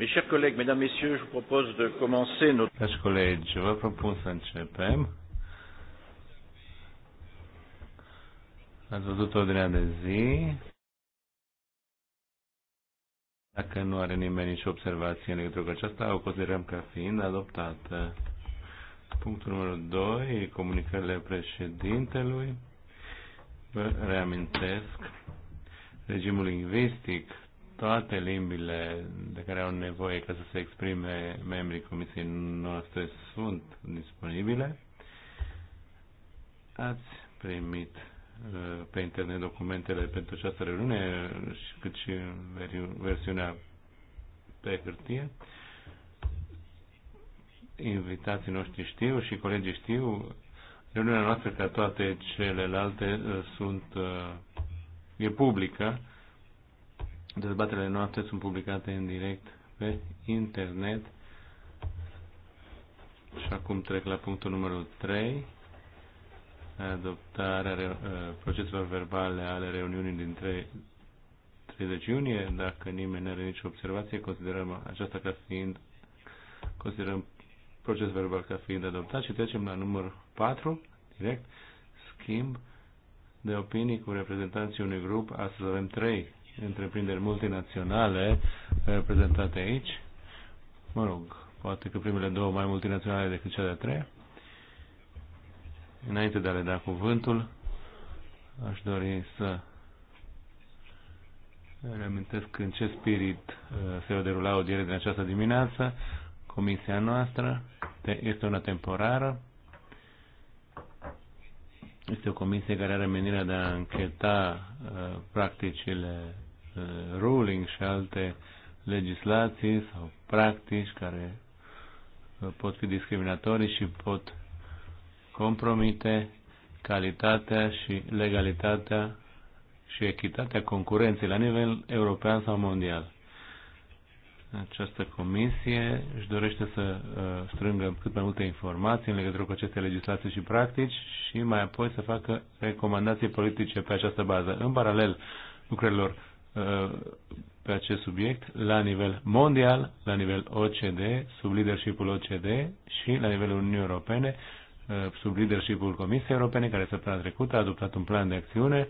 Mes chers collègues, mesdames, messieurs, je vous propose de commencer notre... Dragi colegi, vă propun să începem. Ați văzut ordinea de zi. Dacă nu are nimeni nicio observație în legătură cu aceasta, o considerăm ca fiind adoptată. Punctul numărul 2, comunicările președintelui. Vă reamintesc regimul lingvistic toate limbile de care au nevoie ca să se exprime membrii comisiei noastre sunt disponibile. Ați primit uh, pe internet documentele pentru această reuniune, cât și versiunea pe hârtie. Invitații noștri știu și colegii știu. Reuniunea noastră, ca toate celelalte, uh, sunt, uh, e publică Dezbaterele noastre sunt publicate în direct pe internet. Și acum trec la punctul numărul 3, adoptarea uh, proceselor verbale ale reuniunii din 30 iunie. Dacă nimeni nu are nicio observație, considerăm aceasta ca fiind, considerăm proces verbal ca fiind adoptat și trecem la numărul 4, direct, schimb de opinii cu reprezentanții unui grup. Astăzi avem 3 întreprinderi multinaționale eh, reprezentate aici. Mă rog, poate că primele două mai multinaționale decât cea de-a treia. Înainte de a le da cuvântul, aș dori să reamintesc în ce spirit eh, se va derula audierea din această dimineață. Comisia noastră este una temporară este o comisie care are menirea de a încheta uh, practicile uh, ruling și alte legislații sau practici care uh, pot fi discriminatorii și pot compromite calitatea și legalitatea și echitatea concurenței la nivel european sau mondial. Această comisie își dorește să uh, strângă cât mai multe informații în legătură cu aceste legislații și practici și mai apoi să facă recomandații politice pe această bază. În paralel lucrărilor uh, pe acest subiect la nivel mondial, la nivel OCD, sub leadershipul OCD și la nivelul Uniunii Europene, uh, sub leadershipul Comisiei Europene, care săptămâna trecută a adoptat un plan de acțiune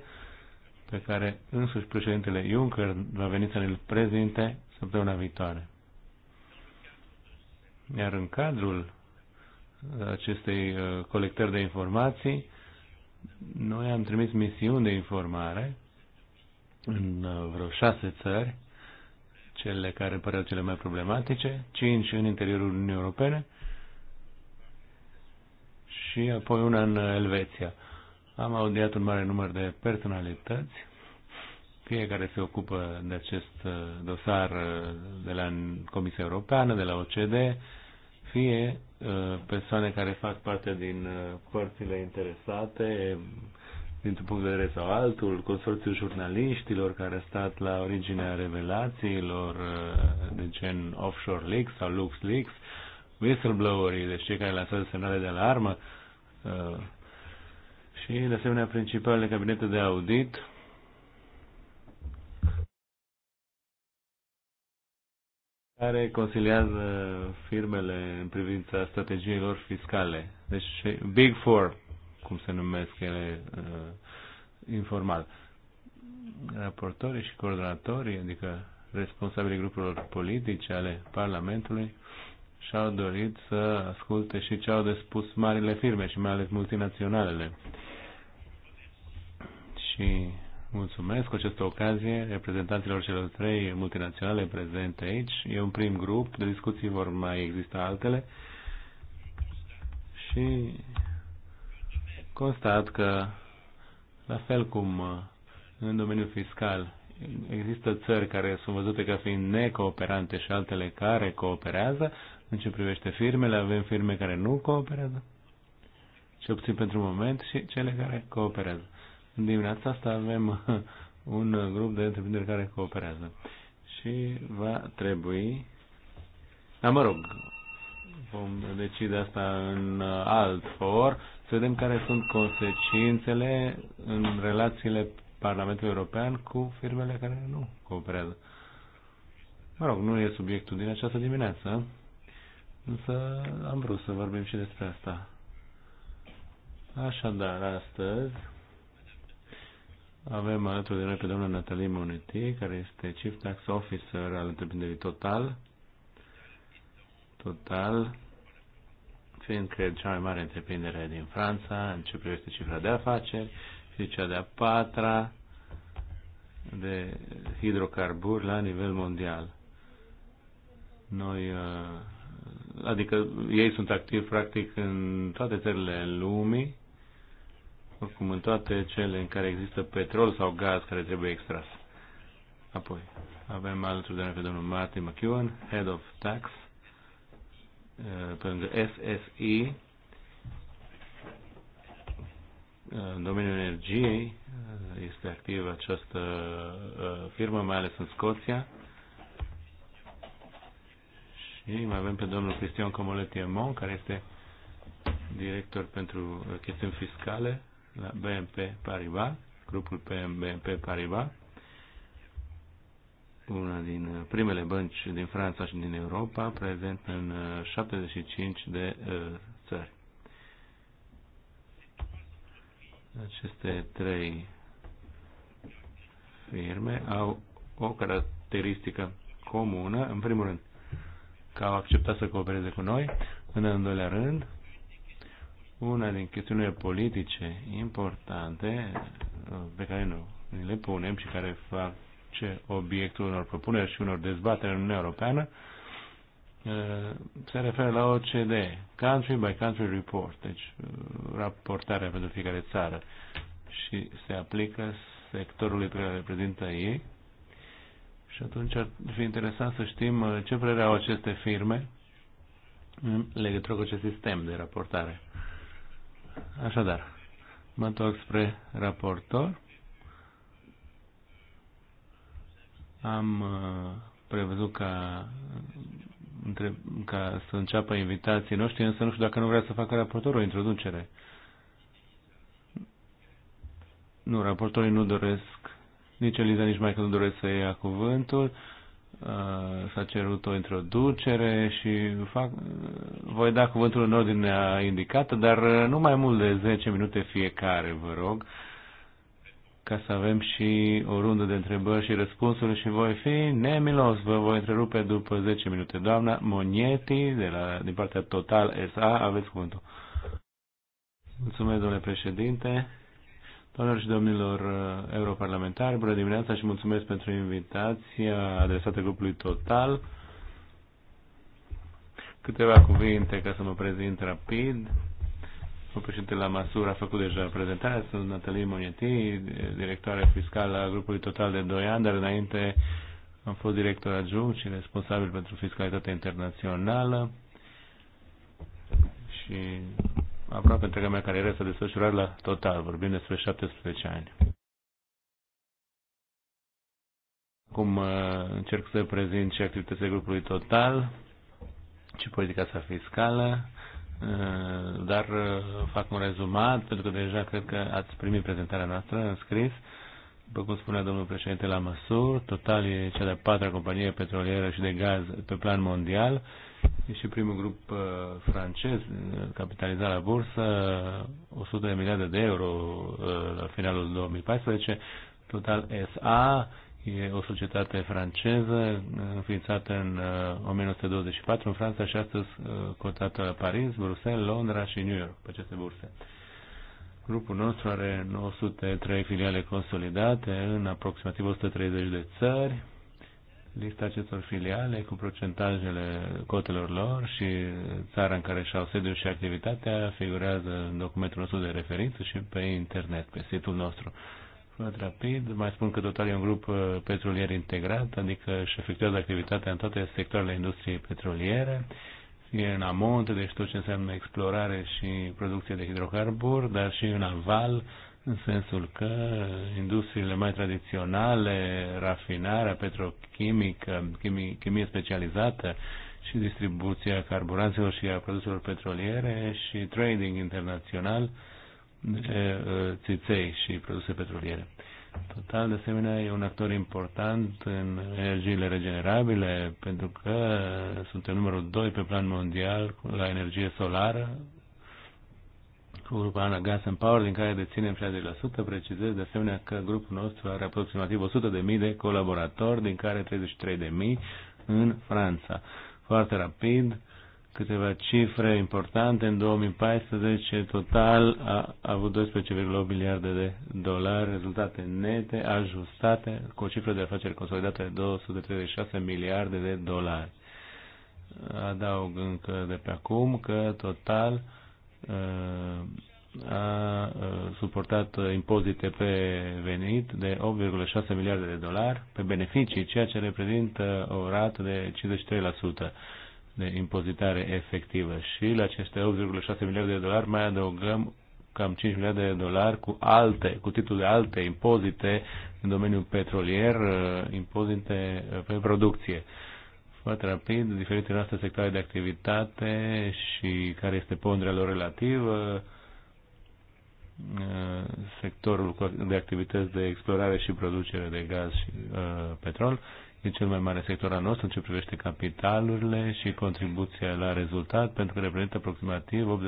pe care însuși președintele Juncker va veni să ne-l prezinte săptămâna viitoare. Iar în cadrul acestei uh, colectări de informații, noi am trimis misiuni de informare în uh, vreo șase țări, cele care păreau cele mai problematice, cinci în interiorul Uniunii Europene și apoi una în Elveția. Am audiat un mare număr de personalități știe, care se ocupă de acest uh, dosar uh, de la Comisia Europeană, de la OCDE, fie uh, persoane care fac parte din părțile interesate, dintr-un punct de vedere sau altul, consorțiul jurnaliștilor care a stat la originea revelațiilor de gen Offshore Leaks sau Lux Leaks, whistleblowerii, deci cei care lansează semnale de alarmă și, de asemenea, principalele cabinete de audit care conciliază firmele în privința strategiilor fiscale. Deci Big Four, cum se numesc ele uh, informal. Raportorii și coordonatorii, adică responsabilii grupurilor politice ale Parlamentului, și-au dorit să asculte și ce au de spus marile firme și mai ales multinaționalele. Și Mulțumesc cu această ocazie reprezentanților celor trei multinaționale prezente aici. E un prim grup, de discuții vor mai exista altele și constat că, la fel cum uh, în domeniul fiscal, există țări care sunt văzute ca fiind necooperante și altele care cooperează. În ce privește firmele, avem firme care nu cooperează, ce obțin pentru moment, și cele care cooperează în dimineața asta avem un grup de întreprinderi care cooperează. Și va trebui... Dar mă rog, vom decide asta în alt for, să vedem care sunt consecințele în relațiile Parlamentului European cu firmele care nu cooperează. Mă rog, nu e subiectul din această dimineață, însă am vrut să vorbim și despre asta. Așadar, astăzi avem alături de noi pe doamna Natalie Monetti, care este Chief Tax Officer al întreprinderii Total. Total, fiind cred cea mai mare întreprindere din Franța în ce privește cifra de afaceri și cea de-a patra de hidrocarburi la nivel mondial. Noi, uh, adică ei sunt activi practic în toate țările lumii oricum în toate cele în care există petrol sau gaz care trebuie extras. Apoi, avem alături de noi pe domnul Martin McEwen, Head of Tax, uh, pe lângă SSI, uh, în domeniul energiei uh, este activă această firmă, mai ales în Scoția. Și mai avem pe domnul Cristian Comoletie Mon, care este director pentru chestiuni fiscale la BNP Paribas, grupul BNP Paribas, una din uh, primele bănci din Franța și din Europa, prezent în 75 uh, de uh, țări. Aceste trei firme au o caracteristică comună, în primul rând, că au acceptat să coopereze cu noi, în al doilea rând, una din chestiunile politice importante uh, pe care nu ni le punem și care face obiectul unor propuneri și unor dezbateri în Uniunea Europeană uh, se referă la OCD, Country by Country Report, deci uh, raportarea pentru fiecare țară și se aplică sectorului pe care reprezintă ei. Și atunci ar fi interesant să știm ce părere au aceste firme în legătură cu acest sistem de raportare. Așadar, mă întorc spre raportor. Am uh, prevăzut ca, între, ca să înceapă invitații noștri, însă nu știu dacă nu vrea să facă raportor o introducere. Nu, raportorii nu doresc, nici Eliza, nici Michael nu doresc să ia cuvântul. Uh, s-a cerut o introducere și fac, uh, voi da cuvântul în ordinea indicată, dar uh, nu mai mult de 10 minute fiecare, vă rog, ca să avem și o rundă de întrebări și răspunsuri și voi fi nemilos. Vă voi întrerupe după 10 minute. Doamna Monieti, de la, din partea Total SA, aveți cuvântul. Mulțumesc, domnule președinte. Doamnelor și domnilor uh, europarlamentari, bună dimineața și mulțumesc pentru invitația adresată grupului Total. Câteva cuvinte ca să mă prezint rapid. Domnul președinte la Masur a făcut deja prezentarea, sunt Natalie Monieti, directoare fiscală a grupului Total de 2 ani, dar înainte am fost director adjunct și responsabil pentru fiscalitatea internațională și aproape întreaga mea carieră s-a desfășurat la total, vorbim despre 17 ani. Acum uh, încerc să prezint și activitățile grupului total și politica sa fiscală, uh, dar uh, fac un rezumat, pentru că deja cred că ați primit prezentarea noastră în scris. După cum spunea domnul președinte la măsuri, Total e cea de-a patra companie petrolieră și de gaz pe plan mondial E și primul grup uh, francez uh, capitalizat la bursă, 100 de miliarde de euro uh, la finalul 2014. Total SA e o societate franceză înființată în 1924 în Franța și astăzi cotată la Paris, Bruxelles, Londra și New York pe aceste burse. Grupul nostru are 903 filiale consolidate în aproximativ 130 de țări lista acestor filiale cu procentajele cotelor lor și țara în care și-au sediu și activitatea figurează în documentul nostru de referință și pe internet, pe site-ul nostru. Foarte rapid, mai spun că Total e un grup uh, petrolier integrat, adică își efectuează activitatea în toate sectoarele industriei petroliere, fie în amont, deci tot ce înseamnă explorare și producție de hidrocarburi, dar și în aval, în sensul că industriile mai tradiționale, rafinarea petrochimică, chimie, chimie specializată și distribuția carburanților și a produselor petroliere și trading internațional de țiței și produse petroliere. Total, de asemenea, e un actor important în energiile regenerabile, pentru că suntem numărul 2 pe plan mondial la energie solară, grupul Ana Gas and Power, din care deținem 60%, precizez de asemenea că grupul nostru are aproximativ 100.000 de colaboratori, din care 33.000 în Franța. Foarte rapid, câteva cifre importante. În 2014, total, a avut 12,8 miliarde de dolari rezultate nete ajustate cu o cifră de afaceri consolidată de 236 miliarde de dolari. Adaug încă de pe acum că total Uh, a uh, suportat impozite pe venit de 8,6 miliarde de dolari pe beneficii, ceea ce reprezintă o rată de 53% de impozitare efectivă. Și la aceste 8,6 miliarde de dolari mai adăugăm cam 5 miliarde de dolari cu alte, cu titlul de alte impozite în domeniul petrolier, uh, impozite pe producție foarte rapid diferite noastre sectoare de activitate și care este ponderea lor relativă, uh, sectorul de activități de explorare și producere de gaz și uh, petrol e cel mai mare sector al nostru în ce privește capitalurile și contribuția la rezultat, pentru că reprezintă aproximativ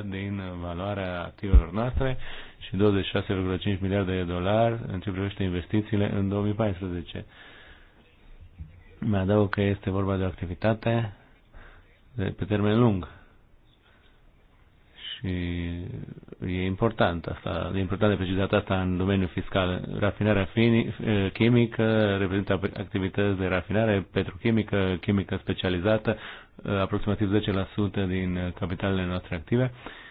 80% din valoarea activelor noastre și 26,5 miliarde de dolari în ce privește investițiile în 2014 mă adaug că este vorba de o activitate de, pe termen lung. Și e important asta, e important de precizat asta în domeniul fiscal. Rafinarea chimică reprezintă activități de rafinare petrochimică, chimică specializată, aproximativ 10% din capitalele noastre active. Uh,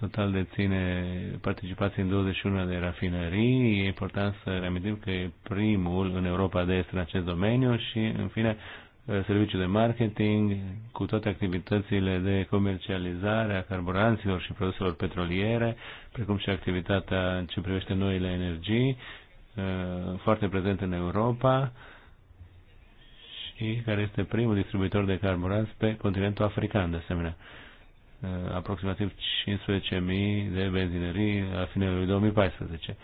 total deține participații în 21 de rafinării. E important să reamintim că e primul în Europa de Est în acest domeniu și, în fine, eh, serviciul de marketing cu toate activitățile de comercializare a carburanților și produselor petroliere, precum și activitatea în ce privește noile energii, eh, foarte prezent în Europa și care este primul distribuitor de carburanți pe continentul african, de asemenea. Uh, aproximativ 15.000 de benzinării la finalul 2014.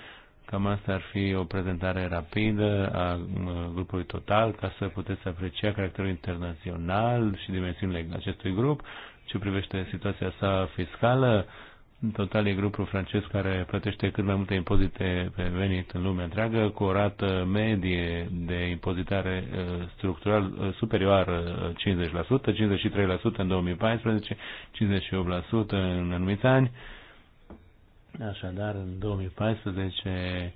Cam asta ar fi o prezentare rapidă a uh, grupului total ca să puteți aprecia caracterul internațional și dimensiunile acestui grup ce privește situația sa fiscală. În total e grupul francez care plătește cât mai multe impozite pe venit în lumea întreagă, cu o rată medie de impozitare uh, structural superioară 50%, 53% în 2014, 58% în anumiți ani. Așadar, în 2014,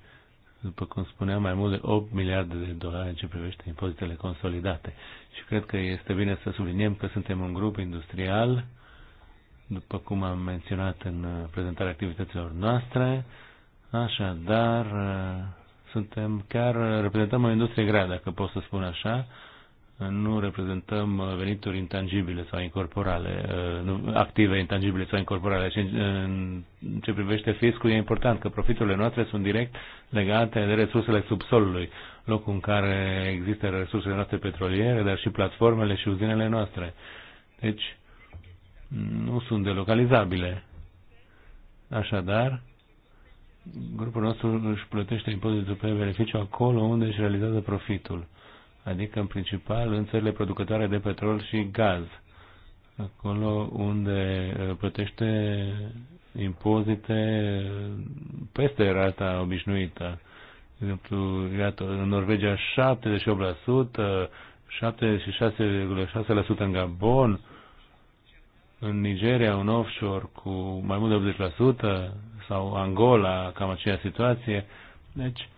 după cum spuneam, mai mult de 8 miliarde de dolari în ce privește impozitele consolidate. Și cred că este bine să subliniem că suntem un grup industrial după cum am menționat în uh, prezentarea activităților noastre. Așadar, uh, suntem chiar, uh, reprezentăm o industrie grea, dacă pot să spun așa, nu reprezentăm venituri intangibile sau incorporale, active intangibile sau incorporale. Și în ce privește fiscul, e important că profiturile noastre sunt direct legate de resursele subsolului, locul în care există resursele noastre petroliere, dar și platformele și uzinele noastre. Deci, nu sunt delocalizabile. Așadar, grupul nostru își plătește impozitul pe beneficiu acolo unde își realizează profitul, adică în principal în țările producătoare de petrol și gaz, acolo unde uh, plătește impozite peste rata obișnuită. De exemplu, iată, în Norvegia 78%, 76,6% în Gabon, în Nigeria un offshore cu mai mult de 80% sau Angola, cam aceeași situație. Deci,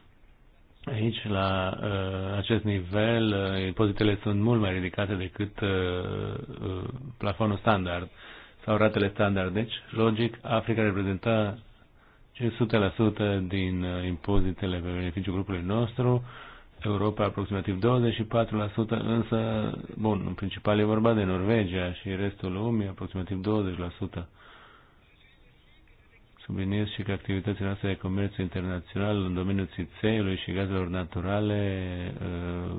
aici, la uh, acest nivel, uh, impozitele sunt mult mai ridicate decât uh, uh, plafonul standard sau ratele standard. Deci, logic, Africa reprezenta 500% din uh, impozitele pe beneficiul grupului nostru, Europa aproximativ 24%, însă, bun, în principal e vorba de Norvegia și restul lumii aproximativ 20%. Subliniez și că activitățile noastre de comerț internațional în domeniul țițeiului și gazelor naturale uh,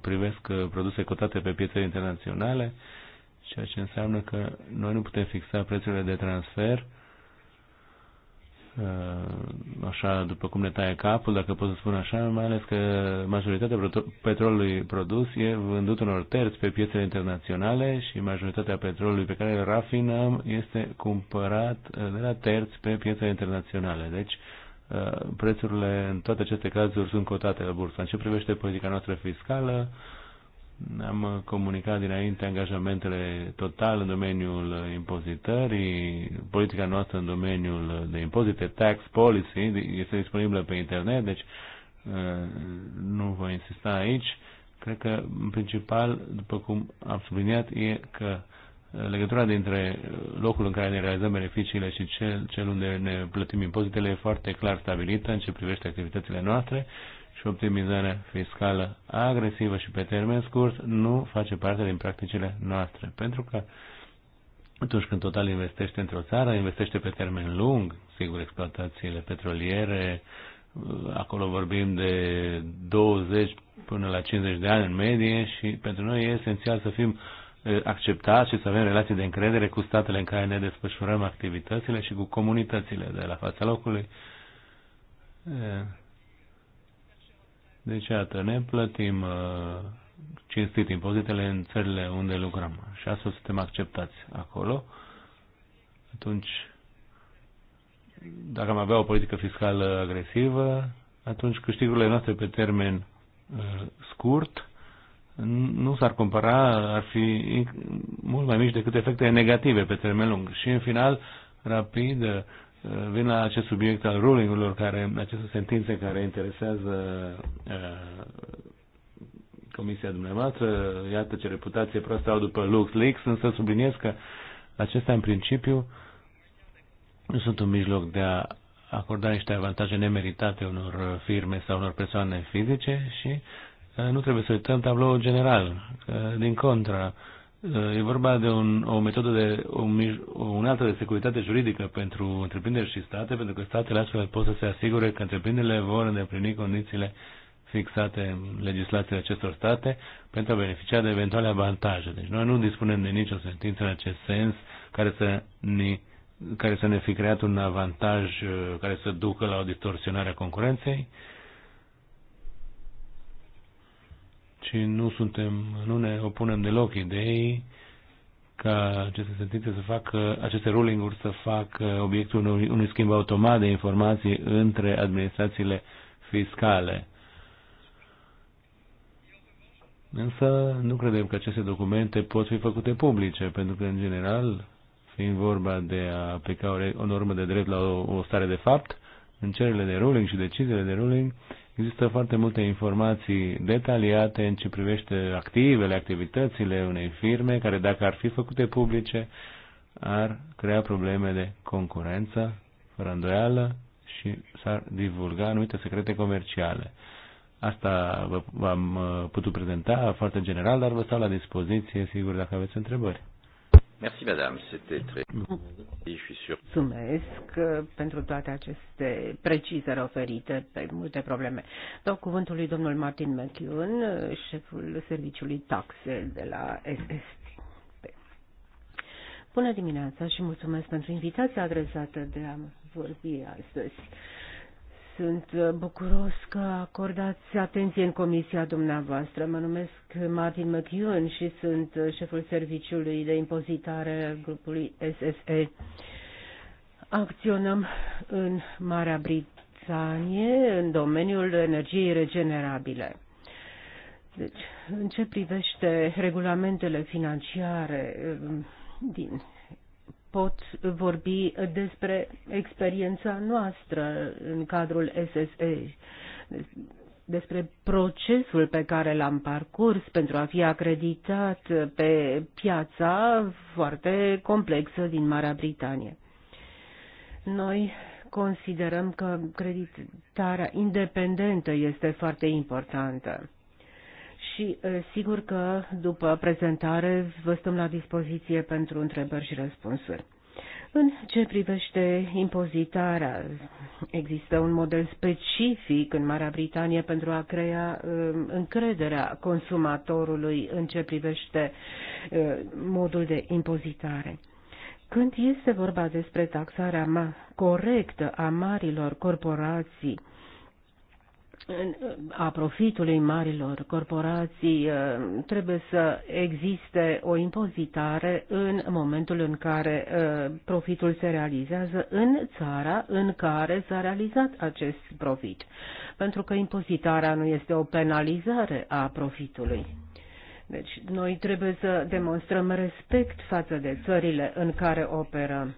privesc uh, produse cotate pe piețele internaționale, ceea ce înseamnă că noi nu putem fixa prețurile de transfer Uh, așa după cum ne taie capul, dacă pot să spun așa, mai ales că majoritatea petrolului produs e vândut unor terți pe piețele internaționale și majoritatea petrolului pe care îl rafinăm este cumpărat uh, de la terți pe piețele internaționale. Deci uh, prețurile în toate aceste cazuri sunt cotate la bursă. În ce privește politica noastră fiscală, am comunicat dinainte angajamentele total în domeniul impozitării, politica noastră în domeniul de impozite, tax policy, este disponibilă pe internet, deci uh, nu voi insista aici. Cred că, în principal, după cum am subliniat, e că legătura dintre locul în care ne realizăm beneficiile și cel, cel unde ne plătim impozitele e foarte clar stabilită în ce privește activitățile noastre și optimizarea fiscală agresivă și pe termen scurt nu face parte din practicile noastre. Pentru că atunci când total investește într-o țară, investește pe termen lung, sigur, exploatațiile petroliere, acolo vorbim de 20 până la 50 de ani în medie și pentru noi e esențial să fim acceptați și să avem relații de încredere cu statele în care ne desfășurăm activitățile și cu comunitățile de la fața locului deci, iată, ne plătim uh, cinstit impozitele în țările unde lucrăm și astfel suntem acceptați acolo. Atunci, dacă am avea o politică fiscală agresivă, atunci câștigurile noastre pe termen uh, scurt nu s-ar compara, ar fi mult mai mici decât efectele negative pe termen lung. Și în final, rapid, vin la acest subiect al rulingurilor care, aceste sentințe care interesează uh, comisia dumneavoastră, iată ce reputație proastă au după LuxLeaks, însă subliniez că acestea în principiu nu sunt un mijloc de a acorda niște avantaje nemeritate unor firme sau unor persoane fizice și uh, nu trebuie să uităm tabloul general. din contra, E vorba de un, o metodă de o, o unealtă de securitate juridică pentru întreprinderi și state, pentru că statele astfel pot să se asigure că întreprinderile vor îndeplini condițiile fixate în legislația acestor state pentru a beneficia de eventuale avantaje. Deci noi nu dispunem de nicio sentință în acest sens care să ne, care să ne fi creat un avantaj uh, care să ducă la o distorsionare a concurenței ci nu suntem, nu ne opunem deloc idei ca aceste sentințe să facă, aceste ruling-uri să facă obiectul unui, unui schimb automat de informații între administrațiile fiscale. Însă nu credem că aceste documente pot fi făcute publice, pentru că, în general, fiind vorba de a aplica o, normă de drept la o stare de fapt, în cererile de ruling și deciziile de ruling, există foarte multe informații detaliate în ce privește activele, activitățile unei firme, care dacă ar fi făcute publice, ar crea probleme de concurență, fără îndoială, și s-ar divulga anumite secrete comerciale. Asta v-am uh, putut prezenta foarte general, dar vă stau la dispoziție, sigur, dacă aveți întrebări. Merci, madame. C'était très... Mm. Mulțumesc uh, pentru toate aceste precizări oferite pe multe probleme. Dau cuvântul lui domnul Martin McEwen, uh, șeful serviciului taxe de la SSP. Bună dimineața și mulțumesc pentru invitația adresată de a vorbi astăzi. Sunt uh, bucuros că acordați atenție în comisia dumneavoastră. Mă numesc Martin McEwen și sunt uh, șeful serviciului de impozitare grupului SSE. Acționăm în Marea Britanie în domeniul energiei regenerabile. Deci, în ce privește regulamentele financiare uh, din pot vorbi despre experiența noastră în cadrul SSE, despre procesul pe care l-am parcurs pentru a fi acreditat pe piața foarte complexă din Marea Britanie. Noi considerăm că creditarea independentă este foarte importantă și sigur că după prezentare vă stăm la dispoziție pentru întrebări și răspunsuri. În ce privește impozitarea, există un model specific în Marea Britanie pentru a crea încrederea consumatorului în ce privește modul de impozitare. Când este vorba despre taxarea corectă a marilor corporații, a profitului marilor corporații eh, trebuie să existe o impozitare în momentul în care eh, profitul se realizează în țara în care s-a realizat acest profit, pentru că impozitarea nu este o penalizare a profitului. Deci noi trebuie să demonstrăm respect față de țările în care operăm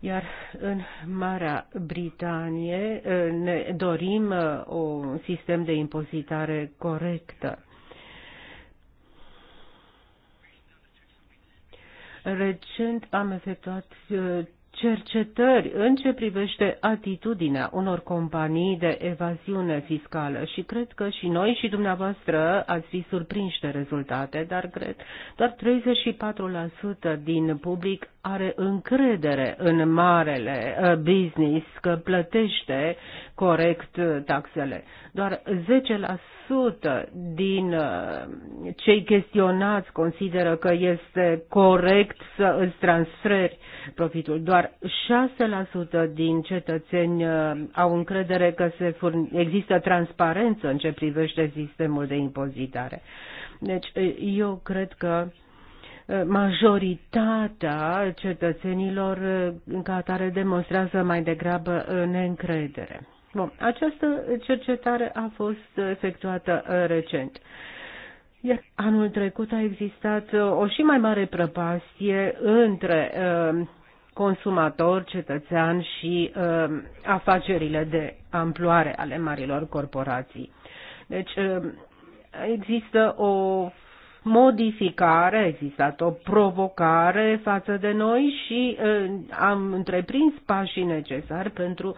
iar în Marea Britanie ne dorim un sistem de impozitare corectă. Recent am efectuat cercetări în ce privește atitudinea unor companii de evaziune fiscală și cred că și noi și dumneavoastră ați fi surprinși de rezultate, dar cred doar 34% din public are încredere în marele uh, business că plătește corect uh, taxele. Doar 10% din uh, cei chestionați consideră că este corect să îți transferi profitul. Doar 6% din cetățeni au încredere că se furn... există transparență în ce privește sistemul de impozitare. Deci eu cred că uh, Eh, majoritatea cetățenilor în eh, atare demonstrează mai degrabă eh, neîncredere. Bun, această cercetare a fost efectuată recent. Iar anul trecut a existat o și mai mare prăpastie între consumator, cetățean și afacerile de amploare ale marilor corporații. Deci există o modificare, a existat o provocare față de noi și am întreprins pașii necesari pentru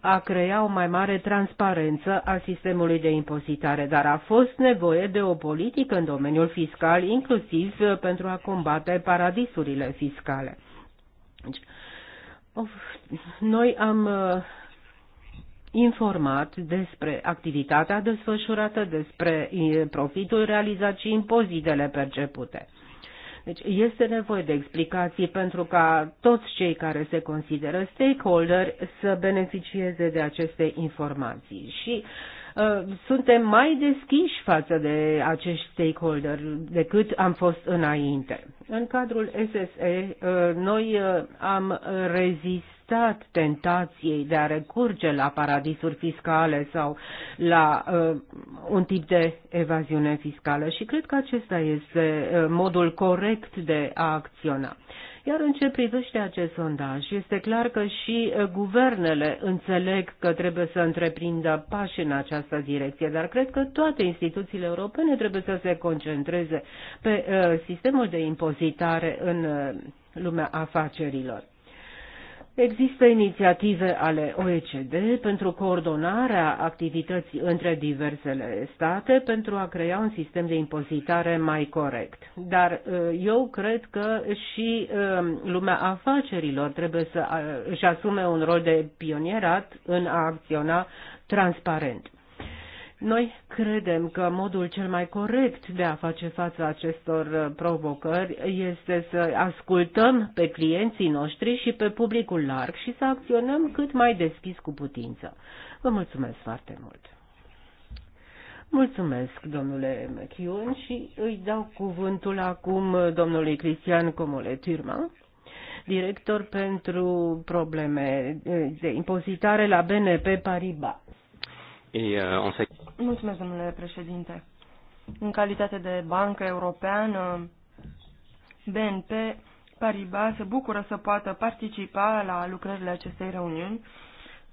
a crea o mai mare transparență a sistemului de impozitare, dar a fost nevoie de o politică în domeniul fiscal, inclusiv pentru a combate paradisurile fiscale. Deci, noi am informat despre activitatea desfășurată, despre profitul realizat și impozitele percepute. Deci este nevoie de explicații pentru ca toți cei care se consideră stakeholder să beneficieze de aceste informații. Și uh, suntem mai deschiși față de acești stakeholder decât am fost înainte. În cadrul SSE, uh, noi uh, am rezistat rezistat tentației de a recurge la paradisuri fiscale sau la uh, un tip de evaziune fiscală și cred că acesta este uh, modul corect de a acționa. Iar în ce privește acest sondaj, este clar că și uh, guvernele înțeleg că trebuie să întreprindă pași în această direcție, dar cred că toate instituțiile europene trebuie să se concentreze pe uh, sistemul de impozitare în uh, lumea afacerilor. Există inițiative ale OECD pentru coordonarea activității între diversele state pentru a crea un sistem de impozitare mai corect. Dar uh, eu cred că și um, lumea afacerilor trebuie să uh, își asume un rol de pionierat în a acționa transparent. Noi credem că modul cel mai corect de a face față acestor uh, provocări este să ascultăm pe clienții noștri și pe publicul larg și să acționăm cât mai deschis cu putință. Vă mulțumesc foarte mult! Mulțumesc, domnule Mechiun, și îi dau cuvântul acum domnului Cristian Comole Turma, director pentru probleme eh, de impozitare la BNP Paribas. Euh, mulțumesc, domnule președinte. În calitate de bancă europeană, BNP Paribas se bucură să poată participa la lucrările acestei reuniuni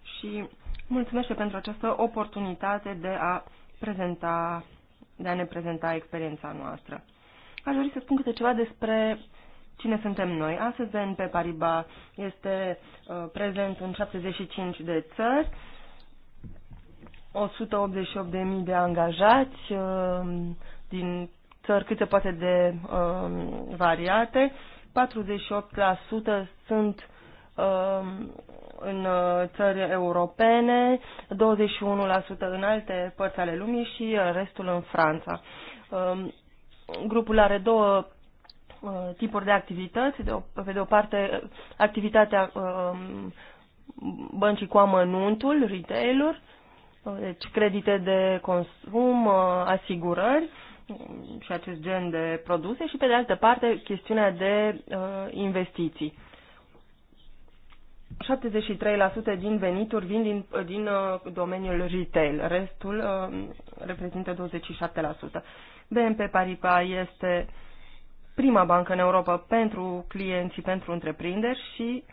și mulțumesc pentru această oportunitate de a, prezenta, de a ne prezenta experiența noastră. Aș dori să spun câte ceva despre cine suntem noi. Astăzi BNP Paribas este uh, prezent în 75 de țări 188.000 de angajați uh, din țări câte poate de uh, variate. 48% sunt uh, în țări europene, 21% în alte părți ale lumii și restul în Franța. Um, grupul are două tipuri de activități. pe de o parte, activitatea um, băncii cu amănuntul, retail-uri, deci credite de consum, uh, asigurări mm, și acest gen de produse și pe de altă parte chestiunea de uh, investiții. 73% din venituri vin din, uh, din domeniul retail, restul reprezintă 27%. BNP Paribas este prima bancă în Europa pentru clienții, pentru întreprinderi și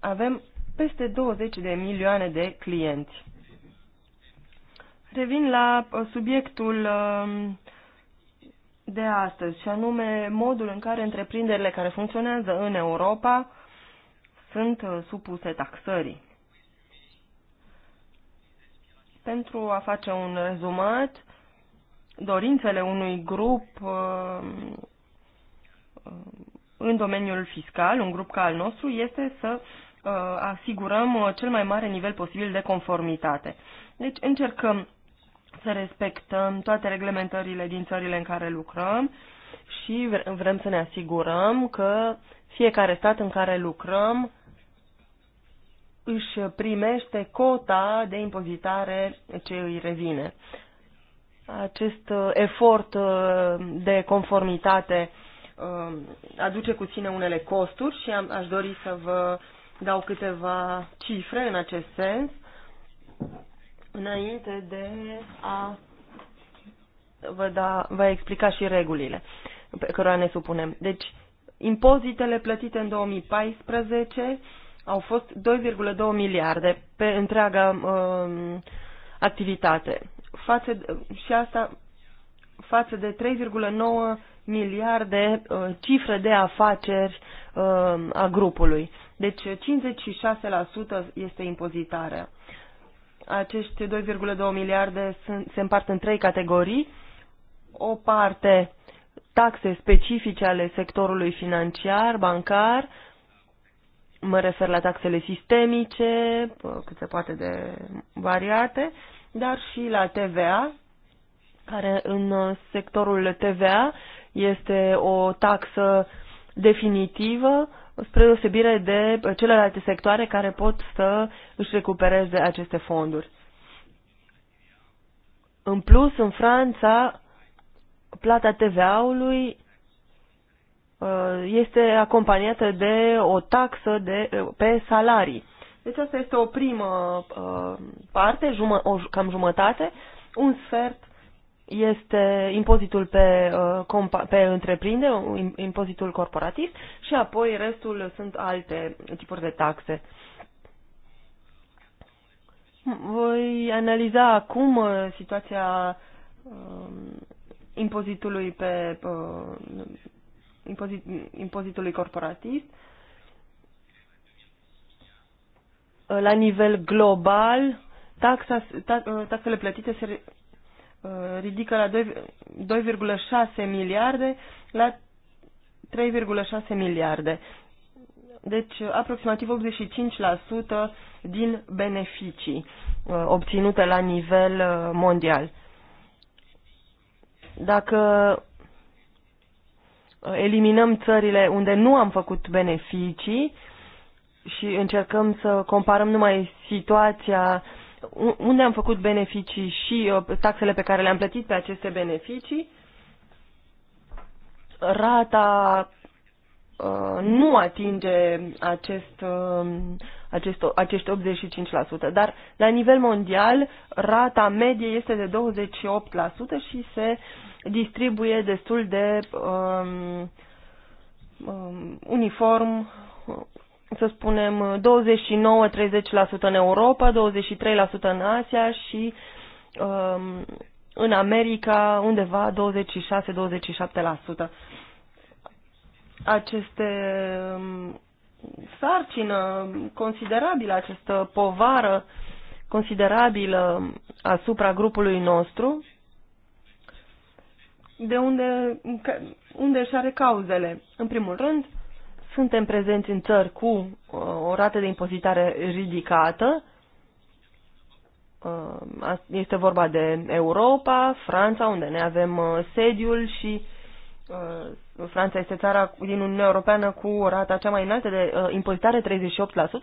avem peste 20 de milioane de clienți. Revin la uh, subiectul um, de astăzi, și anume modul în care întreprinderile care funcționează în Europa sunt uh, supuse taxării. Pentru a face un rezumat, dorințele unui grup uh, în domeniul fiscal, un grup ca al nostru, este să asigurăm cel mai mare nivel posibil de conformitate. Deci încercăm să respectăm toate reglementările din țările în care lucrăm și vrem să ne asigurăm că fiecare stat în care lucrăm își primește cota de impozitare ce îi revine. Acest uh, efort uh, de conformitate uh, aduce cu sine unele costuri și aș dori să vă dau câteva cifre în acest sens înainte de a vă, da, vă explica și regulile pe care ne supunem. Deci, impozitele plătite în 2014 au fost 2,2 miliarde pe întreaga uh, activitate. Față, și asta față de 3,9 miliarde uh, cifre de afaceri uh, a grupului. Deci 56% este impozitarea acești 2,2 miliarde sunt, se împart în trei categorii. O parte taxe specifice ale sectorului financiar, bancar, mă refer la taxele sistemice, cât se poate de variate, dar și la TVA, care în sectorul TVA este o taxă definitivă spre deosebire de celelalte sectoare care pot să își recupereze aceste fonduri. În plus, în Franța, plata TVA-ului uh, este acompaniată de o taxă de, pe salarii. Deci asta este o primă uh, parte, jumă, o, cam jumătate, un sfert este impozitul pe, uh, pe întreprindere, impozitul corporativ și apoi restul sunt alte tipuri de taxe. Voi analiza acum uh, situația um, impozitului pe uh, impozit, impozitului corporativ la nivel global taxa, taxele plătite se Uh, ridică la 2,6 miliarde la 3,6 miliarde. Deci uh, aproximativ 85% din beneficii uh, obținute la nivel mondial. Dacă eliminăm țările unde nu am făcut beneficii și încercăm să comparăm numai situația unde am făcut beneficii și uh, taxele pe care le-am plătit pe aceste beneficii, rata uh, nu atinge acest, uh, acest, acești 85%, dar la nivel mondial rata medie este de 28% și se distribuie destul de um, um, uniform să spunem, 29-30% în Europa, 23% în Asia și um, în America undeva 26-27%. Aceste um, sarcină considerabilă, această povară considerabilă asupra grupului nostru, de unde, unde și are cauzele. În primul rând, suntem prezenți în țări cu uh, o rată de impozitare ridicată. Uh, este vorba de Europa, Franța, unde ne avem uh, sediul și Franța este țara din Uniunea Europeană cu o rata cea mai înaltă de impozitare, 38%,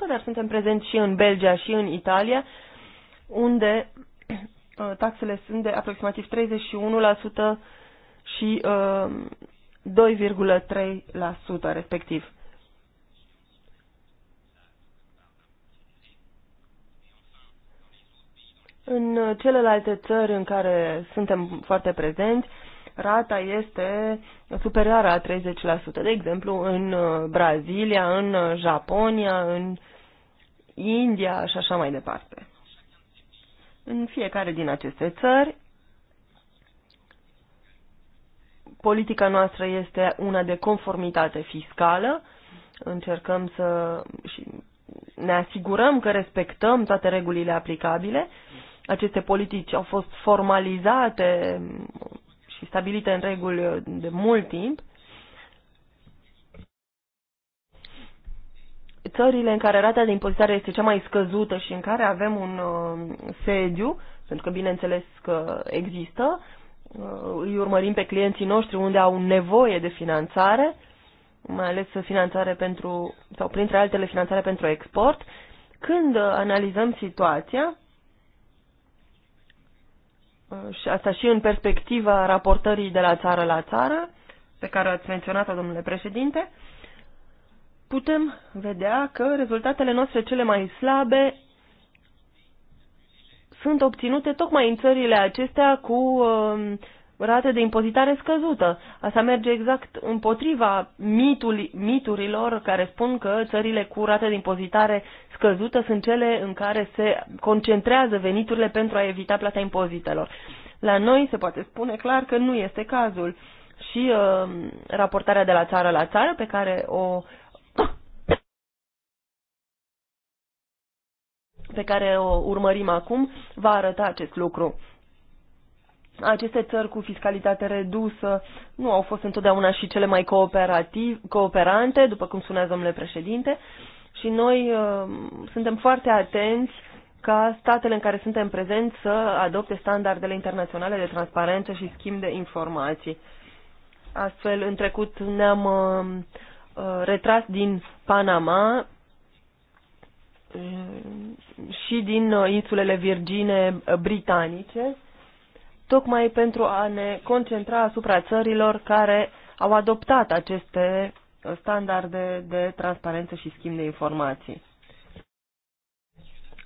dar suntem prezenți și în Belgia și în Italia, unde taxele sunt de aproximativ 31% și 2,3% respectiv. În celelalte țări în care suntem foarte prezenți, rata este superioară a 30%. De exemplu, în uh, Brazilia, în uh, Japonia, în India și așa mai departe. În fiecare din aceste țări, politica noastră este una de conformitate fiscală. Încercăm să și ne asigurăm că respectăm toate regulile aplicabile aceste politici au fost formalizate și stabilite în reguli de mult timp, țările în care rata de impozitare este cea mai scăzută și în care avem un uh, sediu, pentru că bineînțeles că există, uh, îi urmărim pe clienții noștri unde au nevoie de finanțare, mai ales finanțare pentru, sau printre altele finanțare pentru export, când analizăm situația, Uh, și asta și în perspectiva raportării de la țară la țară, pe care ați menționat-o, domnule președinte, putem vedea că rezultatele noastre cele mai slabe sunt obținute tocmai în țările acestea cu uh, rată de impozitare scăzută. Asta merge exact împotriva mitul, miturilor care spun că țările cu rată de impozitare scăzută sunt cele în care se concentrează veniturile pentru a evita plata impozitelor. La noi se poate spune clar că nu este cazul și uh, raportarea de la țară la țară pe care o pe care o urmărim acum va arăta acest lucru aceste țări cu fiscalitate redusă nu au fost întotdeauna și cele mai cooperativ, cooperante, după cum spunea domnule președinte, și noi uh, suntem foarte atenți ca statele în care suntem prezenți să adopte standardele internaționale de transparență și schimb de informații. Astfel, în trecut ne-am uh, uh, retras din Panama uh, și din uh, insulele Virgine britanice tocmai pentru a ne concentra asupra țărilor care au adoptat aceste standarde de transparență și schimb de informații.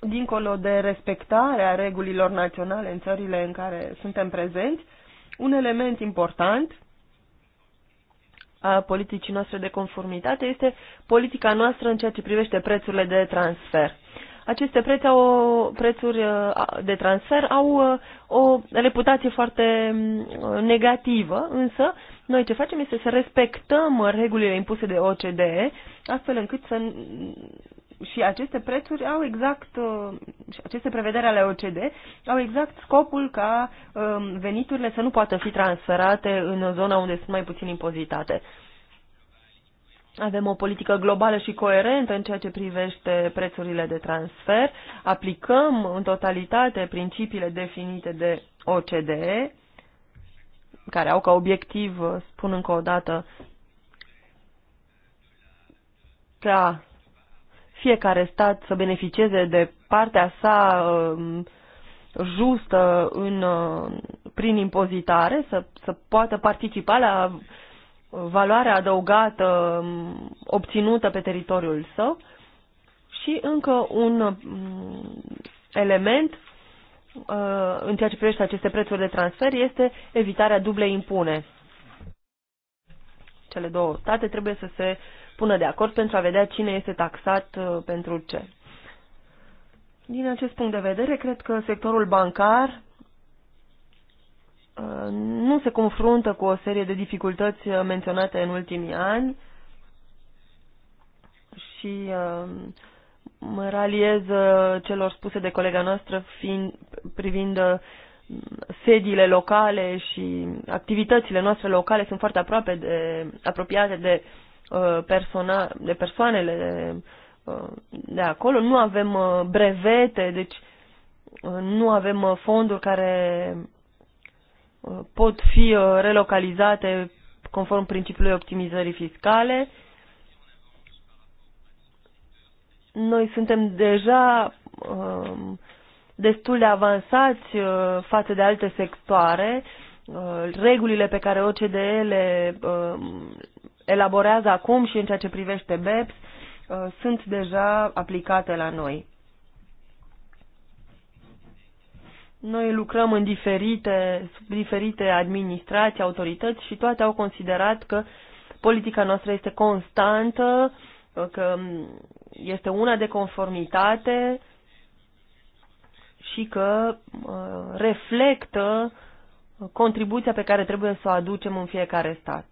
Dincolo de respectarea regulilor naționale în țările în care suntem prezenți, un element important a politicii noastre de conformitate este politica noastră în ceea ce privește prețurile de transfer aceste preț au, prețuri uh, de transfer au uh, o reputație foarte mm, uh, negativă, însă noi ce facem este să respectăm regulile impuse de OCDE, astfel încât să și aceste prețuri au exact, și aceste prevederi ale OCD au exact scopul ca um, veniturile să nu poată fi transferate în zona unde sunt mai puțin impozitate. Avem o politică globală și coerentă în ceea ce privește prețurile de transfer. Aplicăm în totalitate principiile definite de OCDE, care au ca obiectiv, spun încă o dată, ca fiecare stat să beneficieze de partea sa um, justă în, uh, prin impozitare, să, să poată participa la valoarea adăugată obținută pe teritoriul său și încă un element uh, în ceea ce privește aceste prețuri de transfer este evitarea dublei impune. Cele două state trebuie să se pună de acord pentru a vedea cine este taxat uh, pentru ce. Din acest punct de vedere, cred că sectorul bancar Uh, nu se confruntă cu o serie de dificultăți uh, menționate în ultimii ani și uh, mă raliez celor spuse de colega noastră fiind, privind sediile locale și activitățile noastre locale sunt foarte aproape de, apropiate de, persona, de persoanele de, de acolo. Nu avem brevete, deci nu avem fonduri care pot fi uh, relocalizate conform principiului optimizării fiscale. Noi suntem deja um, destul de avansați uh, față de alte sectoare. Uh, regulile pe care OCDE le um, elaborează acum și în ceea ce privește BEPS sunt deja aplicate la noi. Noi lucrăm în diferite, sub diferite administrații, autorități și toate au considerat că politica noastră este constantă, că este una de conformitate și că reflectă contribuția pe care trebuie să o aducem în fiecare stat.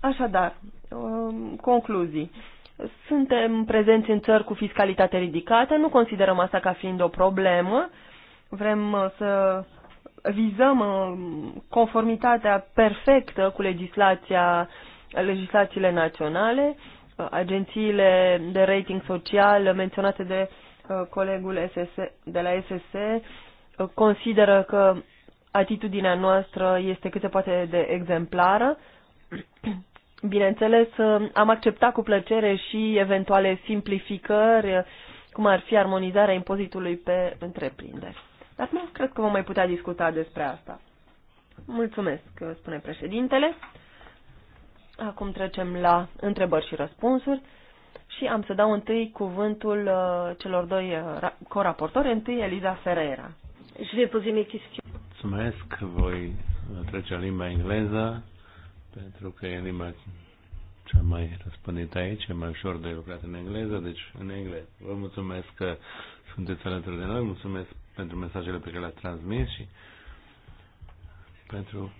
Așadar, um, concluzii. Suntem prezenți în țări cu fiscalitate ridicată, nu considerăm asta ca fiind o problemă. Vrem uh, să vizăm uh, conformitatea perfectă cu legislația, legislațiile naționale, uh, agențiile de rating social menționate de colegul SS, de la SS consideră că atitudinea noastră este cât se poate de exemplară Bineînțeles, uh, am acceptat cu plăcere și eventuale simplificări, uh, cum ar fi armonizarea impozitului pe întreprinderi. Dar nu cred că vom mai putea discuta despre asta. Mulțumesc, uh, spune președintele. Acum trecem la întrebări și răspunsuri și am să dau întâi cuvântul celor doi coraportori, întâi Eliza Ferreira. Je vais poser mes questions. Mulțumesc, voi trece la limba engleză pentru că e limba cea mai răspândită aici, e mai ușor de lucrat în engleză, deci în engleză. Vă mulțumesc că sunteți alături de noi, mulțumesc pentru mesajele pe care le-ați transmis și pentru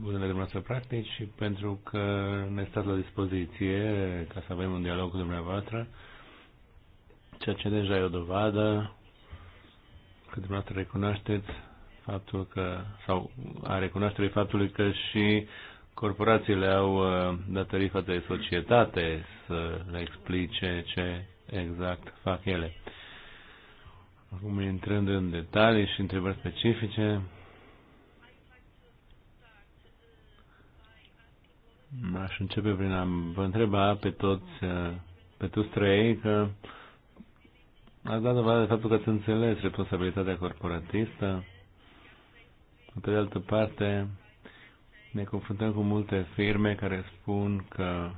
bunele dumneavoastră practici și pentru că ne stați la dispoziție ca să avem un dialog cu dumneavoastră, ceea ce deja e o dovadă că dumneavoastră recunoașteți faptul că, sau a recunoașterii faptului că și corporațiile au uh, datorii față de societate să le explice ce exact fac ele. Acum intrând în detalii și întrebări specifice, aș începe prin a vă întreba pe toți, uh, pe toți trei, că ați dat dovadă de faptul că ați înțeles responsabilitatea corporatistă. Pe de altă parte, ne confruntăm cu multe firme care spun că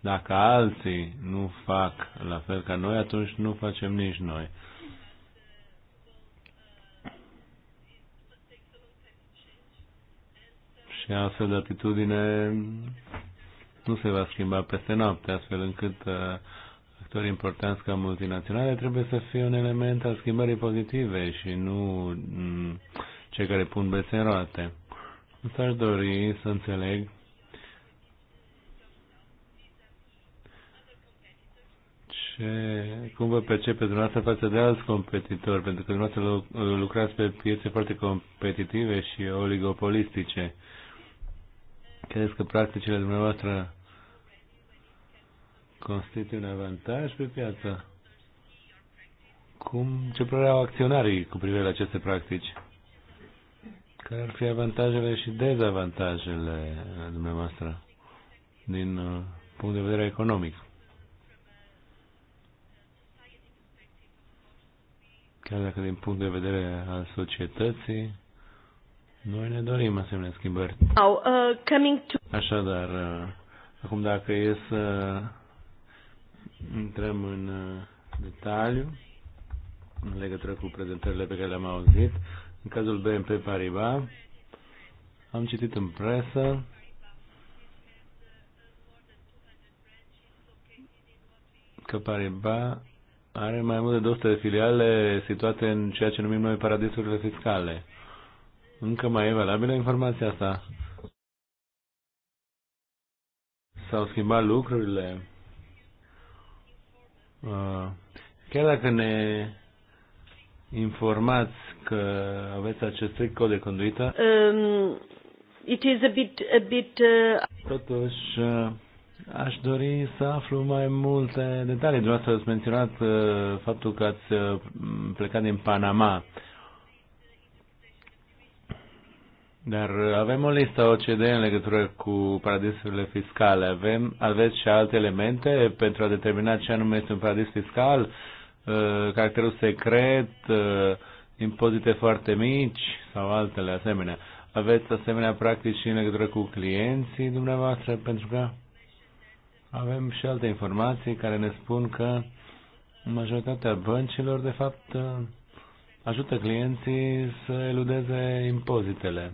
dacă alții nu fac la fel ca noi, atunci nu facem nici noi. Și astfel de atitudine nu se va schimba peste noapte, astfel încât uh, actori importanți ca multinaționale trebuie să fie un element al schimbării pozitive și nu mm, cei care pun bețe în roate. Însă aș dori să înțeleg ce, cum vă percepeți dumneavoastră față de alți competitori, pentru că dumneavoastră lucrați pe piețe foarte competitive și oligopolistice. Credeți că practicile dumneavoastră constituie un avantaj pe piață. Cum, ce părere au acționarii cu privire la aceste practici? Care ar fi avantajele și dezavantajele dumneavoastră din uh, punct de vedere economic? Chiar dacă din punct de vedere al societății, noi ne dorim asemenea schimbări. Uh, Așadar, uh, acum dacă e să intrăm în uh, detaliu în legătură cu prezentările pe care le-am auzit. În cazul BNP Paribas, am citit în presă că Paribas are mai mult de 200 de filiale situate în ceea ce numim noi paradisurile fiscale. Încă mai e valabilă informația asta? S-au schimbat lucrurile? Uh, chiar dacă ne informați că aveți acest cod de conduită, um, it is a bit, a bit, uh... totuși uh, aș dori să aflu mai multe detalii. Dumneavoastră ați menționat uh, faptul că ați plecat din Panama. Dar avem o listă OCDE în legătură cu paradisurile fiscale. Avem, aveți și alte elemente pentru a determina ce anume este un paradis fiscal, uh, caracterul secret, uh, impozite foarte mici sau altele asemenea. Aveți asemenea practici și în legătură cu clienții dumneavoastră, pentru că avem și alte informații care ne spun că majoritatea băncilor, de fapt, uh, ajută clienții să eludeze impozitele.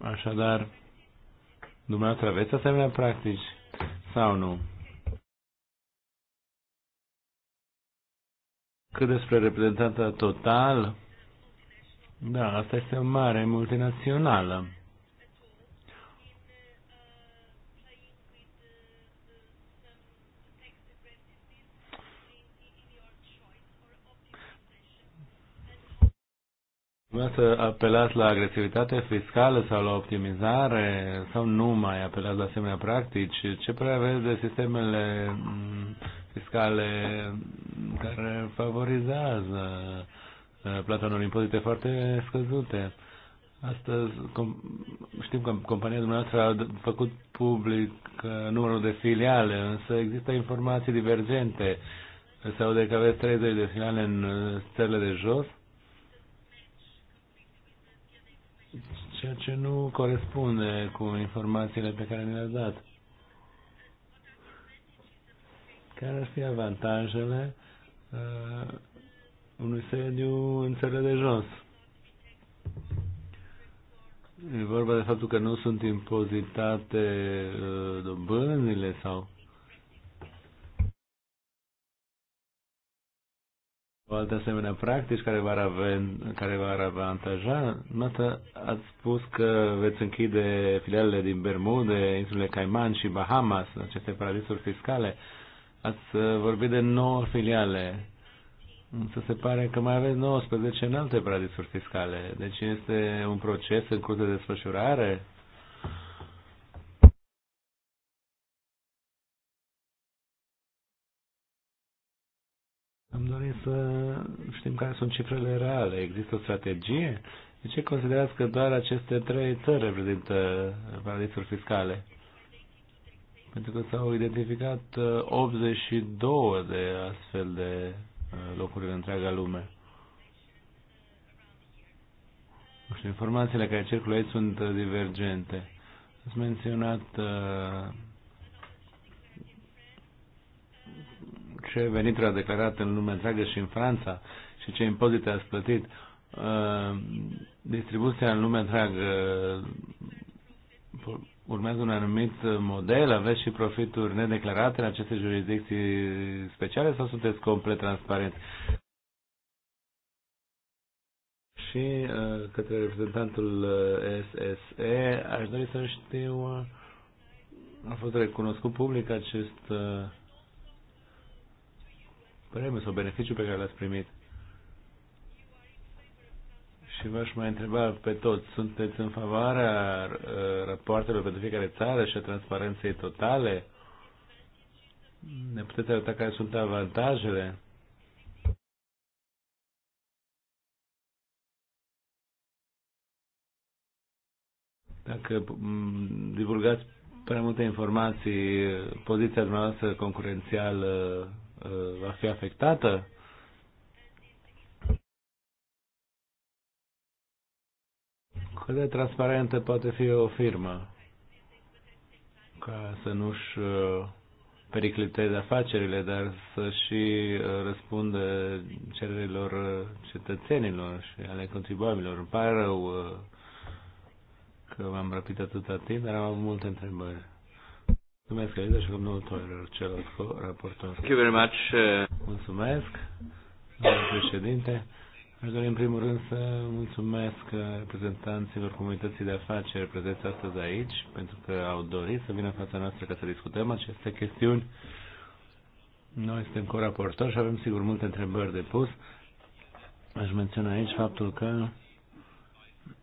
Așadar, dumneavoastră aveți asemenea practici sau nu? Cât despre reprezentanta total, da, asta este o mare multinațională. Dumneavoastră apelați la agresivitate fiscală sau la optimizare sau nu mai apelați la asemenea practici? Ce părere aveți de sistemele mm, fiscale care favorizează uh, plata unor impozite foarte scăzute? Astăzi știm că compania dumneavoastră a făcut public uh, numărul de filiale, însă există informații divergente. Se aude că aveți 30 de filiale în uh, țările de jos, ceea ce nu corespunde cu informațiile pe care mi le-ați dat. Care ar fi avantajele uh, unui sediu în țările de jos? E vorba de faptul că nu sunt impozitate uh, dobânzile sau o altă asemenea practici care va, raven, care va avantaja. Noastră ați spus că veți închide filialele din Bermude, insulele Cayman și Bahamas, aceste paradisuri fiscale. Ați uh, vorbit de 9 filiale. Însă se pare că mai aveți 19 în alte paradisuri fiscale. Deci este un proces în curs de desfășurare să știm care sunt cifrele reale. Există o strategie? De ce considerați că doar aceste trei țări reprezintă paradisuri fiscale? Pentru că s-au identificat 82 uh, de astfel de uh, locuri în întreaga lume. Și informațiile care circulă aici sunt uh, divergente. Ați menționat ce venituri a declarat în lumea întreagă și în Franța și ce impozite ați plătit. Uh, distribuția în lumea întreagă uh, urmează un anumit model, aveți și profituri nedeclarate în aceste jurisdicții speciale sau sunteți complet transparenți? și uh, către reprezentantul SSE. Aș dori să știu, a fost recunoscut public acest premiul sau beneficiul pe care l-ați primit. Și v-aș mai întreba pe toți, sunteți în favoarea uh, rapoartelor pentru fiecare țară și a transparenței totale? Ne puteți arăta care sunt avantajele? Dacă mm, divulgați prea multe informații, poziția dumneavoastră concurențială Uh, va fi afectată? Cât de transparentă poate fi o firmă ca să nu-și uh, pericliteze afacerile, dar să și uh, răspundă cererilor cetățenilor și ale contribuabililor. Îmi pare rău că m-am răpit atâta timp, dar am avut multe întrebări. Mulțumesc, Elida, și domnul Toiler, celălalt raportor. Thank you very much. Uh, mulțumesc, domnul președinte. Aș dori în primul rând să mulțumesc uh, reprezentanților comunității de afaceri prezenți astăzi aici, pentru că au dorit să vină în fața noastră ca să discutăm aceste chestiuni. Noi suntem co-raportori și avem sigur multe întrebări de pus. Aș menționa aici faptul că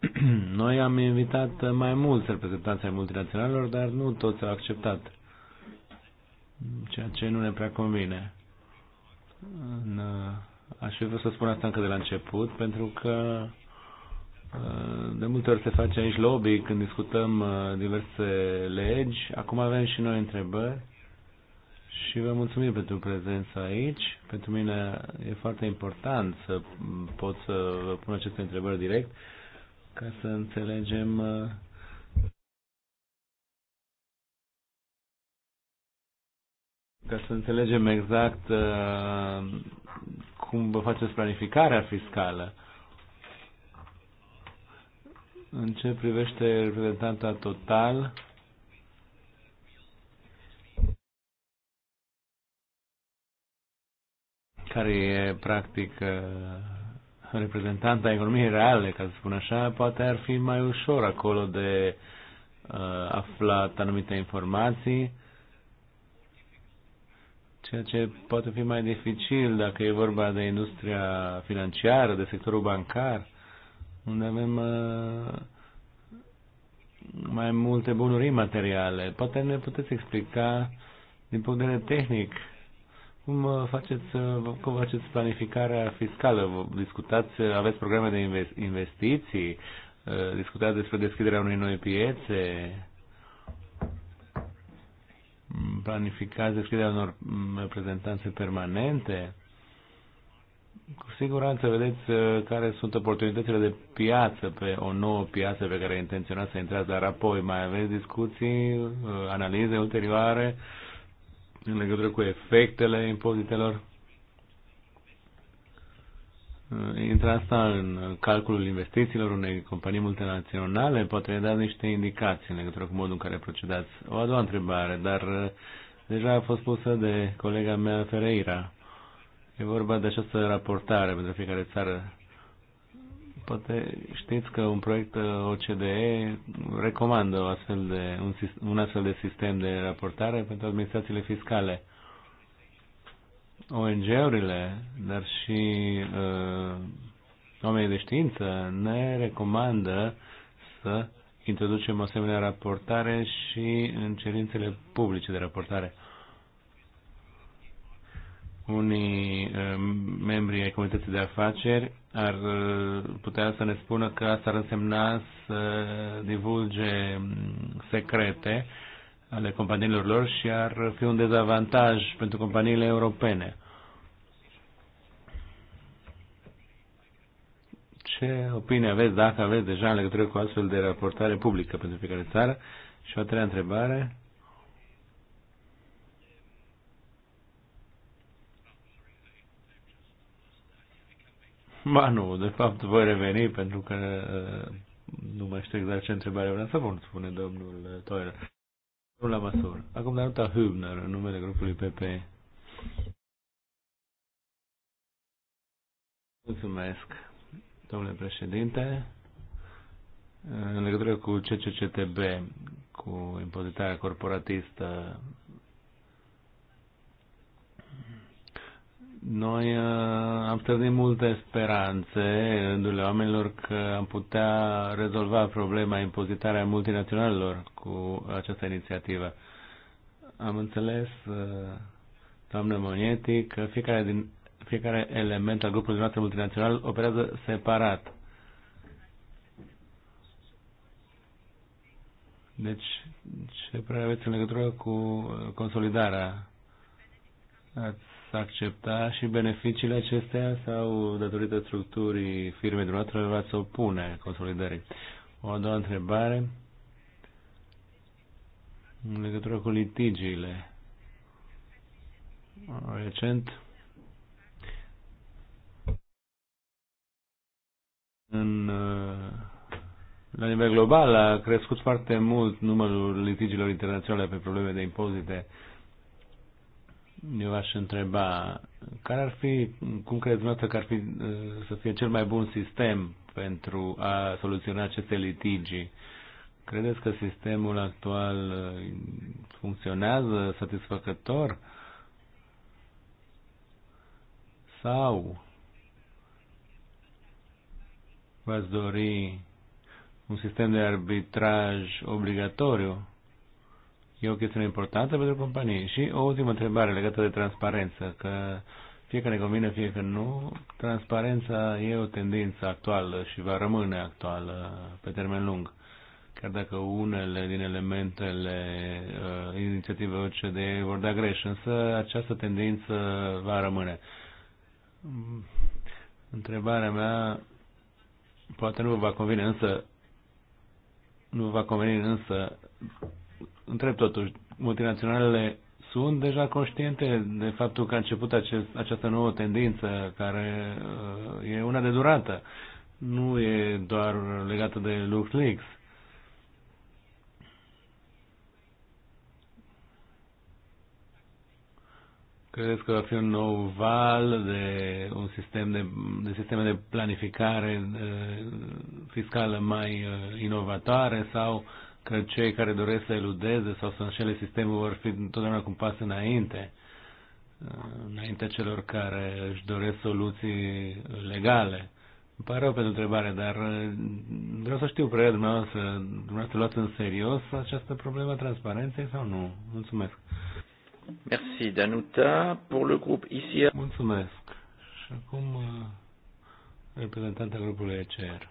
Noi am invitat mai mulți reprezentanți ai multinaționalelor, dar nu toți au acceptat, ceea ce nu ne prea convine. aș fi vrut să spun asta încă de la început, pentru că de multe ori se face aici lobby când discutăm uh, diverse legi. Acum avem și noi întrebări și vă mulțumim pentru prezența aici. Pentru mine e foarte important să pot să vă pun aceste întrebări direct ca să înțelegem uh, ca să înțelegem exact uh, cum vă faceți planificarea fiscală. În ce privește reprezentanta total, care e practic uh, reprezentant a economiei reale, ca să spun așa, poate ar fi mai ușor acolo de uh, aflat anumite informații, ceea ce poate fi mai dificil dacă e vorba de industria financiară, de sectorul bancar, unde avem uh, mai multe bunuri materiale. Poate ne puteți explica din punct de vedere tehnic cum uh, faceți, uh, cum faceți planificarea fiscală? Discutați, uh, aveți programe de investiții? Discutați despre deschiderea unei noi piețe? Mm, planificați deschiderea unor mm, reprezentanțe permanente? Cu siguranță vedeți care sunt oportunitățile de piață pe o nouă piață pe care intenționați să intrați, dar apoi mai aveți discuții, analize ulterioare, uh, în legătură cu efectele impozitelor. Uh, intră asta în calculul investițiilor unei companii multinaționale? Poate ne niște indicații în legătură cu modul în care procedați. O a doua întrebare, dar uh, deja a fost pusă de colega mea Ferreira. E vorba de această raportare pentru fiecare țară Poate știți că un proiect uh, OCDE recomandă o astfel de, un, un astfel de sistem de raportare pentru administrațiile fiscale. ONG-urile, dar și uh, oamenii de știință ne recomandă să introducem o asemenea raportare și în cerințele publice de raportare unii eh, membri ai comunității de afaceri ar eh, putea să ne spună că asta ar însemna să divulge mm, secrete ale companiilor lor și ar fi un dezavantaj pentru companiile europene. Ce opinie aveți, dacă aveți deja în legătură cu astfel de raportare publică pentru fiecare țară? Și o treia întrebare Ba nu, de fapt voi reveni pentru că uh, nu mai știu exact ce întrebare vreau să pun, spune domnul uh, Toiler. Domnul Lamasur. Acum a Hübner, în numele grupului PP. Mulțumesc, domnule președinte. În legătură cu CCCTB, cu impozitarea corporatistă, Noi uh, am stăpânit multe speranțe în rândurile oamenilor că am putea rezolva problema impozitarea multinaționalelor cu această inițiativă. Am înțeles, uh, doamnă Monieti, că fiecare, din, fiecare element al grupului noastră multinațional operează separat. Deci, ce prea aveți în legătură cu consolidarea? Ați ați accepta și beneficiile acestea sau datorită structurii firmei dumneavoastră v-ați opune consolidării? O a doua întrebare în legătură cu litigiile. Recent în uh, la nivel global a crescut foarte mult numărul litigiilor internaționale pe probleme de impozite. Uh, eu aș întreba, care ar fi, cum credeți dumneavoastră că ar fi să fie cel mai bun sistem pentru a soluționa aceste litigii? Credeți că sistemul actual uh, funcționează satisfăcător? Sau v-ați dori un sistem de arbitraj obligatoriu? e o chestiune importantă pentru companie Și o ultimă întrebare legată de transparență, că fie că ne convine, fie că nu, transparența e o tendință actuală și va rămâne actuală pe termen lung. Chiar dacă unele din elementele uh, inițiativei OCDE vor da greș, însă această tendință va rămâne. Întrebarea mea poate nu vă va conveni, însă nu vă va conveni, însă întreb totuși, multinaționalele sunt deja conștiente de faptul că a început acest, această nouă tendință care uh, e una de durată. Nu e doar legată de LuxLeaks. Credeți că va fi un nou val de un sistem de, de sisteme de planificare uh, fiscală mai uh, inovatoare sau uh, că cei care doresc să eludeze sau să înșele sistemul vor fi întotdeauna cu un pas înainte, înainte celor care își doresc soluții legale. Îmi pare rău pentru întrebare, dar uh, vreau să știu prea dumneavoastră. Dumneavoastră luați în serios această problemă a transparenței sau nu? Mulțumesc. Merci, Danuta. Pour le grup ICR. Mulțumesc. Și acum uh, reprezentantul grupului ECR.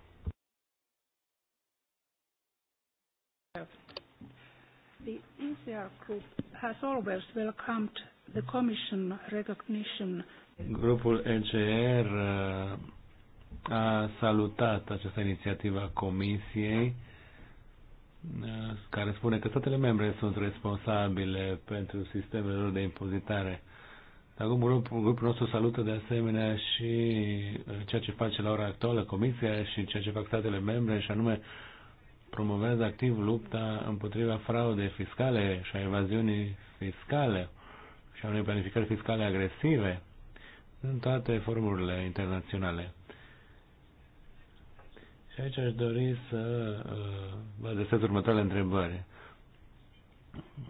The ECR group has always welcomed the Commission recognition. Grupul ECR uh, a salutat această inițiativă a Comisiei uh, care spune că statele membre sunt responsabile pentru sistemele lor de impozitare. Acum grupul, grupul nostru salută de asemenea și uh, ceea ce face la ora actuală Comisia și ceea ce fac statele membre și anume promovează activ lupta împotriva fraudei fiscale și a evaziunii fiscale și a unei planificări fiscale agresive în toate formurile internaționale. Și aici aș dori să uh, vă adresez următoarele întrebări.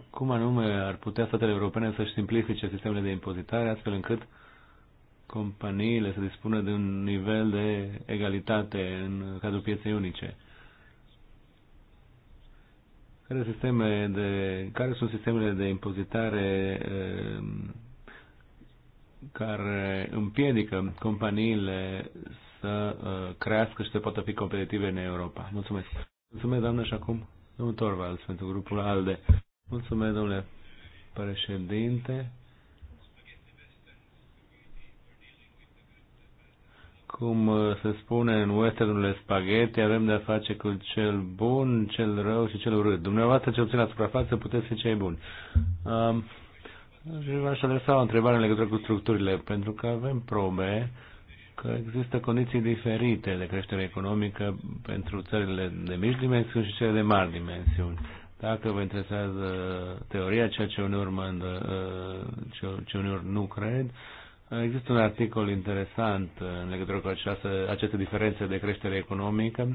Cum anume ar putea statele europene să-și simplifice sistemele de impozitare astfel încât companiile să dispună de un nivel de egalitate în cadrul pieței unice? care, sisteme de, care sunt sistemele de impozitare ehm, care împiedică companiile să eh, crească și să poată fi competitive în Europa. Mulțumesc. Mulțumesc, doamnă, și acum domnul Torvalds pentru grupul ALDE. Mulțumesc, domnule președinte. cum uh, se spune în westernurile spaghetti, avem de-a face cu cel bun, cel rău și cel urât. Dumneavoastră, cel puțin la suprafață, puteți fi cei buni. Uh, și v-aș adresa o întrebare în legătură cu structurile, pentru că avem probe că există condiții diferite de creștere economică pentru țările de mici dimensiuni și cele de mari dimensiuni. Dacă vă interesează teoria, ceea ce uneori, mă, uh, ce uneori nu cred, uh, Există un articol interesant în legătură cu această, aceste diferențe de creștere economică,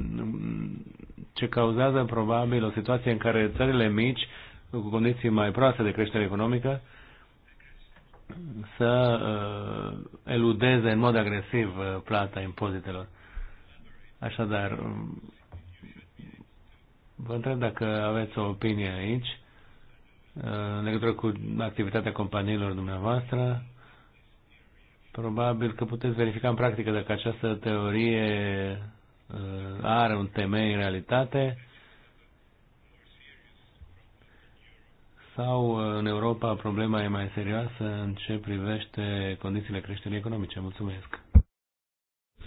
ce cauzează probabil o situație în care țările mici, cu condiții mai proaste de creștere economică, să uh, eludeze în mod agresiv uh, plata impozitelor. Așadar, vă întreb dacă aveți o opinie aici uh, în legătură cu activitatea companiilor dumneavoastră Probabil că puteți verifica în practică dacă această teorie uh, are un temei în realitate sau uh, în Europa problema e mai serioasă în ce privește condițiile creșterii economice. Mulțumesc!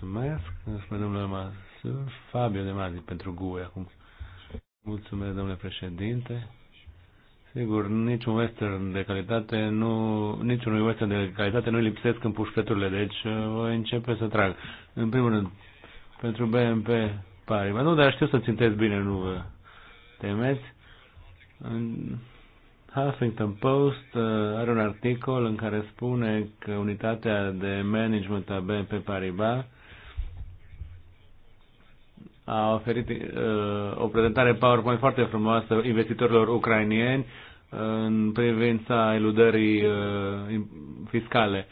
Mulțumesc, spune domnule Masur, Fabio de Mazi pentru GUE acum. Mulțumesc, domnule președinte. Sigur, niciun western de calitate nu, niciun western de calitate nu lipsesc în pușcăturile, deci uh, voi începe să trag. În primul rând, pentru BMP Paribas. Nu, dar știu să țintez bine, nu vă temeți. În Huffington Post uh, are un articol în care spune că unitatea de management a BNP Paribas a oferit uh, o prezentare PowerPoint foarte frumoasă investitorilor ucrainieni uh, în privința eludării uh, fiscale.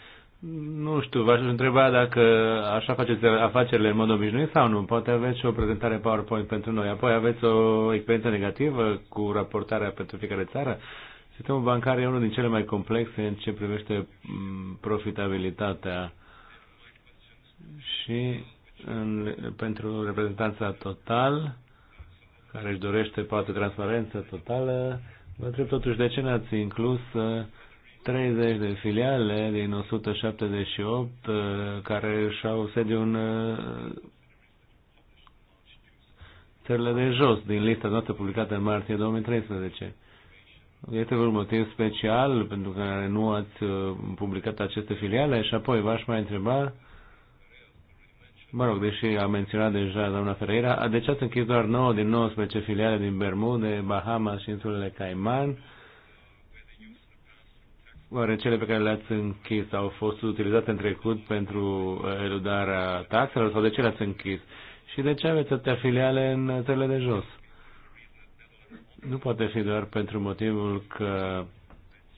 Nu știu, v-aș întreba dacă așa faceți afacerile în mod obișnuit sau nu. Poate aveți o prezentare PowerPoint pentru noi. Apoi aveți o experiență negativă cu raportarea pentru fiecare țară. Sistemul bancar e unul din cele mai complexe în ce privește mm, profitabilitatea. Și în, pentru reprezentanța total, care își dorește poate transparență totală. Vă întreb totuși de ce n-ați inclus 30 uh, de filiale din 178 uh, care își au sediu în uh, țările de jos din lista noastră publicată în martie 2013. Este un motiv special pentru care nu ați publicat aceste filiale și apoi v-aș mai întreba mă rog, deși a menționat deja doamna Ferreira, deci ați închis doar 9 din 19 filiale din Bermude, Bahamas și insulele Caiman. Oare cele pe care le-ați închis au fost utilizate în trecut pentru uh, eludarea taxelor sau de ce le-ați închis? Și de ce aveți atâtea filiale în țările de jos? Nu poate fi doar pentru motivul că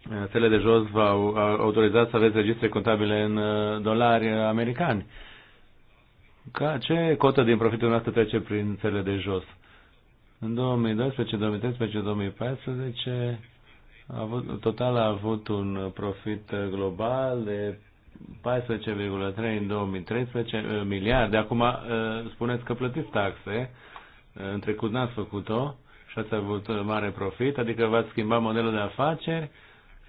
uh, țările de jos v-au autorizat să aveți registre contabile în uh, dolari americani. Ca ce cotă din profitul noastră trece prin cele de jos? În 2012, 2013, 2014 a avut, total a avut un profit global de 14,3 în 2013 eh, miliarde. Acum eh, spuneți că plătiți taxe, eh, în trecut n-ați făcut-o și ați avut mare profit, adică v-ați schimbat modelul de afaceri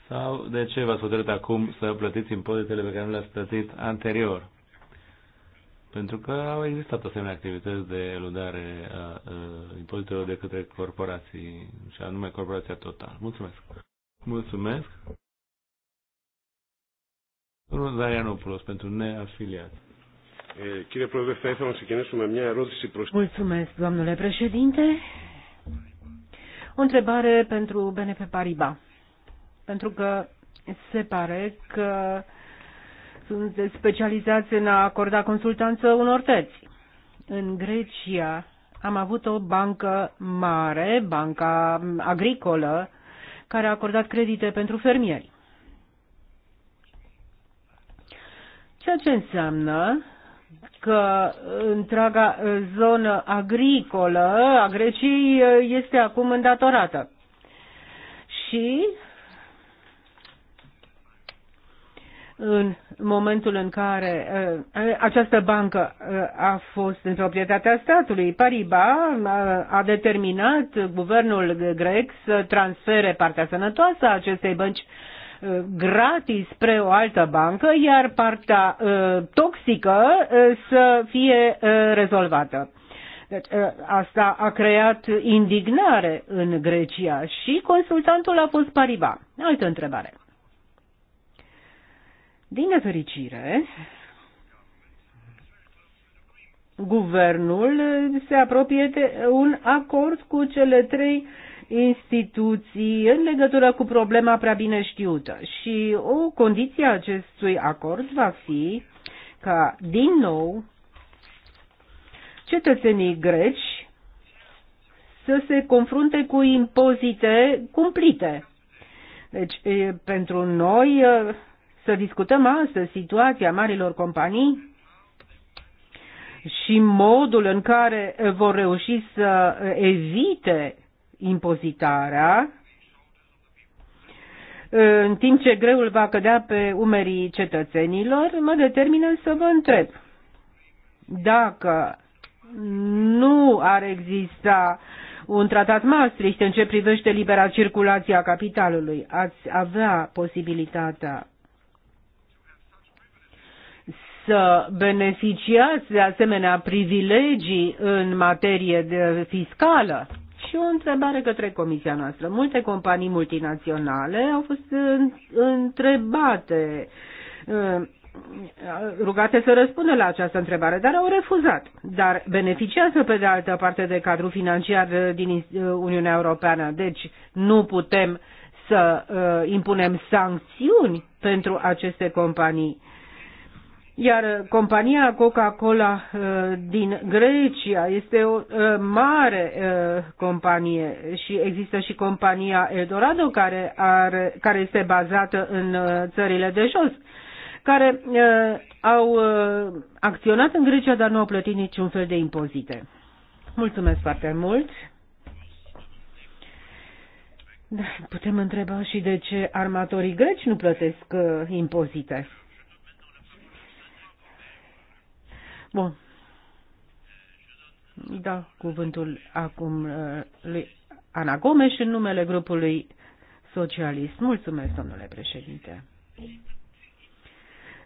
sau de ce v-ați hotărât acum să plătiți impozitele pe care nu le-ați plătit anterior? Pentru că au existat asemenea activități de eludare a, a impozitelor de către corporații, și anume corporația Total. Mulțumesc! Mulțumesc! Domnul Zarianopoulos, pentru neafiliat. Mulțumesc, domnule președinte. O întrebare pentru BNP Paribas. Pentru că se pare că sunt specializați în a acorda consultanță unor terți. În Grecia am avut o bancă mare, banca agricolă, care a acordat credite pentru fermieri. Ceea ce înseamnă că întreaga zonă agricolă a Greciei este acum îndatorată. Și în momentul în care uh, uh, această bancă uh, a fost în proprietatea statului. Pariba uh, a determinat guvernul grec să transfere partea sănătoasă a acestei bănci uh, gratis spre o altă bancă, iar partea uh, toxică uh, să fie uh, rezolvată. Deci, uh, asta a creat indignare în Grecia și consultantul a fost Pariba. Altă întrebare. Din nefericire, guvernul se apropie de un acord cu cele trei instituții în legătură cu problema prea bine știută. Și o condiție a acestui acord va fi ca, din nou, cetățenii greci să se confrunte cu impozite cumplite. Deci, pentru noi, să discutăm astăzi situația marilor companii și modul în care vor reuși să evite impozitarea, în timp ce greul va cădea pe umerii cetățenilor, mă determină să vă întreb dacă nu ar exista un tratat Maastricht în ce privește libera circulație a capitalului, ați avea posibilitatea să beneficiați de asemenea privilegii în materie de fiscală? Și o întrebare către comisia noastră. Multe companii multinaționale au fost întrebate uh, rugate să răspundă la această întrebare, dar au refuzat. Dar beneficiază pe de altă parte de cadrul financiar din uh, Uniunea Europeană, deci nu putem să uh, impunem sancțiuni pentru aceste companii. Iar compania Coca-Cola uh, din Grecia este o uh, mare uh, companie și există și compania Eldorado care, are, care este bazată în țările de jos care uh, au uh, acționat în Grecia, dar nu au plătit niciun fel de impozite. Mulțumesc foarte mult. Da, putem întreba și de ce armatorii greci nu plătesc uh, impozite. Bun. Da, cuvântul acum uh, lui Ana Gomes în numele grupului socialist. Mulțumesc, domnule președinte.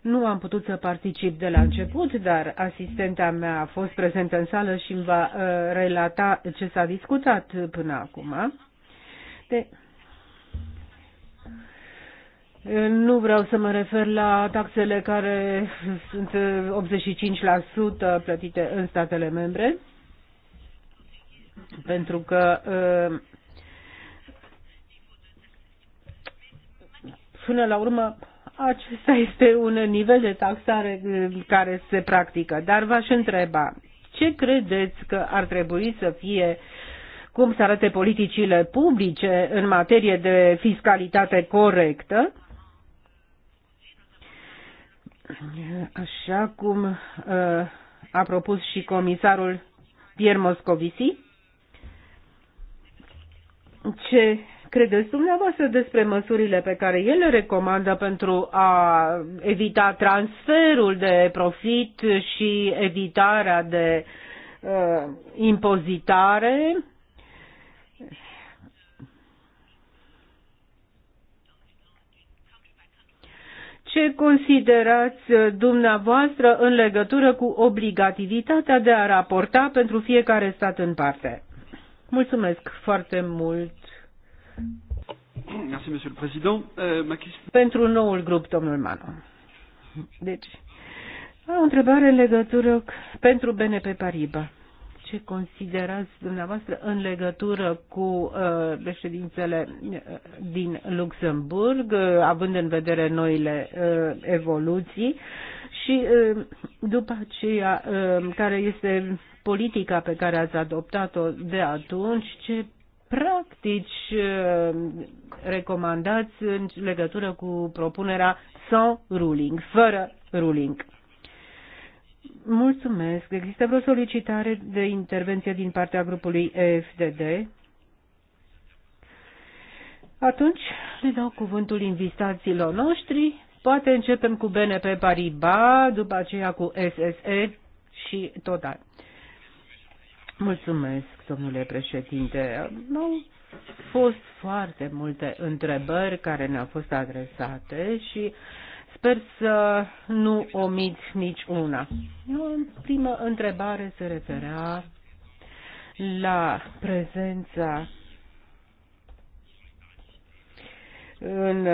Nu am putut să particip de la început, dar asistenta mea a fost prezentă în sală și îmi va uh, relata ce s-a discutat până acum. De, nu vreau să mă refer la taxele care sunt 85% plătite în statele membre, pentru că ă, până la urmă acesta este un nivel de taxare ă, care se practică. Dar v-aș întreba, ce credeți că ar trebui să fie cum să arate politicile publice în materie de fiscalitate corectă Așa cum uh, a propus și comisarul Pierre Moscovici, ce credeți dumneavoastră despre măsurile pe care el le recomandă pentru a evita transferul de profit și evitarea de uh, impozitare ce considerați uh, dumneavoastră în legătură cu obligativitatea de a raporta pentru fiecare stat în parte? Mulțumesc foarte mult. Merci, Monsieur le Président. Euh, ma... Pentru noul grup, domnul Manu. Deci, o întrebare în legătură pentru BNP Paribas ce considerați dumneavoastră în legătură cu președințele uh, uh, din Luxemburg, uh, având în vedere noile evoluții și după aceea care este politica pe care ați adoptat-o de atunci, ce practici recomandați în legătură cu propunerea sans ruling, fără ruling. Mulțumesc. Există vreo solicitare de intervenție din partea grupului EFDD? Atunci le dau cuvântul invitațiilor noștri. Poate începem cu BNP Paribas, după aceea cu SSE și tot așa. Mulțumesc, domnule președinte. Au fost foarte multe întrebări care ne-au fost adresate și uh, Sper să nu omit nici una. O primă întrebare se referea la prezența în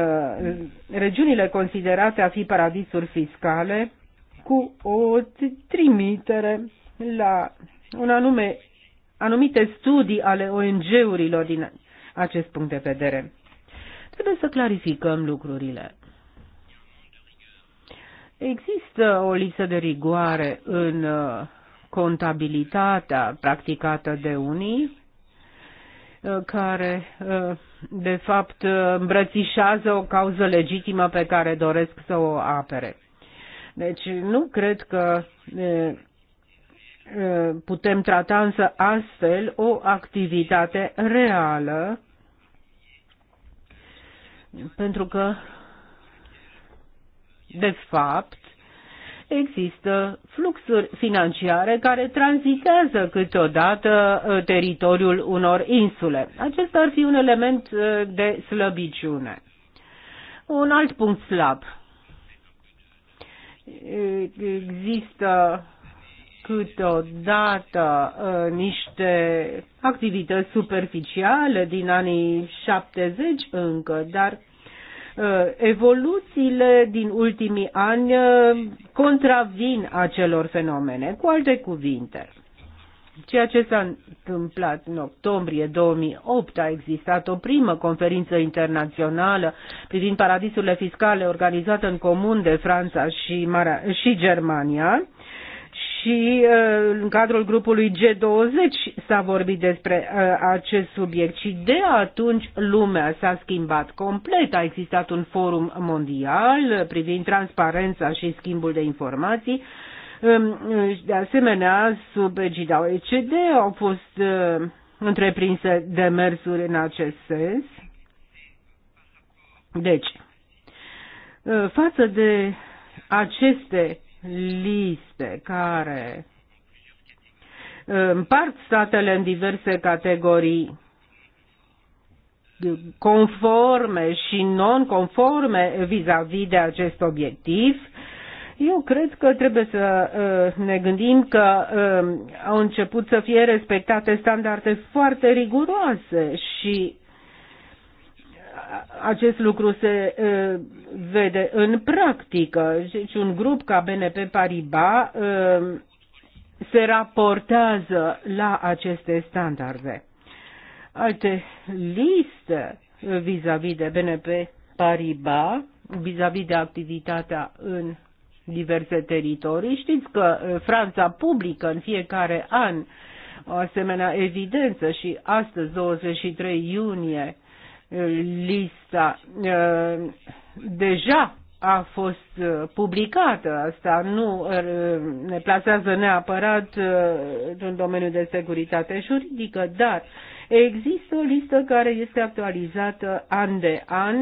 regiunile considerate a fi paradisuri fiscale cu o trimitere la un anume, anumite studii ale ONG-urilor din acest punct de vedere. Trebuie să clarificăm lucrurile. Există o lipsă de rigoare în uh, contabilitatea practicată de unii, uh, care uh, de fapt îmbrățișează o cauză legitimă pe care doresc să o apere. Deci nu cred că putem trata însă astfel o activitate reală pentru că de fapt, există fluxuri financiare care tranzitează câteodată uh, teritoriul unor insule. Acesta ar fi un element uh, de slăbiciune. Un alt punct slab. Există câteodată uh, niște activități superficiale din anii 70 încă, dar Eh, evoluțiile din ultimii ani eh, contravin acelor fenomene. Cu alte cuvinte, ceea ce s-a întâmplat în octombrie 2008 a existat o primă conferință internațională privind paradisurile fiscale organizată în comun de Franța și, Mara- și Germania și uh, în cadrul grupului G20 s-a vorbit despre uh, acest subiect și de atunci lumea s-a schimbat complet. A existat un forum mondial privind transparența și schimbul de informații. Um, de asemenea, sub egida OECD au fost uh, întreprinse demersuri în acest sens. Deci, față de aceste liste care împart statele în diverse categorii conforme și non-conforme vis-a-vis de acest obiectiv, eu cred că trebuie să uh, ne gândim că uh, au început să fie respectate standarde foarte riguroase și acest lucru se vede în practică. Deci un grup ca BNP Paribas se raportează la aceste standarde. Alte liste vis-a-vis -vis de BNP Paribas, vis-a-vis -vis de activitatea în diverse teritorii. Știți că Franța publică în fiecare an o asemenea evidență și astăzi, 23 iunie, lista uh, deja a fost uh, publicată. Asta nu uh, ne plasează neapărat în domeniul de securitate juridică, dar există o listă care este actualizată an de an,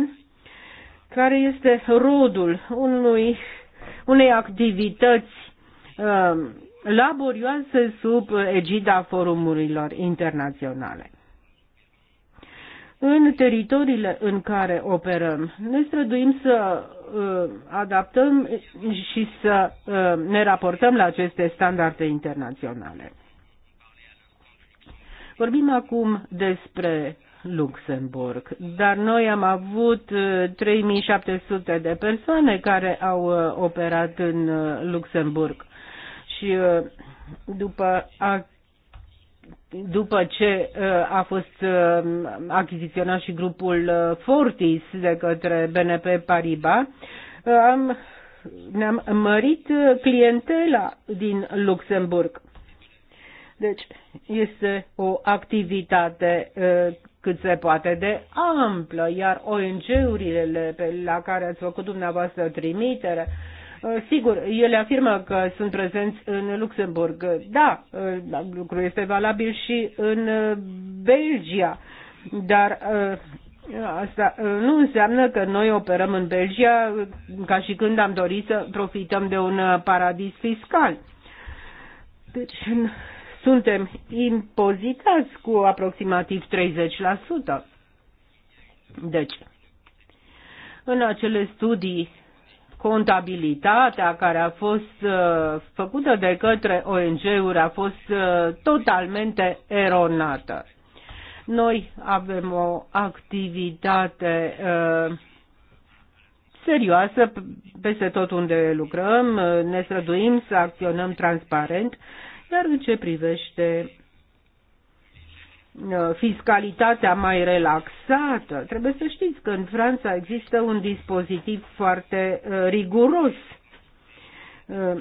care este rodul unui, unei activități laborioase sub egida forumurilor internaționale în teritoriile în care operăm. Ne străduim să uh, adaptăm și să uh, ne raportăm la aceste standarde internaționale. Vorbim acum despre Luxemburg, dar noi am avut 3700 uh, de persoane care au operat în Luxemburg și după după ce uh, a fost uh, achiziționat și grupul uh, Fortis de către BNP Paribas, am, ne-am mărit clientela din Luxemburg. Deci este o activitate cât se poate de amplă, iar ONG-urile la care ați făcut dumneavoastră trimitere Uh, sigur, ele afirmă că sunt prezenți în Luxemburg. Da, uh, da lucru este valabil și în uh, Belgia, dar Asta nu înseamnă că noi operăm în Belgia ca și când am dorit să profităm de un paradis fiscal. Deci suntem impozitați cu aproximativ 30%. Deci, în acele studii contabilitatea care a fost uh, făcută de către ONG-uri a fost uh, totalmente eronată. Noi avem o activitate uh, serioasă peste tot unde lucrăm, ne străduim să acționăm transparent, iar în ce privește Uh, fiscalitatea mai relaxată. Trebuie să știți că în Franța există un dispozitiv foarte uh, riguros uh,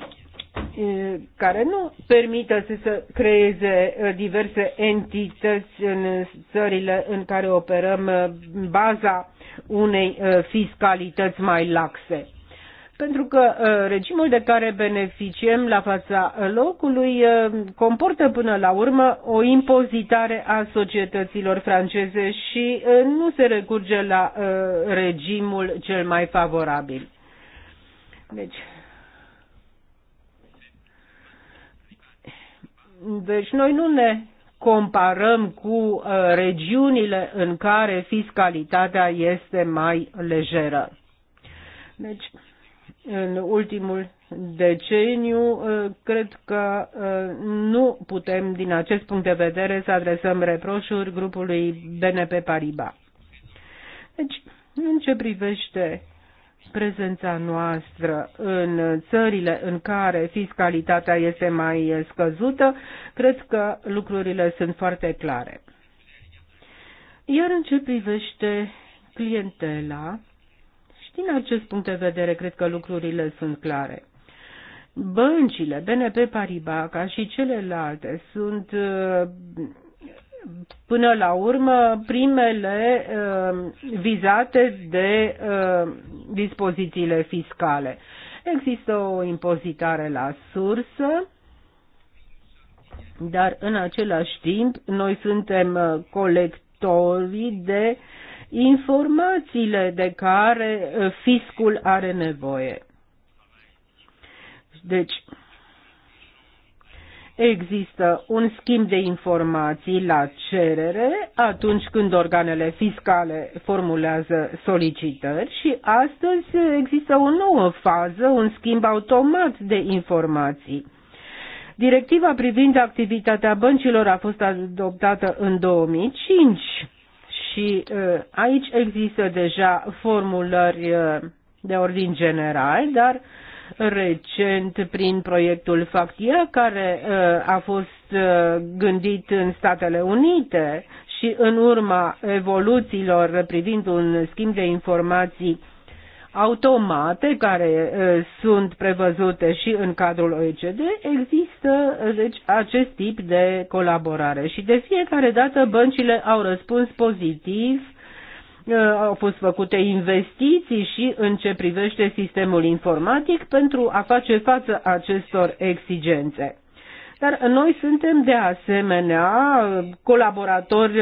care nu permite să se creeze diverse entități în țările în care operăm baza unei fiscalități mai laxe pentru că uh, regimul de care beneficiem la fața locului uh, comportă până la urmă o impozitare a societăților franceze și uh, nu se recurge la regimul cel mai favorabil. Deci, deci noi nu ne comparăm cu regiunile în care fiscalitatea este mai lejeră. Deci, în ultimul deceniu, uh, cred că uh, nu putem, din acest punct de vedere, să adresăm reproșuri grupului BNP Paribas. Deci, în ce privește prezența noastră în țările în care fiscalitatea este mai scăzută, cred că lucrurile sunt foarte clare. Iar în ce privește clientela, și din acest punct de vedere, cred că lucrurile sunt clare. Băncile, BNP Paribas, ca și celelalte, sunt uh, până la urmă primele uh, vizate de uh, dispozițiile fiscale. Există o impozitare la sursă, dar în același timp noi suntem colectorii de informațiile de care uh, fiscul are nevoie. Deci, există un schimb de informații la cerere atunci când organele fiscale formulează solicitări și astăzi există o nouă fază, un schimb automat de informații. Directiva privind activitatea băncilor a fost adoptată în 2005 și uh, aici există deja formulări uh, de ordin general, dar recent prin proiectul FACTIA care uh, a fost gândit în Statele Unite și în urma evoluțiilor privind un schimb de informații automate care sunt prevăzute și în cadrul OECD, există deci, acest tip de colaborare și de fiecare dată băncile au răspuns pozitiv au fost făcute investiții și în ce privește sistemul informatic pentru a face față acestor exigențe. Dar noi suntem de asemenea colaboratori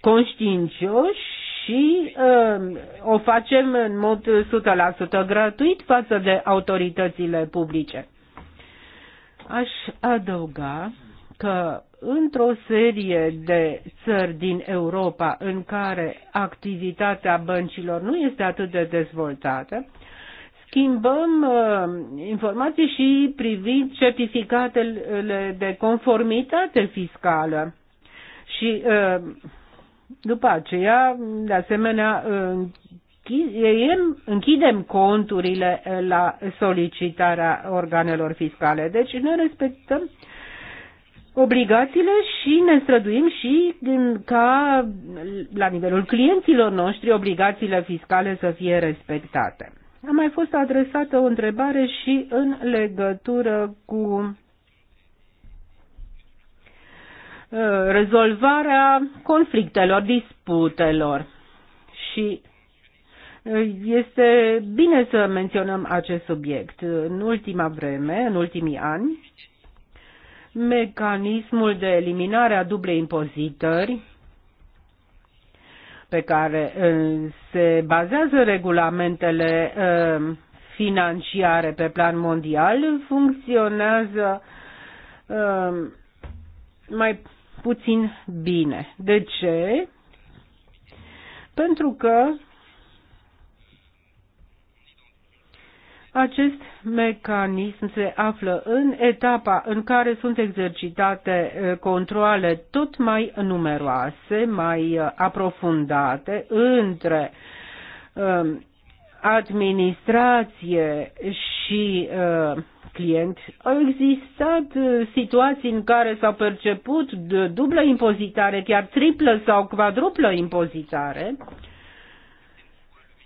conștiincioși și uh, o facem în mod 100% gratuit față de autoritățile publice. Aș adăuga că într-o serie de țări din Europa în care activitatea băncilor nu este atât de dezvoltată, schimbăm uh, informații și privind certificatele de conformitate fiscală. Și uh, după aceea, de asemenea, închidem conturile la solicitarea organelor fiscale. Deci ne respectăm obligațiile și ne străduim și ca la nivelul clienților noștri obligațiile fiscale să fie respectate. A mai fost adresată o întrebare și în legătură cu Uh, rezolvarea conflictelor, disputelor. Și uh, este bine să menționăm acest subiect. În ultima vreme, în ultimii ani, mecanismul de eliminare a dublei impozitări pe care uh, se bazează regulamentele financiare pe plan mondial funcționează mai puțin bine. De ce? Pentru că Acest mecanism se află în etapa în care sunt exercitate eh, controle tot mai numeroase, mai eh, aprofundate între eh, administrație și client, au existat uh, situații în care s-au perceput de dublă impozitare, chiar triplă sau quadruplă impozitare.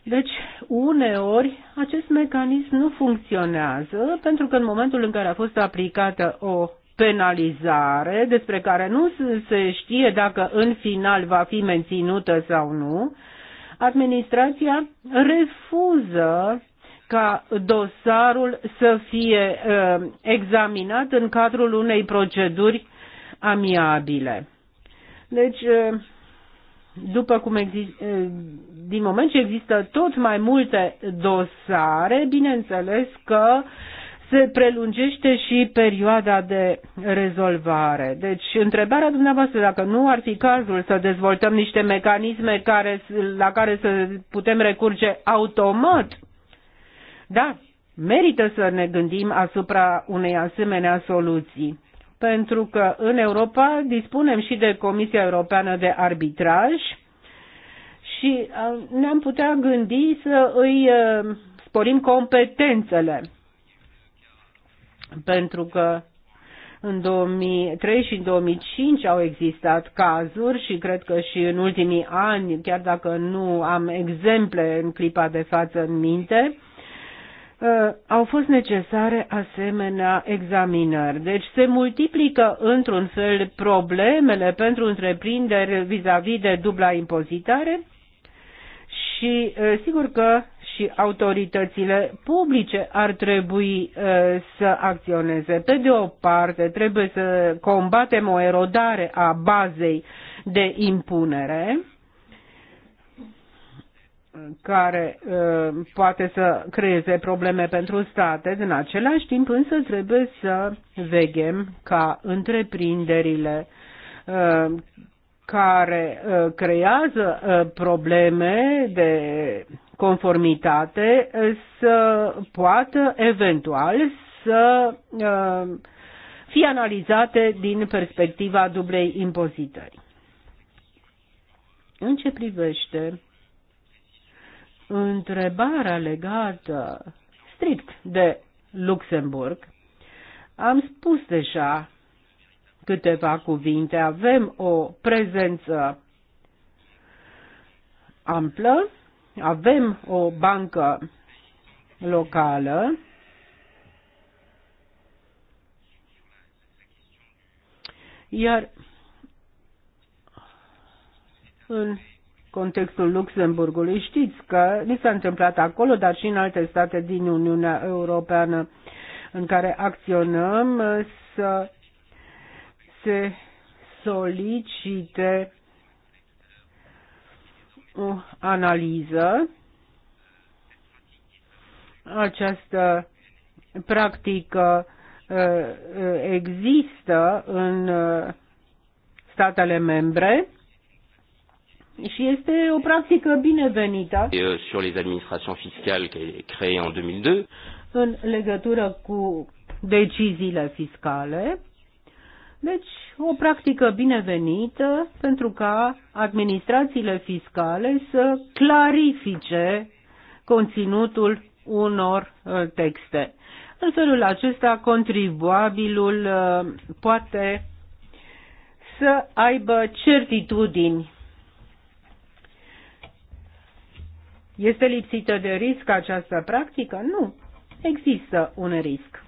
Deci, uneori, acest mecanism nu funcționează pentru că în momentul în care a fost aplicată o penalizare, despre care nu se știe dacă în final va fi menținută sau nu, administrația refuză ca dosarul să fie uh, examinat în cadrul unei proceduri amiabile. Deci, uh, după cum există, uh, din moment ce există tot mai multe dosare, bineînțeles că se prelungește și perioada de rezolvare. Deci, întrebarea dumneavoastră, dacă nu ar fi cazul să dezvoltăm niște mecanisme care, la care să putem recurge automat da, merită să ne gândim asupra unei asemenea soluții pentru că în Europa dispunem și de Comisia Europeană de Arbitraj și uh, ne-am putea gândi să îi uh, sporim competențele. Pentru că în 2003 și în 2005 au existat cazuri și cred că și în ultimii ani, chiar dacă nu am exemple în clipa de față în minte, Uh, au fost necesare asemenea examinări. Deci se multiplică într-un fel problemele pentru întreprinderi vis-a-vis -vis de dubla impozitare și uh, sigur că și autoritățile publice ar trebui uh, să acționeze. Pe de o parte, trebuie să combatem o erodare a bazei de impunere, care uh, poate să creeze probleme pentru state. În același timp însă trebuie să veghem ca întreprinderile uh, care uh, creează probleme de conformitate să poată eventual să fie analizate din perspectiva dublei impozitări. În ce privește întrebarea legată strict de Luxemburg, am spus deja câteva cuvinte. Avem o prezență amplă, avem o bancă locală, iar în contextul Luxemburgului. Știți că ni s-a întâmplat acolo, dar și în alte state din Uniunea Europeană în care acționăm să se solicite o analiză. Această practică uh, uh, există în uh, statele membre și este o practică binevenită. Euh, sur les administrations fiscales créées en 2002. În legătură cu deciziile fiscale. Deci, o practică binevenită pentru ca administrațiile fiscale să clarifice conținutul unor uh, texte. În felul acesta, contribuabilul uh, poate să aibă certitudini Este lipsită de risc această practică? Nu. Există un risc.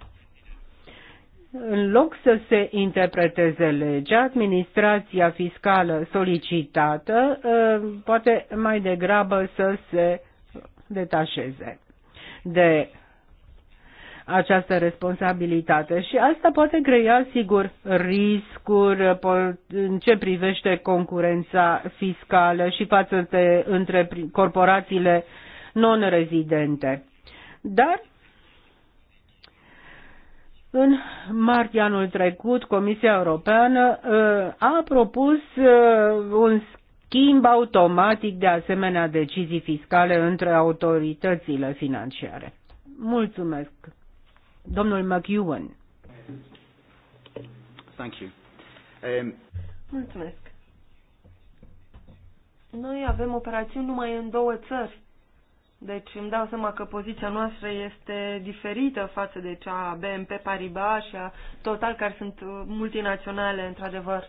În loc să se interpreteze legea, administrația fiscală solicitată ă, poate mai degrabă să se detașeze de această responsabilitate și asta poate crea, sigur, riscuri în ce privește concurența fiscală și față de între corporațiile non-rezidente. Dar în martie anul trecut, Comisia Europeană uh, a propus uh, un schimb automatic de asemenea decizii fiscale între autoritățile financiare. Mulțumesc! Domnul McEwen. Thank you. Um... Mulțumesc. Noi avem operațiuni numai în două țări. Deci îmi dau seama că poziția noastră este diferită față de cea a BNP Paribas și a Total, care sunt uh, multinaționale, într-adevăr.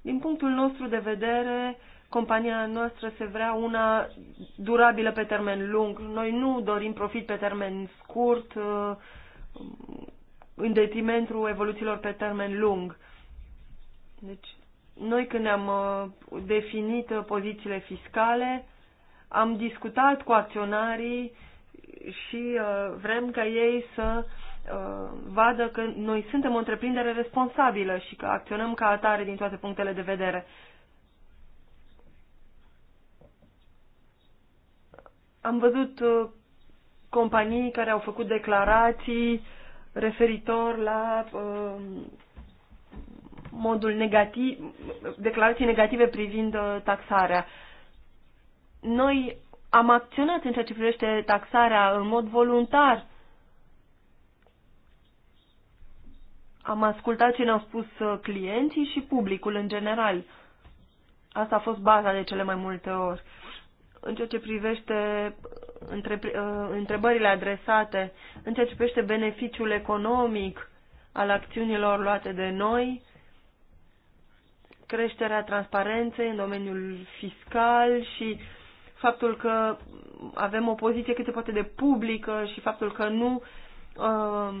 Din punctul nostru de vedere, compania noastră se vrea una durabilă pe termen lung. Noi nu dorim profit pe termen scurt, uh, în detrimentul evoluțiilor pe termen lung. Deci, noi când am uh, definit uh, pozițiile fiscale, am discutat cu acționarii și uh, vrem ca ei să vadă că noi suntem o întreprindere responsabilă și că acționăm ca atare din toate punctele de vedere. Am văzut companii care au făcut declarații referitor la uh, modul negativ, declarații negative privind uh, taxarea. Noi am acționat în ceea ce privește taxarea în mod voluntar. Am ascultat ce ne-au spus uh, clienții și publicul în general. Asta a fost baza de cele mai multe ori. În ceea ce privește între, uh, întrebările adresate în ceea ce privește beneficiul economic al acțiunilor luate de noi, creșterea transparenței în domeniul fiscal și faptul că avem o poziție cât se poate de publică și faptul că nu um,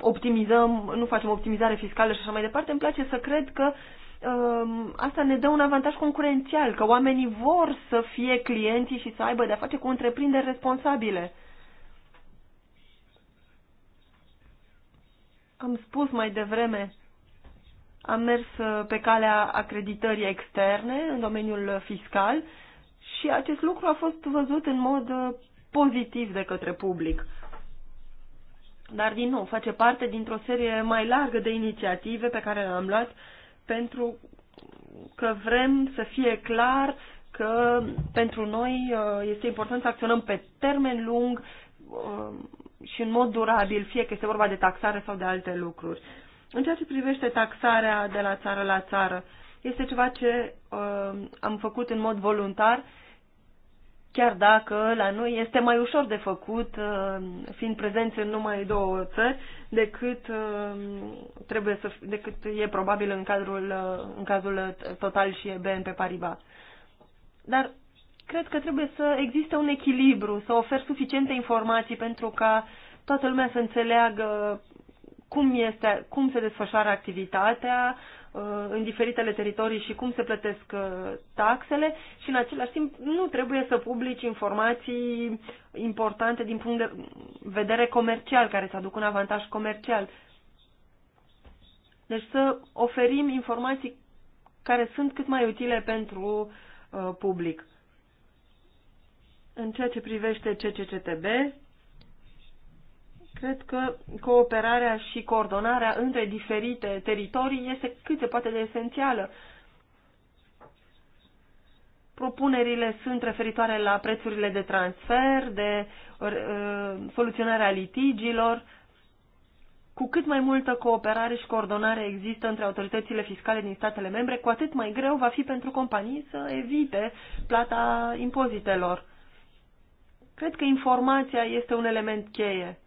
optimizăm, nu facem optimizare fiscală și așa mai departe, îmi place să cred că Um, asta ne dă un avantaj concurențial, că oamenii vor să fie clienții și să aibă de-a face cu întreprinderi responsabile. Am spus mai devreme, am mers uh, pe calea acreditării externe în domeniul fiscal și acest lucru a fost văzut în mod uh, pozitiv de către public. Dar, din nou, face parte dintr-o serie mai largă de inițiative pe care le-am luat uh, pentru că vrem să fie clar că pentru noi uh, este important să acționăm pe termen lung uh, și în mod durabil, fie că este vorba de taxare sau de alte lucruri. În ceea ce privește taxarea de la țară la țară, este ceva ce uh, am făcut în mod voluntar chiar dacă la noi este mai ușor de făcut, uh, fiind prezenți în numai două țări, decât, uh, trebuie să, decât e probabil în, cadrul, uh, în cazul Total și BNP Paribas. Dar cred că trebuie să existe un echilibru, să ofer suficiente informații pentru ca toată lumea să înțeleagă cum, este, cum se desfășoară activitatea, Uh, în diferitele teritorii și cum se plătesc uh, taxele și în același timp nu trebuie să publici informații importante din punct de vedere comercial, care să aducă un avantaj comercial. Deci să oferim informații care sunt cât mai utile pentru uh, public. În ceea ce privește CCCTB, Cred că cooperarea și coordonarea între diferite teritorii este cât se poate de esențială. Propunerile sunt referitoare la prețurile de transfer, de uh, soluționarea litigiilor. Cu cât mai multă cooperare și coordonare există între autoritățile fiscale din statele membre, cu atât mai greu va fi pentru companii să evite plata impozitelor. Cred că informația este un element cheie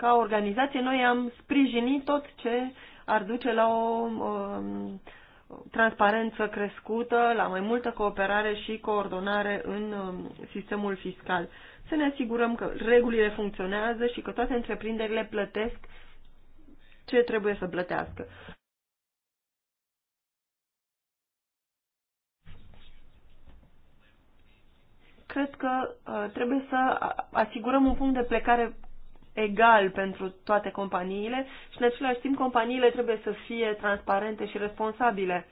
ca organizație, noi am sprijinit tot ce ar duce la o um, transparență crescută, la mai multă cooperare și coordonare în um, sistemul fiscal. Să ne asigurăm că regulile funcționează și că toate întreprinderile plătesc ce trebuie să plătească. Cred că uh, trebuie să asigurăm un punct de plecare egal pentru toate companiile și în același timp companiile trebuie să fie transparente și responsabile.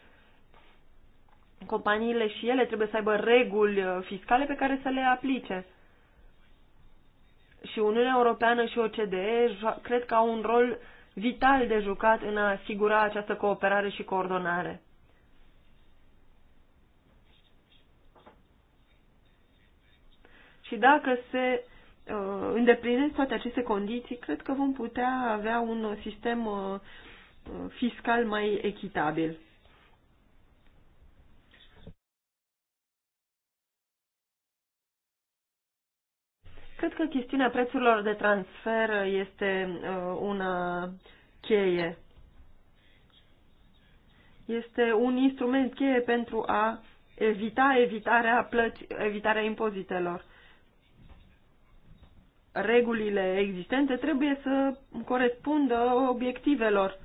Companiile și ele trebuie să aibă reguli uh, fiscale pe care să le aplice. Și Uniunea Europeană și OCDE cred că au un rol vital de jucat în a asigura această cooperare și coordonare. Și dacă se Uh, îndeplinesc toate aceste condiții, cred că vom putea avea un sistem uh, uh, fiscal mai echitabil. Cred că chestiunea prețurilor de transfer este una cheie. Este un instrument cheie pentru a evita evitarea plăți, evitarea impozitelor regulile existente trebuie să corespundă obiectivelor.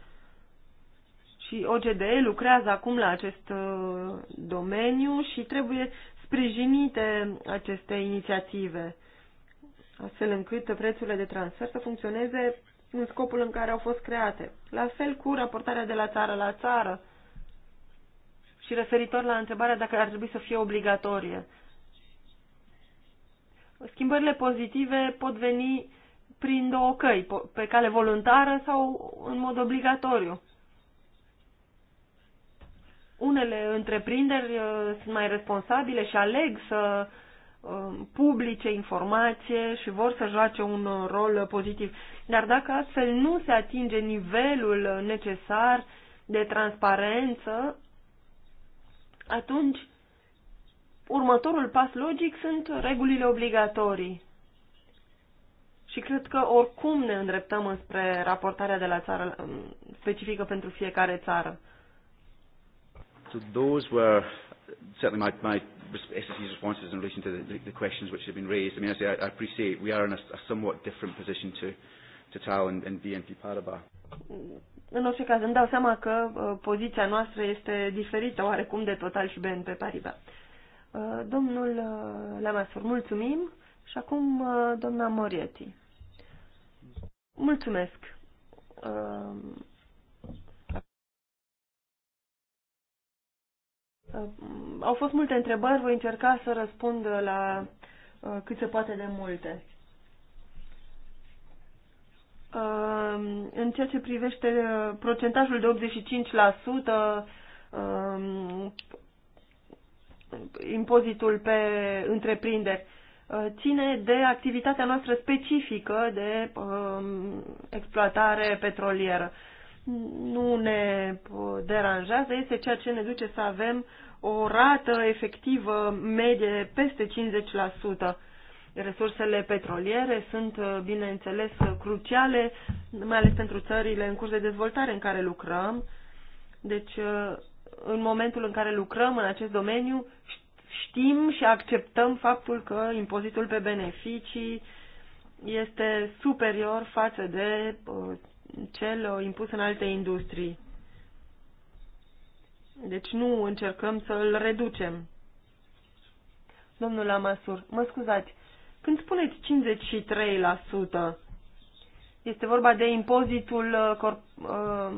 Și OGDE lucrează acum la acest uh, domeniu și trebuie sprijinite aceste inițiative, astfel încât prețurile de transfer să funcționeze în scopul în care au fost create. La fel cu raportarea de la țară la țară și referitor la întrebarea dacă ar trebui să fie obligatorie. Schimbările pozitive pot veni prin două căi, pe cale voluntară sau în mod obligatoriu. Unele întreprinderi uh, sunt mai responsabile și aleg să uh, publice informație și vor să joace un rol pozitiv. Dar dacă astfel nu se atinge nivelul necesar de transparență, atunci următorul pas logic sunt regulile obligatorii. Și cred că oricum ne îndreptăm spre raportarea de la țară um, specifică pentru fiecare țară. So those were certainly my, my SSC's responses in relation to the, the, the questions which have been raised. I mean, I, say, I, I appreciate we are in a, a somewhat different position to, to TAL and, and BNP Paribas. În orice caz, îmi dau seama că uh, poziția noastră este diferită oarecum de Total și BNP Paribas. Uh, domnul uh, Lamasur, mulțumim. Și acum uh, doamna Morieti. Mulțumesc. Au fost multe întrebări, voi încerca să răspund la cât se poate de multe. În ceea ce privește procentajul de 85%, impozitul pe întreprinderi uh, ține de activitatea noastră specifică de um, exploatare petrolieră. Nu ne uh, deranjează, este ceea ce ne duce să avem o rată efectivă medie peste 50%. Resursele petroliere sunt, uh, bineînțeles, cruciale, mai ales pentru țările în curs de dezvoltare în care lucrăm. Deci, în momentul în care lucrăm în acest domeniu, știm și acceptăm faptul că impozitul pe beneficii este superior față de uh, cel impus în alte industrii. Deci nu încercăm să îl reducem. Domnul Amasur, mă scuzați, când spuneți 53%, este vorba de impozitul uh, corp, uh,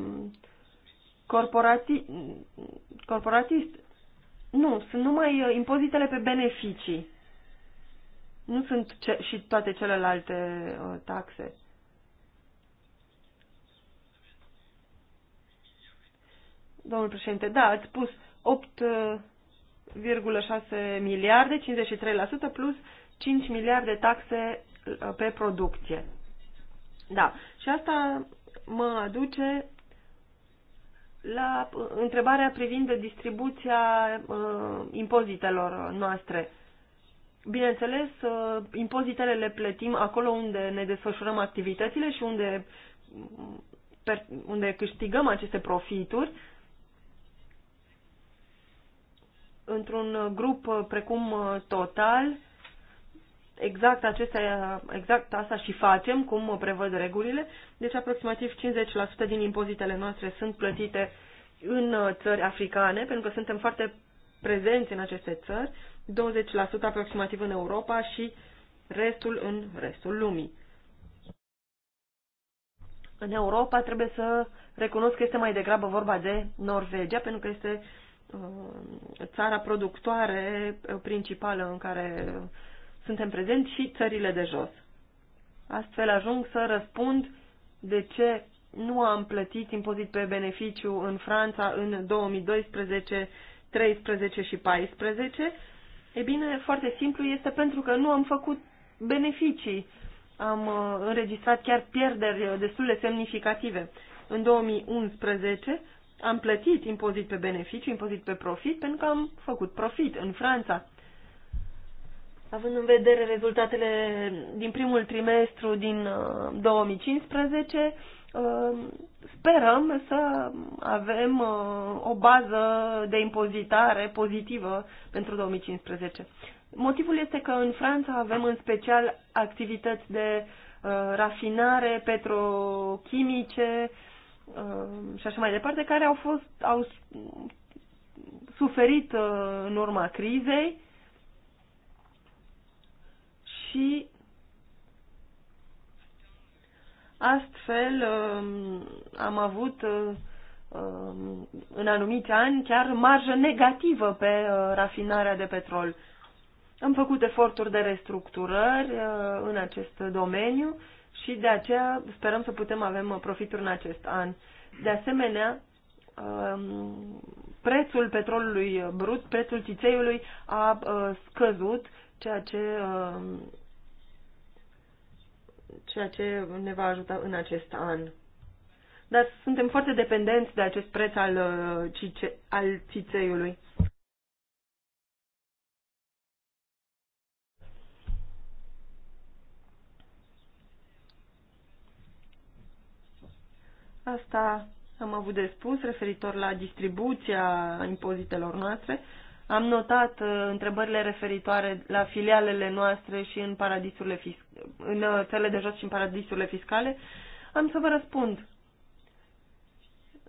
corporati... corporatist. Nu, sunt numai uh, impozitele pe beneficii. Nu sunt ce... și toate celelalte uh, taxe. Domnul președinte, da, ați spus 8,6 uh, miliarde, 53% plus 5 miliarde taxe uh, pe producție. Da, și asta mă aduce la uh, întrebarea privind distribuția uh, impozitelor noastre. Bineînțeles, uh, impozitele le plătim acolo unde ne desfășurăm activitățile și unde, per, unde câștigăm aceste profituri. Într-un grup uh, precum uh, Total, uh, exact, acestea, exact asta și facem, cum prevăd regulile. Deci aproximativ 50% din impozitele noastre sunt plătite în uh, țări africane, pentru că suntem foarte prezenți în aceste țări, 20% aproximativ în Europa și restul în restul lumii. În Europa trebuie să recunosc că este mai degrabă vorba de Norvegia, pentru că este uh, țara productoare uh, principală în care uh, suntem prezenți și țările de jos. Astfel ajung să răspund de ce nu am plătit impozit pe beneficiu în Franța în 2012, 13 și 14. E bine, foarte simplu, este pentru că nu am făcut beneficii. Am uh, înregistrat chiar pierderi destul de semnificative. În 2011 am plătit impozit pe beneficiu, impozit pe profit, pentru că am făcut profit în Franța având în vedere rezultatele din primul trimestru din 2015, uh, uh, sperăm să avem uh, o bază de impozitare pozitivă pentru 2015. Motivul este că în Franța avem în special activități de rafinare, petrochimice și așa mai departe, care au fost au suferit în urma crizei și astfel um, am avut um, în anumiți ani chiar marjă negativă pe uh, rafinarea de petrol. Am făcut eforturi de restructurări uh, în acest domeniu și de aceea sperăm să putem avem uh, profituri în acest an. De asemenea, um, prețul petrolului brut, prețul țițeiului a scăzut, ceea ce ceea ce ne va ajuta în acest an. Dar suntem foarte dependenți de acest preț al, uh, al țițeiului. Asta am avut de spus referitor la distribuția impozitelor noastre. Am notat uh, întrebările referitoare la filialele noastre și în, paradisurile fisc- în uh, țările de jos și în paradisurile fiscale. Am să vă răspund.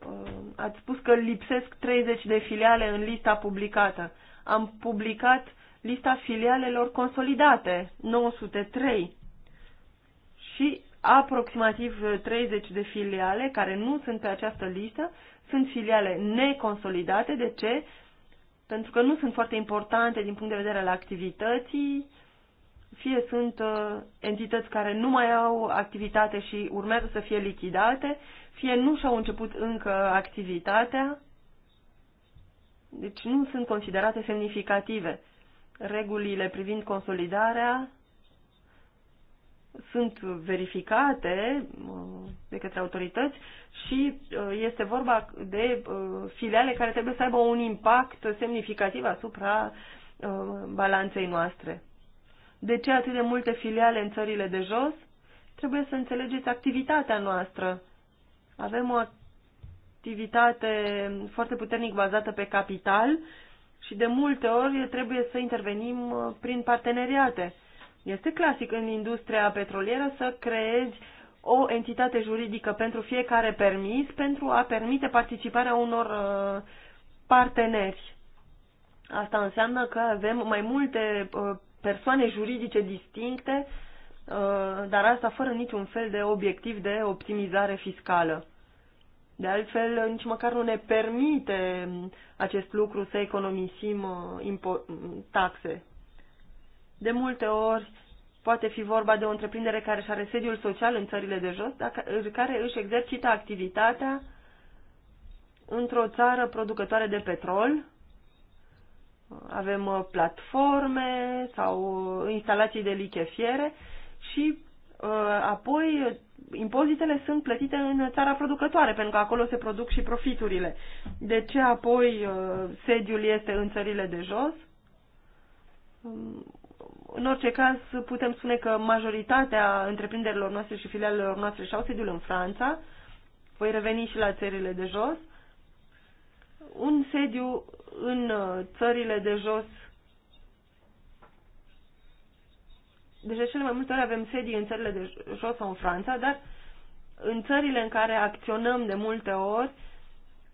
Uh, ați spus că lipsesc 30 de filiale în lista publicată. Am publicat lista filialelor consolidate, 903, și aproximativ 30 de filiale care nu sunt pe această listă sunt filiale neconsolidate. De ce? pentru că nu sunt foarte importante din punct de vedere al activității, fie sunt uh, entități care nu mai au activitate și urmează să fie lichidate, fie nu și-au început încă activitatea, deci nu sunt considerate semnificative. Regulile privind consolidarea sunt verificate uh, de către autorități și uh, este vorba de uh, filiale care trebuie să aibă un impact semnificativ asupra balanței noastre. De ce atât de multe filiale în țările de jos? Trebuie să înțelegeți activitatea noastră. Avem o activitate foarte puternic bazată pe capital și de multe ori trebuie să intervenim prin parteneriate este clasic în industria petrolieră să creezi o entitate juridică pentru fiecare permis pentru a permite participarea unor uh, parteneri. Asta înseamnă că avem mai multe uh, persoane juridice distincte, uh, dar asta fără niciun fel de obiectiv de optimizare fiscală. De altfel, nici măcar nu ne permite acest lucru să economisim taxe de multe ori poate fi vorba de o întreprindere care își are sediul social în țările de jos, dar care își exercită activitatea într-o țară producătoare de petrol. Avem uh, platforme sau uh, instalații de lichefiere și uh, apoi impozitele sunt plătite în țara producătoare, pentru că acolo se produc și profiturile. De ce apoi sediul este în țările de jos? Um, în orice caz, putem spune că majoritatea întreprinderilor noastre și filialelor noastre și-au sediul în Franța. Voi reveni și la țările de jos. Un sediu în uh, țările de jos deci cele mai multe ori avem sedii în țările de jos sau în Franța, dar în țările în care acționăm de multe ori,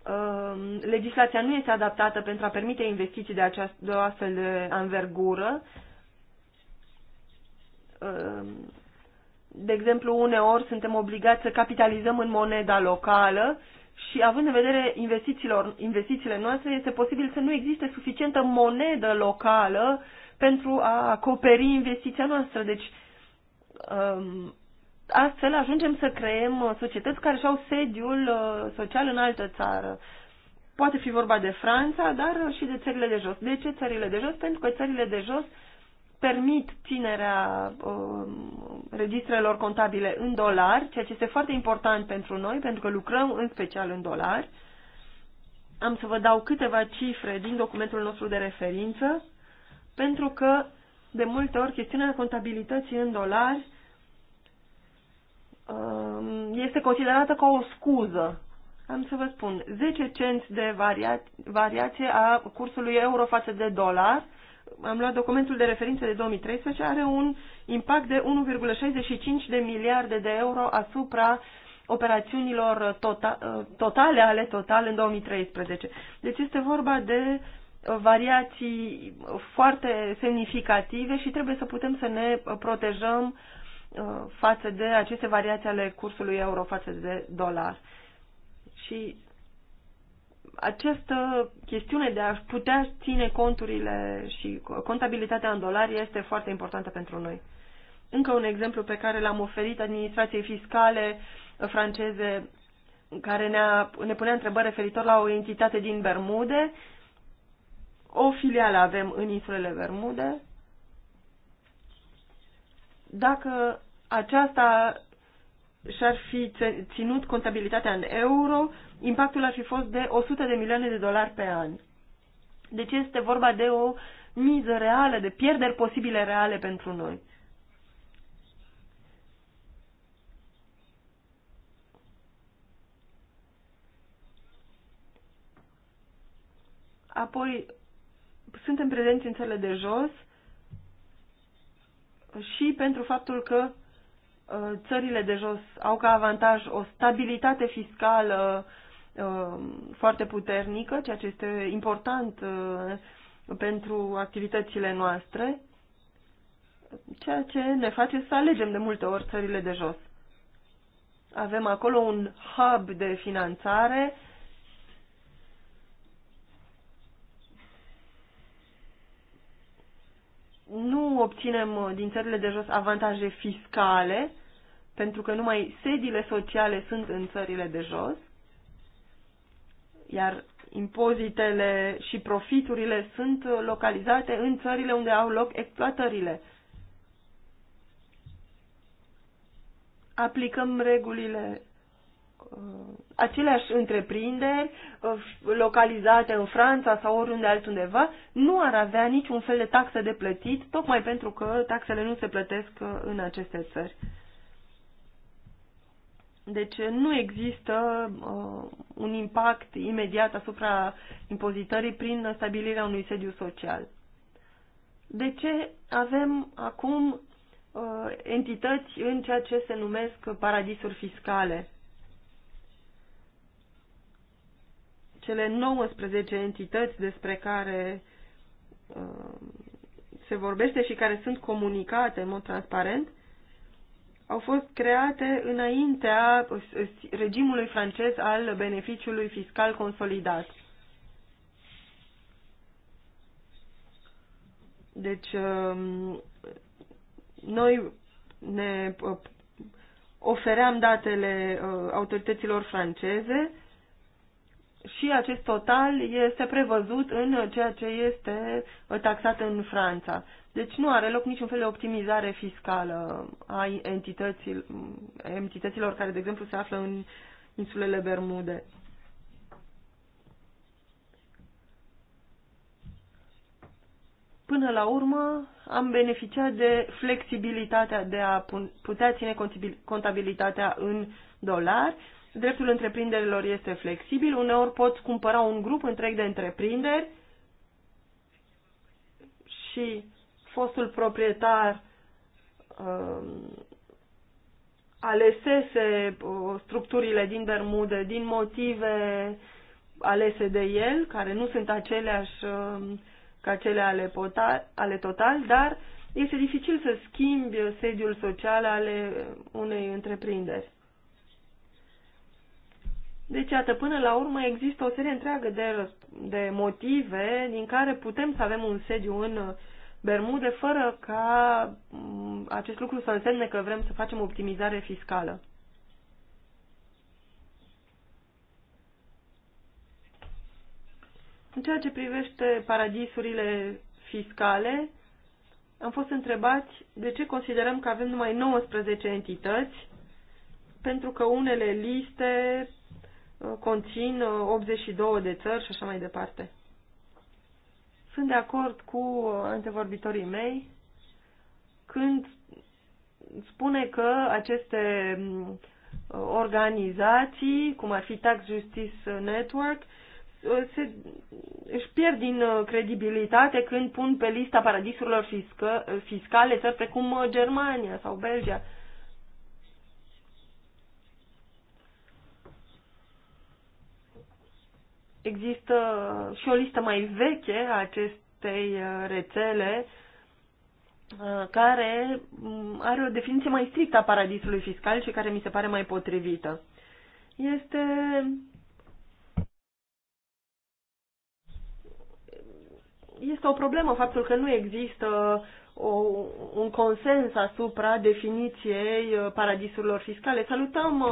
uh, legislația nu este adaptată pentru a permite investiții de, această, de o astfel de anvergură Ehm, de exemplu, uneori suntem obligați să capitalizăm în moneda locală și având în vedere investițiilor, investițiile noastre, este posibil să nu existe suficientă monedă locală pentru a acoperi investiția noastră. Deci, ehm, astfel ajungem să creăm societăți care și-au sediul uh, social în altă țară. Poate fi vorba de Franța, dar și de țările de jos. De ce țările de jos? Pentru că țările de jos uh, permit ținerea uh, registrelor contabile în dolari, ceea ce este foarte important pentru noi, pentru că lucrăm în special în dolari. Am să vă dau câteva cifre din documentul nostru de referință, pentru că de multe ori chestiunea contabilității în dolari um, este considerată ca o scuză. Am să vă spun, 10 cenți de variație a cursului euro față de dolar, am luat documentul de referință de 2013, are un impact de 1,65 de miliarde de euro asupra operațiunilor tota, totale ale total în 2013. Deci este vorba de variații foarte semnificative și trebuie să putem să ne protejăm uh, față de aceste variații ale cursului euro față de dolar. Și această chestiune de a putea ține conturile și contabilitatea în dolari este foarte importantă pentru noi. Încă un exemplu pe care l-am oferit administrației fiscale franceze care ne-a, ne punea întrebări referitor la o entitate din Bermude. O filială avem în insulele Bermude. Dacă aceasta și-ar fi ținut contabilitatea în euro, impactul ar fi fost de 100 de milioane de dolari pe an. Deci este vorba de o miză reală, de pierderi posibile reale pentru noi. Apoi, suntem prezenți în țările de jos și pentru faptul că uh, țările de jos au ca avantaj o stabilitate fiscală Um, foarte puternică, ceea ce este important uh, pentru activitățile noastre, ceea ce ne face să alegem de multe ori țările de jos. Avem acolo un hub de finanțare nu obținem din țările de jos avantaje fiscale, pentru că numai sediile sociale sunt în țările de jos, iar impozitele și profiturile sunt localizate în țările unde au loc exploatările. Aplicăm regulile uh, aceleași întreprinderi uh, localizate în Franța sau oriunde altundeva nu ar avea niciun fel de taxă de plătit, tocmai pentru că taxele nu se plătesc uh, în aceste țări. Deci nu există uh, un impact imediat asupra impozitării prin stabilirea unui sediu social. De ce avem acum uh, entități în ceea ce se numesc paradisuri fiscale? Cele 19 entități despre care uh, se vorbește și care sunt comunicate în mod transparent uh, au fost create înaintea regimului francez al beneficiului fiscal consolidat. Deci, um, noi ne uh, ofeream datele uh, autorităților franceze și acest total este prevăzut în ceea ce este uh, taxat în Franța. Deci nu are loc niciun fel de optimizare fiscală a entităților, entităților care, de exemplu, se află în insulele Bermude. Până la urmă, am beneficiat de flexibilitatea de a putea ține contabilitatea în dolari. Dreptul întreprinderilor este flexibil. Uneori poți cumpăra un grup întreg de întreprinderi și fostul proprietar um, alesese uh, structurile din Bermude din motive alese de el, care nu sunt aceleași um, ca cele ale, potal, ale total, dar este dificil să schimbi sediul social ale unei întreprinderi. Deci, iată, până la urmă există o serie întreagă de, de motive din care putem să avem un sediu în Bermude fără ca mm, acest lucru să însemne că vrem să facem optimizare fiscală. În ceea ce privește paradisurile fiscale, am fost întrebați de ce considerăm că avem numai 19 entități, pentru că unele liste uh, conțin 82 uh, de țări și așa mai departe. Sunt de acord cu antevorbitorii mei când spune că aceste mm, organizații, cum ar fi Tax Justice Network, se, își pierd din uh, credibilitate când pun pe lista paradisurilor fiscale țări precum uh, Germania sau Belgia. Există și o listă mai veche a acestei uh, rețele uh, care mm, are o definiție mai strictă a paradisului fiscal și care mi se pare mai potrivită. Este este o problemă faptul că nu există o, un consens asupra definiției uh, paradisurilor fiscale. Salutăm uh,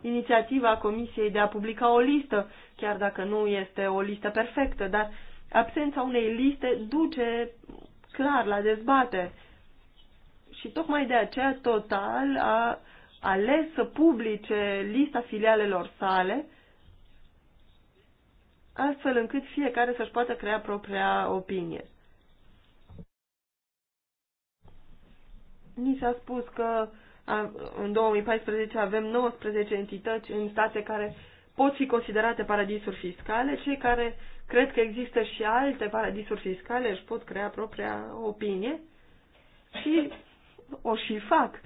inițiativa Comisiei de a publica o listă, chiar dacă nu este o listă perfectă, dar absența unei liste duce clar la dezbatere Și tocmai de aceea Total a ales să publice lista filialelor sale, astfel încât fiecare să-și poată crea propria opinie. Ni s-a spus că în 2014 avem 19 entități în state care pot fi considerate paradisuri fiscale. Cei care cred că există și alte paradisuri fiscale își pot crea propria opinie și o și fac.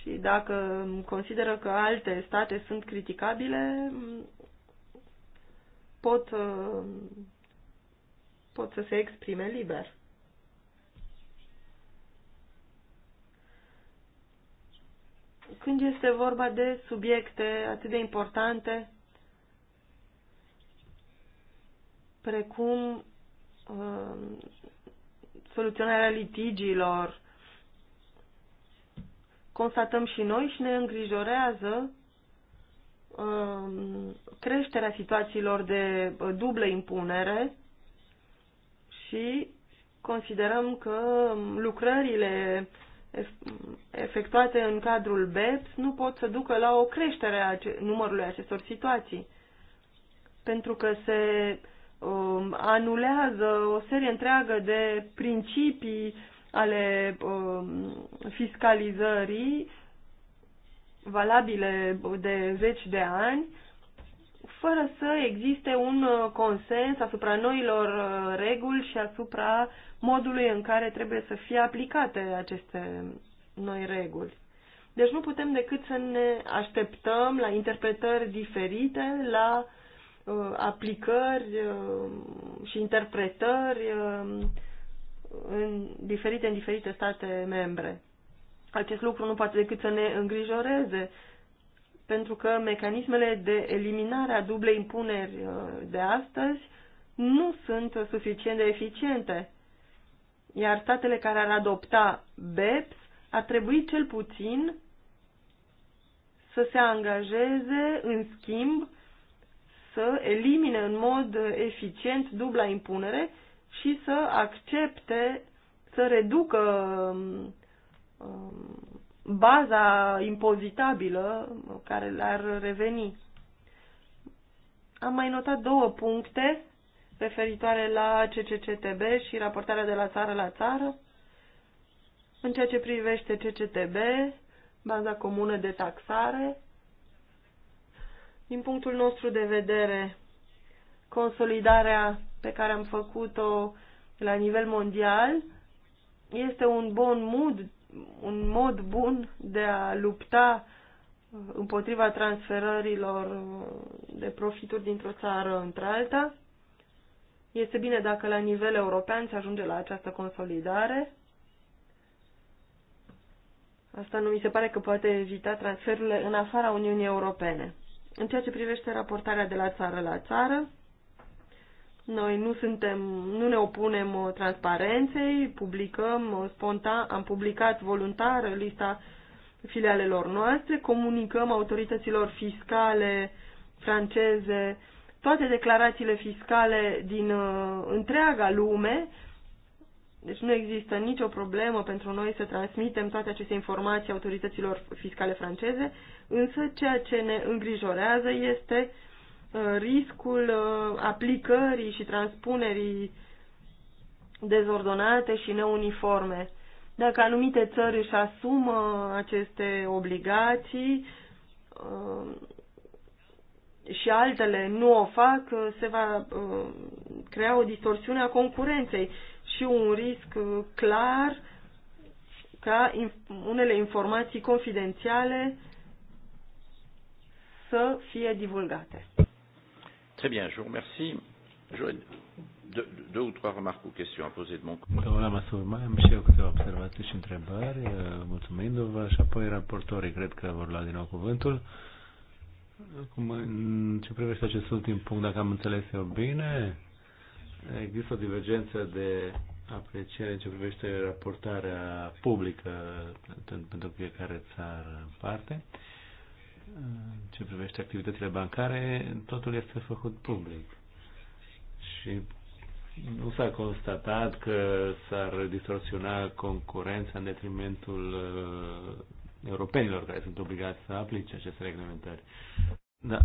Și dacă consideră că alte state sunt criticabile, pot, uh, pot să se exprime liber. când este vorba de subiecte atât de importante precum uh, soluționarea litigiilor, constatăm și noi și ne îngrijorează uh, creșterea situațiilor de uh, dublă impunere și considerăm că lucrările efectuate în cadrul BEPS nu pot să ducă la o creștere a numărului acestor situații, pentru că se um, anulează o serie întreagă de principii ale um, fiscalizării valabile de zeci de ani fără să existe un uh, consens asupra noilor uh, reguli și asupra modului în care trebuie să fie aplicate aceste noi reguli. Deci nu putem decât să ne așteptăm la interpretări diferite, la uh, aplicări uh, și interpretări uh, în diferite în diferite state membre. Acest lucru nu poate decât să ne îngrijoreze pentru că mecanismele de eliminare a dublei impuneri uh, de astăzi nu sunt suficient de eficiente. Iar statele care ar adopta BEPS ar trebui cel puțin să se angajeze, în schimb, să elimine în mod eficient dubla impunere și să accepte, să reducă um, um baza impozitabilă care le-ar reveni. Am mai notat două puncte referitoare la CCCTB și raportarea de la țară la țară. În ceea ce privește CCTB, baza comună de taxare, din punctul nostru de vedere, consolidarea pe care am făcut-o la nivel mondial este un bun mood un mod bun de a lupta uh, împotriva transferărilor uh, de profituri dintr-o țară într-alta. Este bine dacă la nivel european se ajunge la această consolidare. Asta nu mi se pare că poate evita transferurile în afara Uniunii Europene. În ceea ce privește raportarea de la țară la țară, noi nu suntem, nu ne opunem uh, transparenței, publicăm uh, spontan, am publicat voluntar lista filialelor noastre, comunicăm autorităților fiscale franceze toate declarațiile fiscale din uh, întreaga lume, deci nu există nicio problemă pentru noi să transmitem toate aceste informații autorităților fiscale franceze, însă ceea ce ne îngrijorează este uh, Uh, riscul uh, aplicării și transpunerii dezordonate și neuniforme. Dacă anumite țări își asumă aceste obligații uh, și altele nu o fac, se va crea o distorsiune a concurenței și un risc clar ca unele informații confidențiale să fie divulgate. Très bien, je vous remercie. J'aurais deux, deux ou trois remarques ou questions à poser de mon côté. Voilà, ma mai am și eu câteva observații și întrebări, eh, mulțumindu-vă și apoi raportorii cred că vor lua din nou cuvântul. Acum, în ce privește acest ultim punct, dacă am înțeles eu bine, există o divergență de apreciere în ce privește raportarea publică pentru fiecare țară în parte. Uh, ce privește activitățile bancare, totul este făcut public. Și nu s-a constatat că s-ar distorsiona concurența în detrimentul uh, europenilor care sunt obligați să aplice aceste reglementări. Da,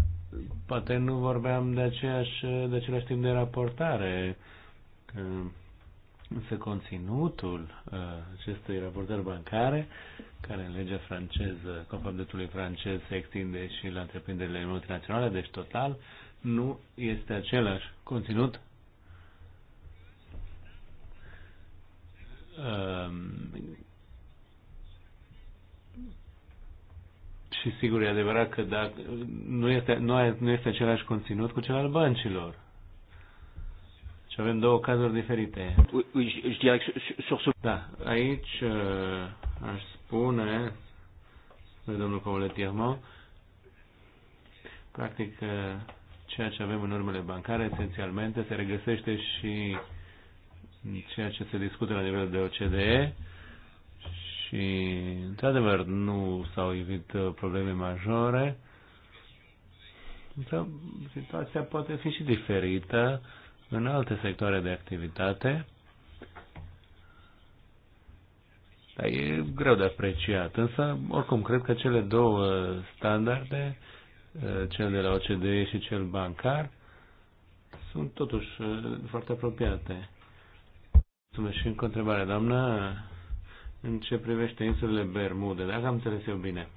poate nu vorbeam de, aceeași, de același timp de raportare, că, însă conținutul uh, acestei raportări bancare care în legea franceză, conform dreptului francez, se extinde și la întreprinderile multinaționale, deci total, nu este același conținut ehm, și sigur e adevărat că dacă nu este, nu, nu este același conținut cu cel al băncilor. Și avem două cazuri diferite. Da, aici eh, aș spune, spune domnul Pauletiermo, practic ceea ce avem în urmele bancare esențialmente se regăsește și ceea ce se discută la nivel de OCDE și, într-adevăr, nu s-au evit uh, probleme majore, însă situația poate fi și diferită în alte sectoare de activitate Dar e greu de apreciat, însă oricum cred că cele două standarde, eh, cel de la OCDE și cel bancar, sunt totuși eh, foarte apropiate. Mulțumesc și încă o întrebare, doamnă, în ce privește insulele Bermude, dacă am înțeles eu bine.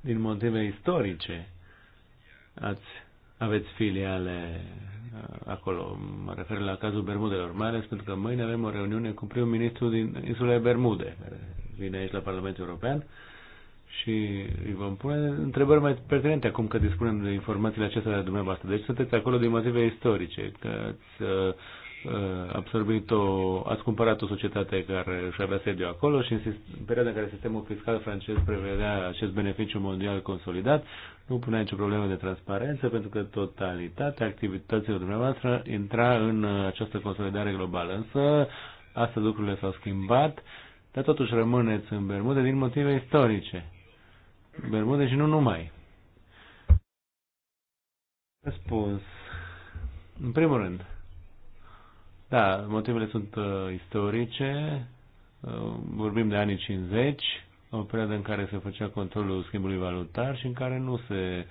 Din motive istorice, ați, aveți filiale acolo. Mă refer la cazul Bermudelor, mai ales pentru că mâine avem o reuniune cu primul ministru din insulele Bermude, care vine aici la Parlamentul European și îi vom pune întrebări mai pertinente acum că dispunem de informațiile acestea de dumneavoastră. Deci sunteți acolo din motive istorice, că ați uh, uh, absorbit o, ați cumpărat o societate care își avea sediu acolo și în, în perioada în care sistemul fiscal francez prevedea acest beneficiu mondial consolidat, nu punea nicio problemă de transparență, pentru că totalitatea activităților dumneavoastră intra în uh, această consolidare globală. Însă, astăzi lucrurile s-au schimbat, dar totuși rămâneți în Bermude din motive istorice. Bermude și nu numai. Răspuns. În primul rând, da, motivele sunt uh, istorice, uh, vorbim de anii 50, o perioadă în care se făcea controlul schimbului valutar și în care nu se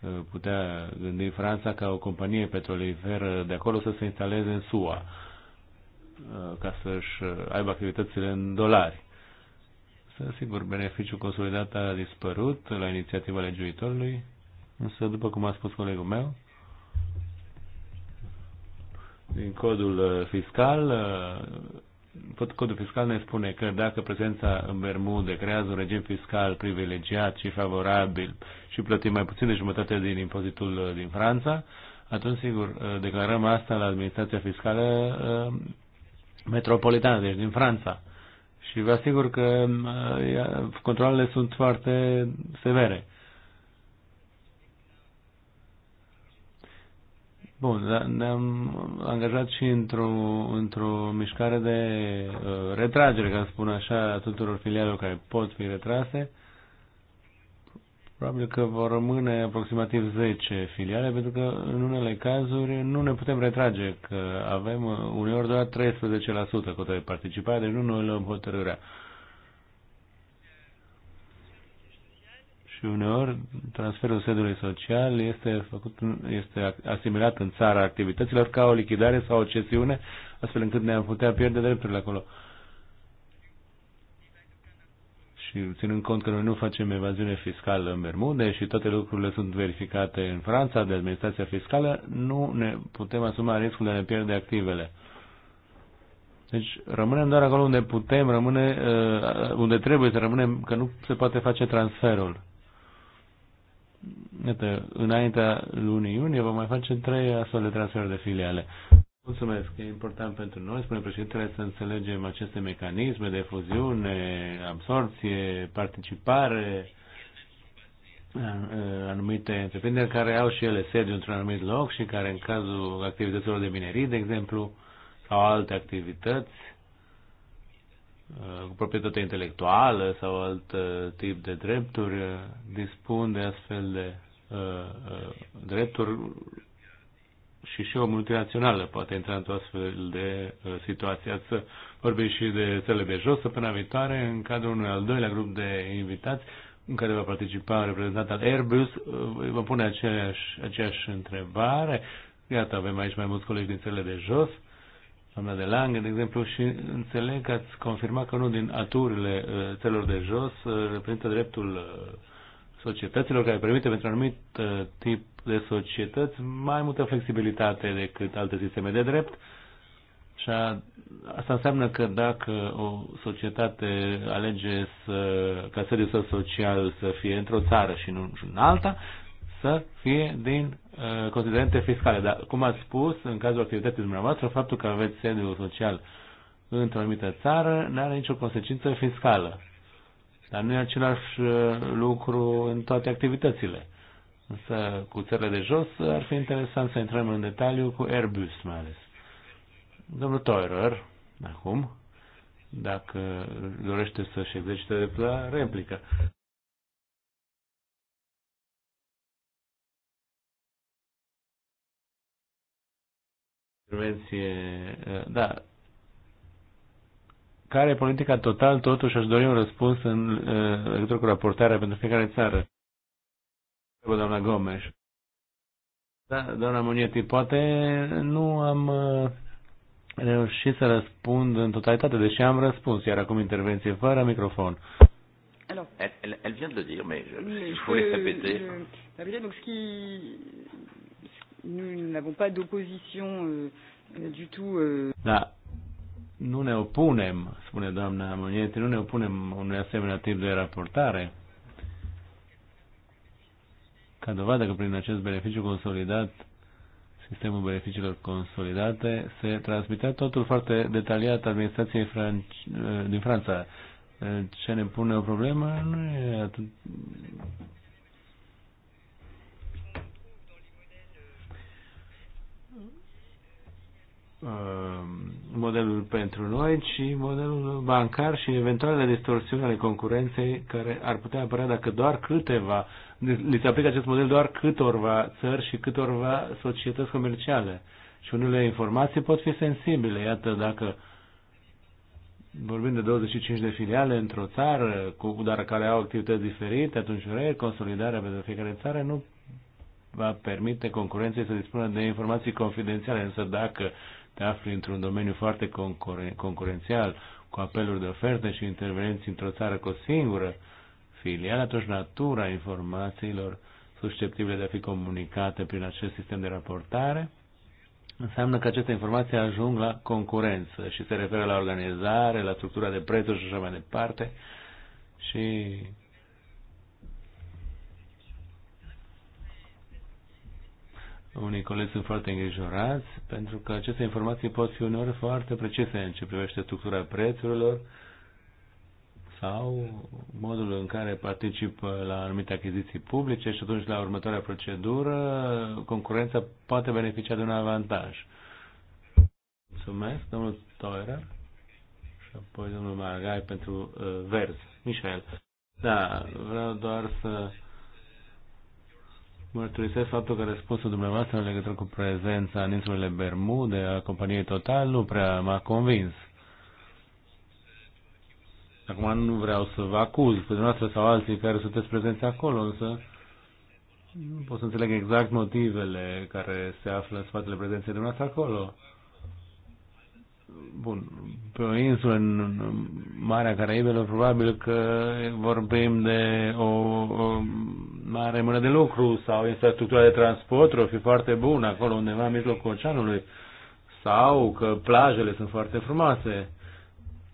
uh, putea gândi Franța ca o companie petroliferă de acolo să se instaleze în SUA uh, ca să-și uh, aibă activitățile în dolari. Să, sigur, beneficiul consolidat a dispărut la inițiativa legiuitorului, însă, după cum a spus colegul meu, din codul fiscal codul fiscal ne spune că dacă prezența în Bermude creează un regim fiscal privilegiat și favorabil și plătim mai puțin de jumătate din impozitul uh, din Franța, atunci, sigur, uh, declarăm asta la administrația fiscală uh, metropolitană, deci din Franța. Și vă asigur că controlele sunt foarte severe. Bun, da, ne-am angajat și într-o, într-o mișcare de uh, retragere, ca să spun așa, a tuturor filialelor care pot fi retrase. Probabil că vor rămâne aproximativ 10 filiale, pentru că în unele cazuri nu ne putem retrage, că avem uh, uneori doar 13% cotă de participare, deci nu noi luăm hotărârea. Uh, și uneori transferul sediului social este, făcut, este asimilat în țara activităților ca o lichidare sau o cesiune, astfel încât ne-am putea pierde drepturile acolo. Și ținând cont că noi nu facem evaziune fiscală în Bermude și toate lucrurile sunt verificate în Franța de administrația fiscală, nu ne putem asuma riscul de a ne pierde activele. Deci rămânem doar acolo unde putem, rămâne, uh, unde trebuie să rămânem, că nu se poate face transferul. Iată, înaintea lunii iunie vom mai face trei astfel de transferuri de filiale. Mulțumesc, e important pentru noi, spune președintele, să înțelegem aceste mecanisme de fuziune, absorție, participare, eh, anumite întreprinderi care au și ele sediu într-un anumit loc și care în cazul activităților de minerii, de exemplu, sau alte activități, cu proprietate intelectuală sau alt uh, tip de drepturi uh, dispun de astfel de uh, drepturi și și o multinațională poate intra într-o astfel de situație. Ați să și de țările de jos săptămâna viitoare în cadrul unui al doilea grup de invitați în care va participa un reprezentant al Airbus. Vă pune aceeași, aceeași întrebare. Iată, avem aici mai mulți colegi din țările de jos doamna de Lange, de exemplu, și înțeleg că ați confirmat că unul din aturile uh, țelor de jos uh, reprezintă dreptul uh, societăților care permite pentru anumit tip de societăți mai multă flexibilitate decât alte sisteme de drept. Și a, asta înseamnă că dacă o societate alege să, ca sediul social să fie într-o țară și nu în alta, să fie din Uh, considerente fiscale. Dar, cum ați spus, în cazul activității dumneavoastră, faptul că aveți sediul social într-o anumită țară nu are nicio consecință fiscală. Dar nu e același uh, lucru în toate activitățile. Însă, cu țările de jos, ar fi interesant să intrăm în detaliu cu Airbus, mai ales. Domnul Teurer, acum, dacă dorește să-și exercite replică. intervenție. Eh, da. Care e politica total? Totuși aș dori un răspuns în eh, legătură cu raportarea pentru fiecare țară. Doamna Gomes. Da, doamna Monieti, poate nu am eh, reușit să răspund în totalitate, deși am răspuns, iar acum intervenție fără microfon. Alors, elle, elle, vient de le dire, mais je, mais il faut les répéter. Je, donc, ce qui, Nous n'avons pas d'opposition euh, du tout. Euh. Da. Nu ne opunem, spune doamna Moniete, nu ne opunem unui asemenea tip de raportare. Ca dovadă că prin acest beneficiu consolidat, sistemul beneficiilor consolidate, se transmitea totul foarte detaliat administrației Franci- din Franța. Ce ne pune o problemă nu e atât Uh, modelul pentru noi, ci modelul bancar și eventualele distorsiuni ale concurenței care ar putea apărea dacă doar câteva, li se aplică acest model doar câtorva țări și câtorva societăți comerciale. Și unele informații pot fi sensibile. Iată, dacă vorbim de 25 de filiale într-o țară, cu, dar care au activități diferite, atunci reconsolidarea pentru fiecare țară nu va permite concurenței să dispună de informații confidențiale, însă dacă te afli într-un domeniu foarte concurențial, cu apeluri de ofertă și intervenții într-o țară cu o singură filială, atunci natura informațiilor susceptibile de a fi comunicate prin acest sistem de raportare înseamnă că aceste informații ajung la concurență și se referă la organizare, la structura de prețuri și așa mai departe și Unii colegi sunt foarte îngrijorați pentru că aceste informații pot fi uneori foarte precise în ce privește structura prețurilor sau modul în care participă la anumite achiziții publice și atunci la următoarea procedură concurența poate beneficia de un avantaj. Mulțumesc, domnul Toira și apoi domnul Margai pentru uh, vers. Mișel. Da, vreau doar să Mărturisesc faptul că răspunsul dumneavoastră în legătură cu prezența în insulele Bermude a companiei Total nu prea m-a convins. Acum nu vreau să vă acuz pe dumneavoastră sau alții care sunteți prezenți acolo, însă nu pot să înțeleg exact motivele care se află în spatele prezenței dumneavoastră acolo bun, pe o insulă în Marea Caraibelor, probabil că vorbim de o, o mare mână de lucru sau infrastructura de transport o fi foarte bună acolo undeva în mijlocul oceanului sau că plajele sunt foarte frumoase.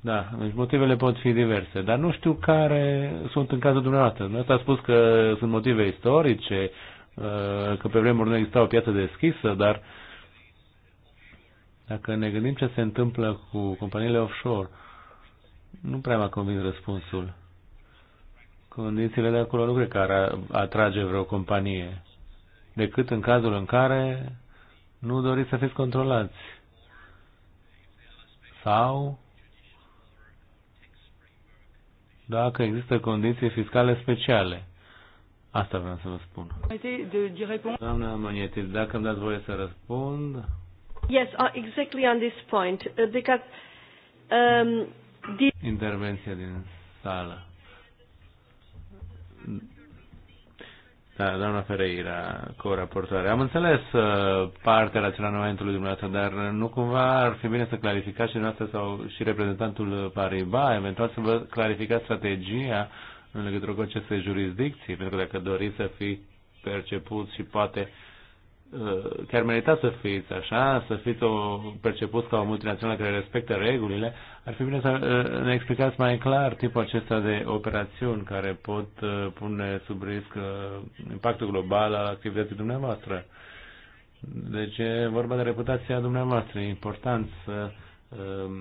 Da, deci motivele pot fi diverse, dar nu știu care sunt în cazul dumneavoastră. Nu a spus că sunt motive istorice, uh, că pe vremuri nu exista o piață deschisă, dar uh, dacă ne gândim ce se întâmplă cu companiile offshore, nu prea m-a convins răspunsul. Condițiile de acolo nu cred că ar atrage vreo companie, decât în cazul în care nu doriți să fiți controlați. Sau dacă există condiții fiscale speciale. Asta vreau să vă spun. Doamna Magnetil, dacă îmi dați voie să răspund, Yes, uh, exactly on this point, uh, because um, the... Intervenția din sală. Da, doamna Ferreira, co-raportoare. Am înțeles uh, partea raționamentului dumneavoastră, dar nu cumva ar fi bine să clarificați și dumneavoastră sau și reprezentantul Pariba, eventual să vă clarificați strategia în legătură cu aceste jurisdicții, pentru că dacă doriți să fi perceput și poate uh, Uh, chiar merita să fiți așa, să fiți o percepuți ca o multinațională care respectă regulile, ar fi bine să uh, ne explicați mai clar tipul acesta de operațiuni care pot uh, pune sub risc impactul global al activității dumneavoastră. Deci e vorba de reputația dumneavoastră. E important să um,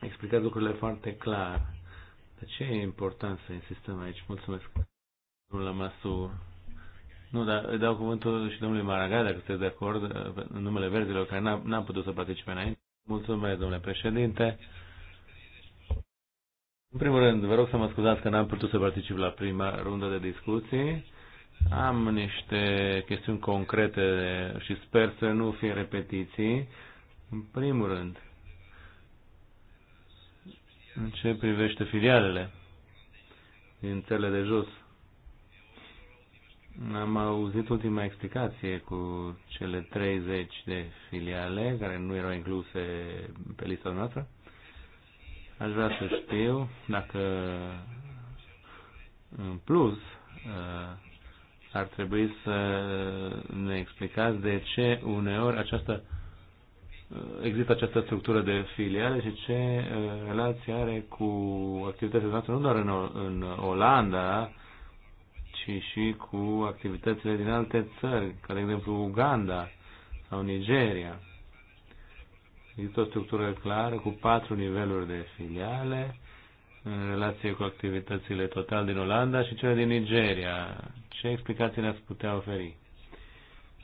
explicați lucrurile foarte clar. De ce e important să insistăm aici? Mulțumesc. la masă. Nu, dar îi dau cuvântul și domnului Maragai, dacă sunteți de acord, în numele verzilor, care n-am putut să participe înainte. Mulțumesc, domnule președinte. În primul rând, vă rog să mă scuzați că n-am putut să particip la prima rundă de discuții. Am niște chestiuni concrete și sper să nu fie repetiții. În primul rând, în ce privește filialele din țările de jos, am auzit ultima explicație cu cele 30 de filiale care nu erau incluse pe lista noastră. Aș vrea să știu dacă în plus uh, ar trebui să ne explicați de ce uneori această uh, există această structură de filiale și ce uh, relație are cu activitatea noastră nu doar în, în Olanda, și și cu activitățile din alte țări, ca de exemplu Uganda sau Nigeria. Există o structură clară cu patru niveluri de filiale în relație cu activitățile total din Olanda și cele din Nigeria. Ce explicații ne-ați putea oferi?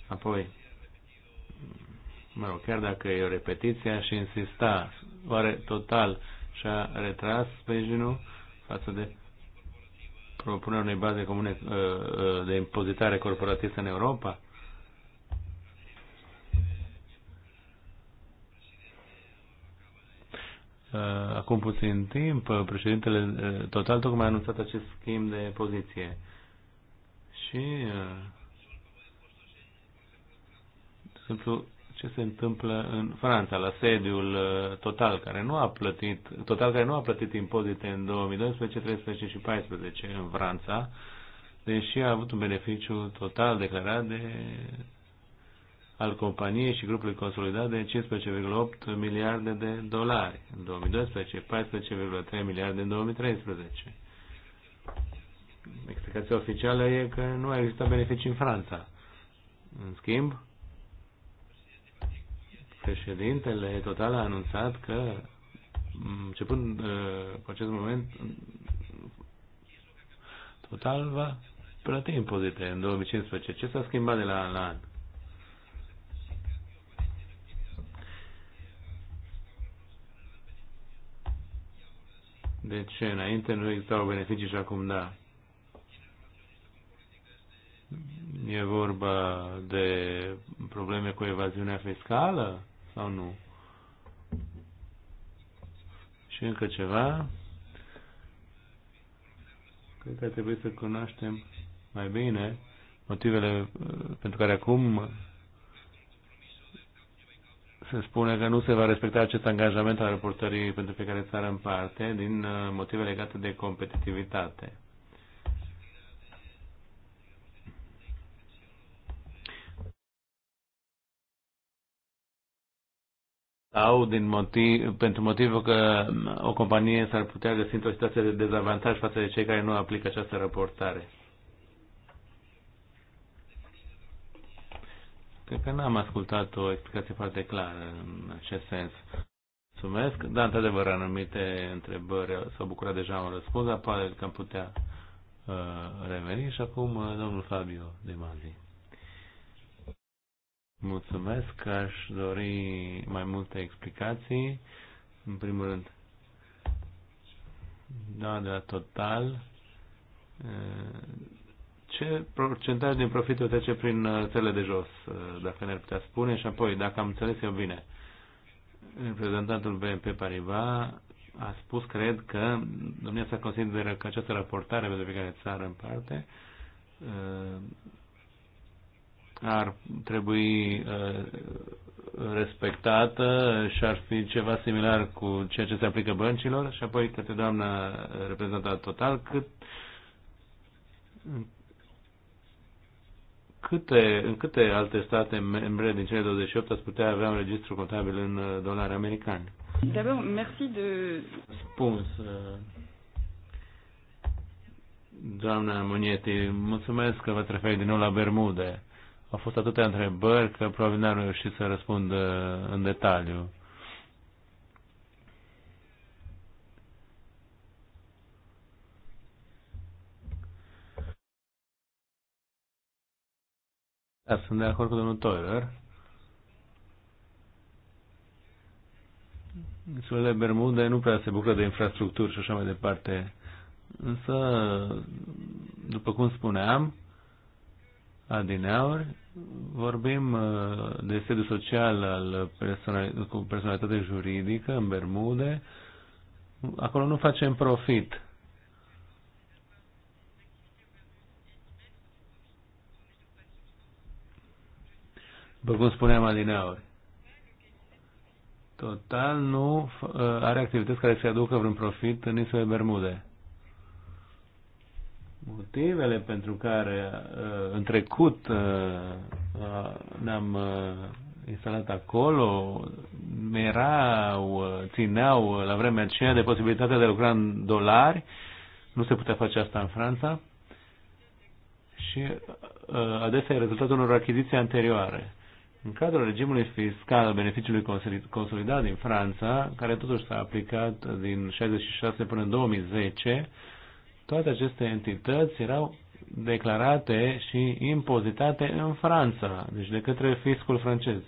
Apoi, mă rog, chiar dacă e o repetiție, aș insista, oare total și-a retras sprijinul față de propunerea unei baze comune uh, uh, de impozitare corporatistă în Europa? Uh, acum puțin timp, președintele Total tocmai a anunțat acest schimb de poziție. Și, simplu ce se întâmplă în Franța, la sediul uh, Total, care nu a plătit, Total care nu a plătit impozite în 2012, 13 și 14 în Franța, deși a avut un beneficiu total declarat de al companiei și grupului consolidat de 15,8 miliarde de dolari în 2012, 14,3 miliarde în 2013. Explicația oficială e că nu a existat beneficii în Franța. În schimb, Președintele total a anunțat că, mm, începând uh, cu acest moment, total va plăti impozite în 2015. Ce s-a schimbat de la an la an? Deci înainte nu existau beneficii și acum da. E vorba de probleme cu evaziunea fiscală? sau nu? Și încă ceva. Cred că trebuie să cunoaștem mai bine motivele uh, pentru care acum se spune că nu se va respecta acest angajament al reportării pentru fiecare țară în parte din uh, motive legate de competitivitate. sau din motiv, pentru motivul că o companie s-ar putea găsi într-o situație de dezavantaj față de cei care nu aplică această raportare. Cred că n-am ascultat o explicație foarte clară în acest sens. Mulțumesc, dar într-adevăr anumite întrebări s-au bucurat deja un răspuns, dar poate că am putea uh, reveni și acum uh, domnul Fabio de Mazi. Mulțumesc, aș dori mai multe explicații. În primul rând, da, de la total, ce procentaj din profitul trece prin uh, țele de jos, uh, dacă ne-ar putea spune, și apoi, dacă am înțeles eu bine, reprezentantul BNP Paribas a spus, cred că domnia sa consideră că această raportare pentru fiecare țară în parte uh, ar trebui uh, respectată și ar fi ceva similar cu ceea ce se aplică băncilor și apoi către doamna reprezentant total cât câte, în câte alte state membre din cele 28 ați putea avea un registru contabil în uh, dolari americani? D'abord, merci de... Spuns. Uh, doamna Monieti, mulțumesc că vă trefei din nou la Bermude. Au fost atâtea întrebări că probabil n-am reușit să răspund uh, în detaliu. Da, sunt de acord cu domnul Toiler. Insulele Bermude nu prea se bucură de infrastructuri și așa mai departe. Însă, după cum spuneam, Adineauri vorbim uh, de sediu social al personal, cu personalitate juridică în Bermude. Acolo nu facem profit. După cum spuneam adineauri. Total nu uh, are activități care se aducă vreun profit în insulele Bermude. Motivele pentru care uh, în trecut uh, uh, ne-am instalat acolo erau, țineau la vremea aceea de posibilitatea de a lucra în dolari, nu se putea face asta în Franța și adesea e rezultatul unor achiziții anterioare. În cadrul regimului fiscal al beneficiului consolidat din Franța, care totuși s-a aplicat din 66 până în 2010, toate aceste entități erau declarate și impozitate în Franța, deci de către fiscul francez.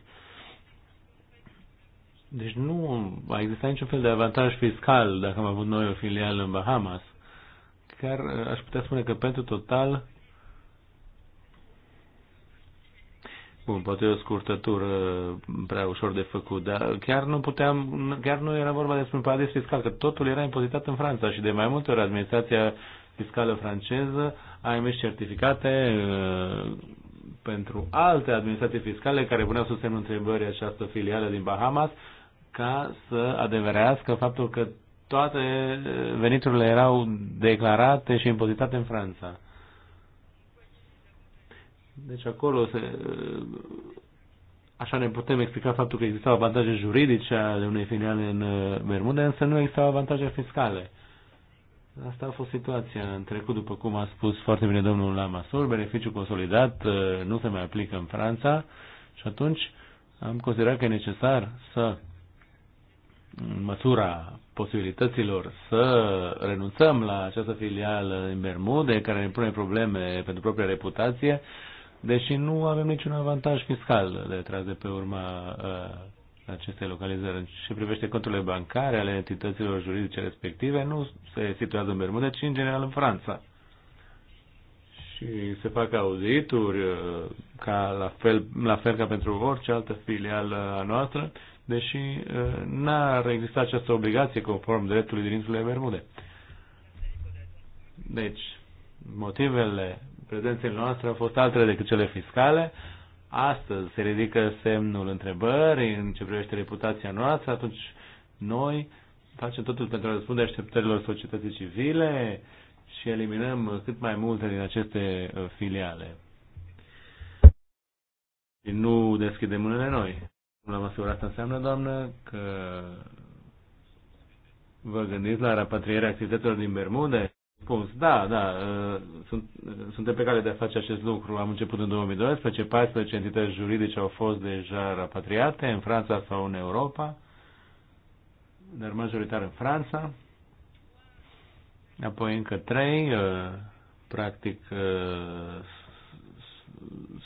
Deci nu a existat niciun fel de avantaj fiscal dacă am avut noi o filială în Bahamas. Chiar eh, aș putea spune că pentru total Bun, poate e o scurtătură prea ușor de făcut, dar chiar nu puteam, chiar nu era vorba despre un paradis fiscal, că totul era impozitat în Franța și de mai multe ori administrația fiscală franceză a emis certificate uh, pentru alte administrații fiscale care puneau sub semnul întrebării această filială din Bahamas ca să adeverească faptul că toate veniturile erau declarate și impozitate în Franța. Deci acolo se, așa ne putem explica faptul că existau avantaje juridice ale unei filiale în uh, Bermuda, însă nu existau avantaje fiscale. Asta a fost situația în trecut, după cum a spus foarte bine domnul Lamasul, beneficiul consolidat uh, nu se mai aplică în Franța și atunci am considerat că e necesar să, în măsura posibilităților, să renunțăm la această filială în Bermude, care ne pune probleme pentru propria reputație, deși nu avem niciun avantaj fiscal de tras de pe urma uh, acestei localizări. În ce privește conturile bancare ale entităților juridice respective, nu se situează în Bermuda, ci în general în Franța. Și se fac audituri, uh, ca la, fel, la fel ca pentru orice altă filială a noastră, deși uh, n-ar exista această obligație conform dreptului din insulele Bermude. Deci, motivele prezențele noastre au fost altele decât cele fiscale. Astăzi se ridică semnul întrebării în ce privește reputația noastră, atunci noi facem totul pentru a răspunde așteptărilor societății civile și eliminăm cât mai multe din aceste uh, filiale. Și nu deschidem mâinile noi. Am asigurat asta înseamnă, doamnă, că vă gândiți la repatrierea activităților din Bermude? spus. Da, da, uh, sunt, uh, suntem pe cale de a face acest lucru. Am început în 2012, 14 entități juridice au fost deja rapatriate în Franța sau în Europa, dar majoritar în Franța. Apoi încă trei, uh, practic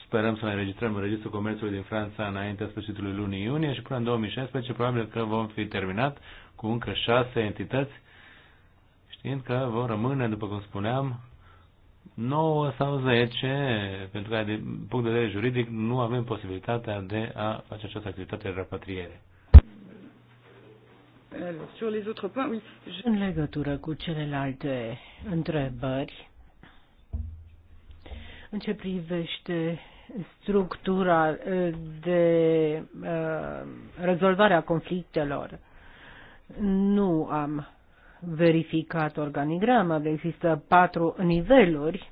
sperăm să ne înregistrăm în Registrul Comerțului din Franța înaintea sfârșitului lunii iunie și până în 2016 probabil că vom fi terminat cu încă șase entități fiindcă vor rămâne, după cum spuneam, 9 sau 10, pentru că, din punct de vedere juridic, nu avem posibilitatea de a face această activitate de rapatriere. Euh, sur În legătură cu celelalte întrebări, în ce privește structura uh, de uh, rezolvare a conflictelor, nu am verificat organigrama, există patru niveluri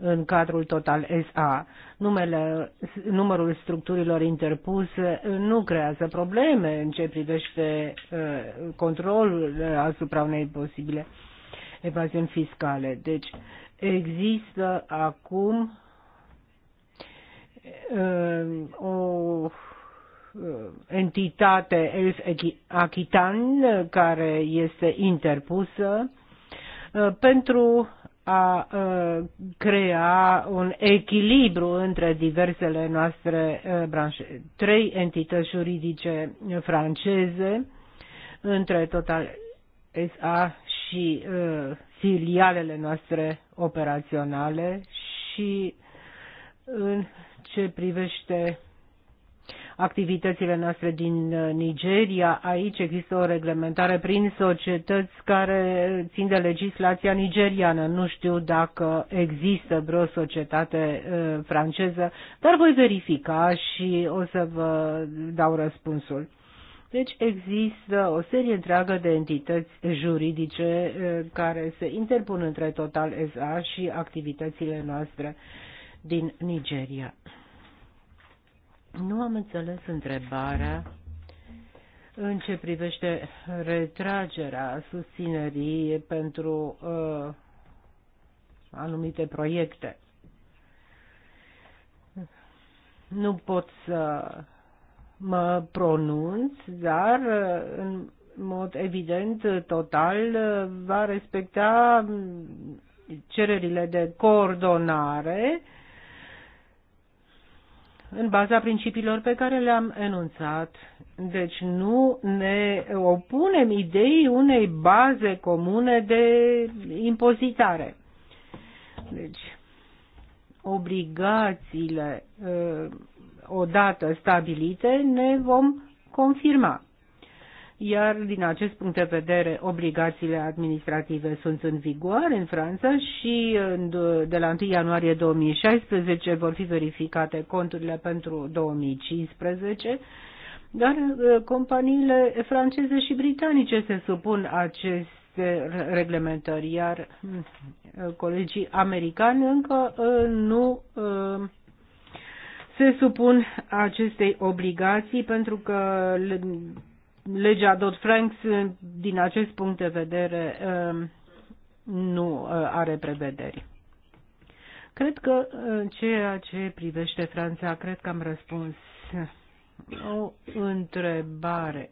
în cadrul total SA. Numele, numărul structurilor interpuse nu creează probleme în ce privește controlul asupra unei posibile evaziuni fiscale. Deci există acum o Uh, entitate Elf Aquitan care este interpusă uh, pentru a uh, crea un echilibru între diversele noastre branșe. Trei entități juridice franceze între Total SA și filialele noastre operaționale și în ce privește activitățile noastre din uh, Nigeria. Aici există o reglementare prin societăți care țin de legislația nigeriană. Nu știu dacă există vreo societate uh, franceză, dar voi verifica și o să vă dau răspunsul. Deci există o serie întreagă de entități juridice uh, care se interpun între Total SA și activitățile noastre din Nigeria. Nu am înțeles întrebarea în ce privește retragerea susținerii pentru uh, anumite proiecte. Nu pot să mă pronunț, dar uh, în mod evident, total, uh, va respecta mm, cererile de coordonare uh, în baza principiilor pe care le-am enunțat. Deci nu ne opunem ideii unei baze comune de impozitare. Deci, obligațiile uh, odată stabilite ne vom confirma iar din acest punct de vedere obligațiile administrative sunt în vigoare în Franța și de la 1 ianuarie 2016 vor fi verificate conturile pentru 2015 dar uh, companiile franceze și britanice se supun aceste reglementări, iar mm, colegii americani încă uh, nu uh, se supun acestei obligații pentru că legea dodd franks din acest punct de vedere um, nu uh, are prevederi. Cred că în ceea ce privește Franța, cred că am răspuns o întrebare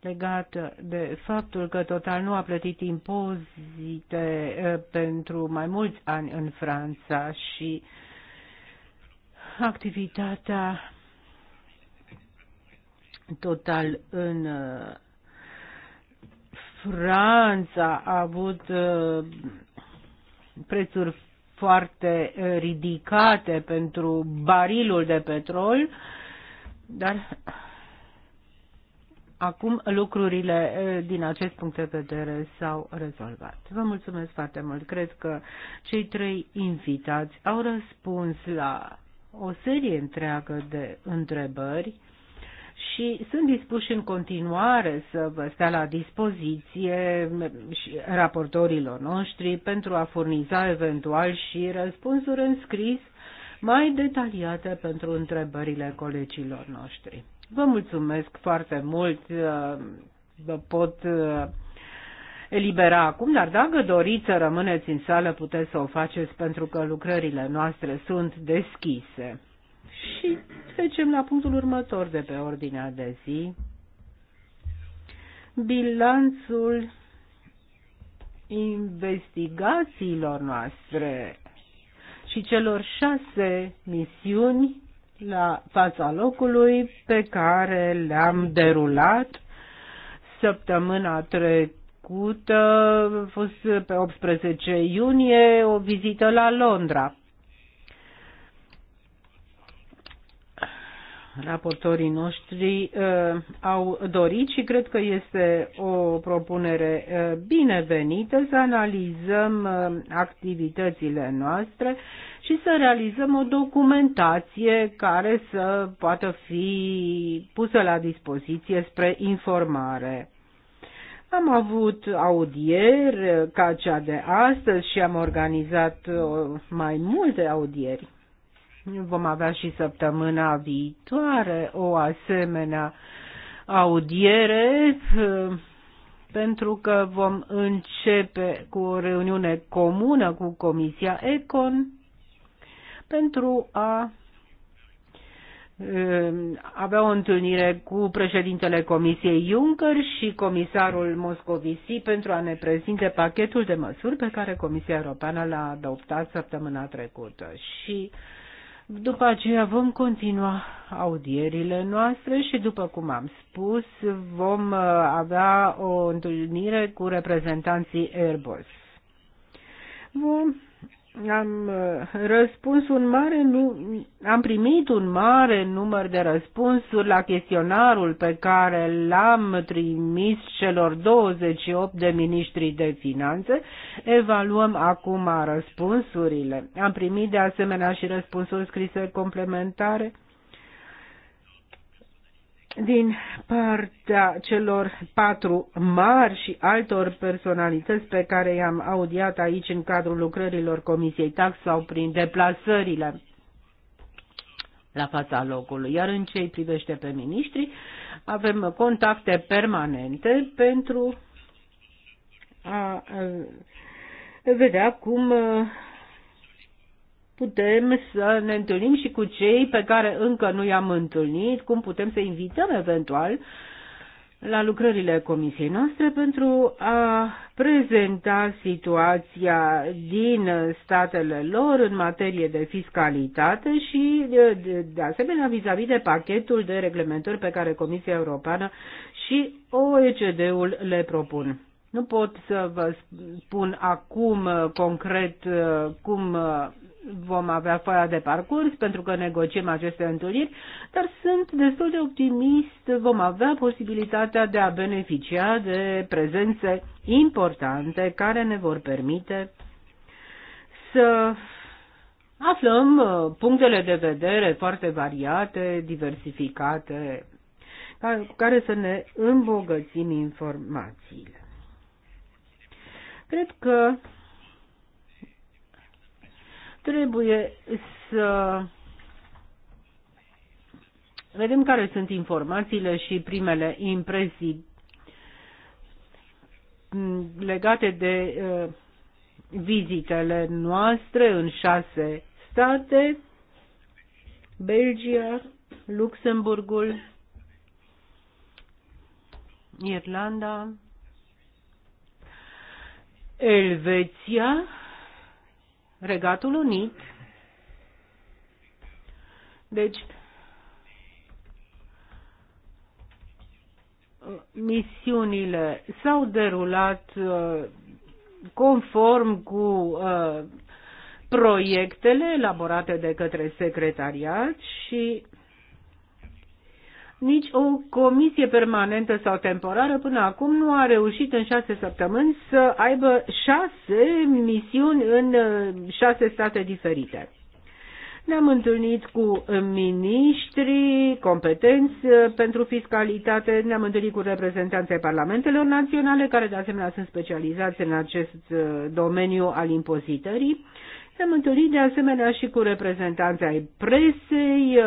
legată de faptul că Total nu a plătit impozite uh, pentru mai mulți ani în Franța și activitatea total în uh, Franța a avut uh, prețuri foarte uh, ridicate pentru barilul de petrol, dar acum lucrurile din acest punct de vedere s-au rezolvat. Vă mulțumesc foarte mult. Cred că cei trei invitați au răspuns la o serie întreagă de întrebări și sunt dispuși în continuare să vă stea la dispoziție și raportorilor noștri pentru a furniza eventual și răspunsuri în scris mai detaliate pentru întrebările colegilor noștri. Vă mulțumesc foarte mult, vă pot uh, elibera acum, dar dacă doriți să rămâneți în sală, puteți să o faceți pentru că lucrările noastre sunt deschise. Și trecem la punctul următor de pe ordinea de zi. Bilanțul investigațiilor noastre și celor șase misiuni la fața locului pe care le-am derulat săptămâna trecută. A fost pe 18 iunie o vizită la Londra. raportorii noștri uh, au dorit și cred că este o propunere uh, binevenită să analizăm uh, activitățile noastre și să realizăm o documentație care să poată fi pusă la dispoziție spre informare. Am avut audieri ca cea de astăzi și am organizat mai multe audieri. Vom avea și săptămâna viitoare o asemenea audiere uh, pentru că vom începe cu o reuniune comună cu Comisia Econ pentru a uh, avea o întâlnire cu președintele Comisiei Juncker și comisarul Moscovici pentru a ne prezinte pachetul de măsuri pe care Comisia Europeană l-a adoptat săptămâna trecută. Și după aceea vom continua audierile noastre și, după cum am spus, vom uh, avea o întâlnire cu reprezentanții Airbus. Vom am uh, răspuns un mare nu, am primit un mare număr de răspunsuri la chestionarul pe care l-am trimis celor 28 de miniștri de finanțe. Evaluăm acum răspunsurile. Am primit de asemenea și răspunsuri scrise complementare din partea celor patru mari și altor personalități pe care i-am audiat aici în cadrul lucrărilor Comisiei Tax sau prin deplasările la fața locului. Iar în ce privește pe miniștri, avem contacte permanente pentru a vedea cum putem să ne întâlnim și cu cei pe care încă nu i-am întâlnit, cum putem să invităm eventual la lucrările comisiei noastre pentru a prezenta situația din statele lor în materie de fiscalitate și, de, de asemenea, vis-a-vis -vis de pachetul de reglementări pe care Comisia Europeană și OECD-ul le propun. Nu pot să vă spun acum concret cum vom avea foaia de parcurs pentru că negociem aceste întâlniri, dar sunt destul de optimist, vom avea posibilitatea de a beneficia de prezențe importante care ne vor permite să aflăm uh, punctele de vedere foarte variate, diversificate, care să ne îmbogățim informațiile. Cred că Trebuie să vedem care sunt informațiile și primele impresii legate de uh, vizitele noastre în șase state, Belgia, Luxemburgul, Irlanda, Elveția Regatul Unit. Deci, misiunile s-au derulat uh, conform cu uh, proiectele elaborate de către secretariat și nici o comisie permanentă sau temporară până acum nu a reușit în șase săptămâni să aibă șase misiuni în uh, șase state diferite. Ne-am întâlnit cu miniștri competenți uh, pentru fiscalitate, ne-am întâlnit cu reprezentanții parlamentelor naționale, care de asemenea sunt specializați în acest uh, domeniu al impozitării. Ne-am întâlnit de asemenea și cu reprezentanții ai presei,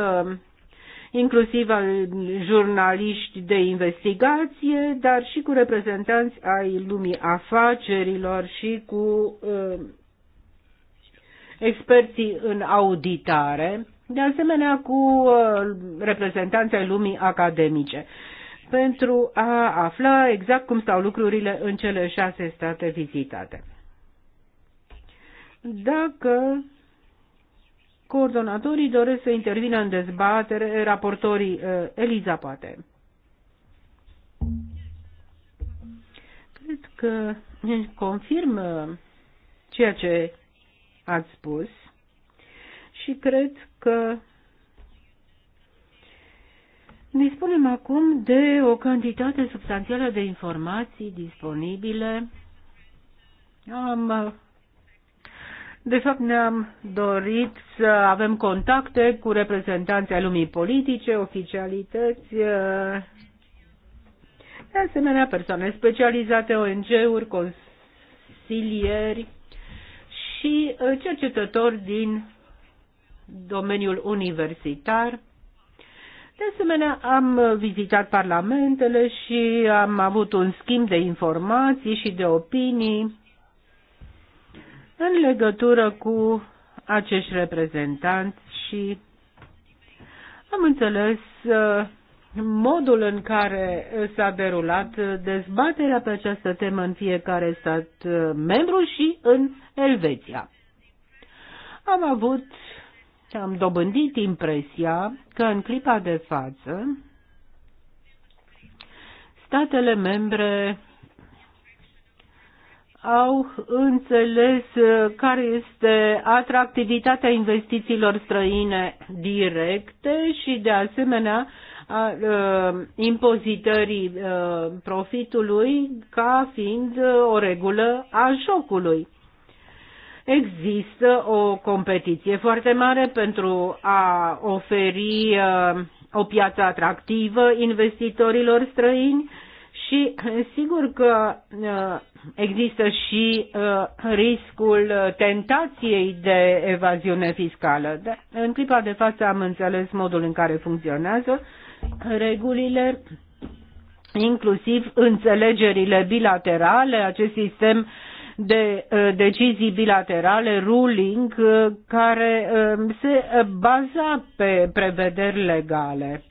inclusiv al jurnaliști de investigație, dar și cu reprezentanți ai lumii afacerilor și cu uh, experții în auditare, de asemenea cu uh, reprezentanți ai lumii academice pentru a afla exact cum stau lucrurile în cele șase state vizitate. Dacă Coordonatorii doresc să intervină în dezbatere, raportorii uh, Eliza poate. Cred că confirmă ceea ce ați spus și cred că dispunem acum de o cantitate substanțială de informații disponibile. Am uh, de fapt, ne-am dorit să avem contacte cu reprezentanții ai lumii politice, oficialități, uh, de asemenea persoane specializate, ONG-uri, consilieri și uh, cercetători din domeniul universitar. De asemenea, am vizitat parlamentele și am avut un schimb de informații și de opinii în legătură cu acești reprezentanți și am înțeles uh, modul în care s-a derulat dezbaterea pe această temă în fiecare stat uh, membru și în Elveția. Am avut, am dobândit impresia că în clipa de față statele membre au înțeles uh, care este atractivitatea investițiilor străine directe și, de asemenea, a uh, impozitării uh, profitului ca fiind o regulă a jocului. Există o competiție foarte mare pentru a oferi o piață atractivă investitorilor străini, și eh, sigur că eh, există și eh, riscul tentației de evaziune fiscală. în clipa de față am înțeles modul în care funcționează regulile, inclusiv înțelegerile bilaterale, acest sistem de decizii bilaterale, ruling, care se baza pe prevederi legale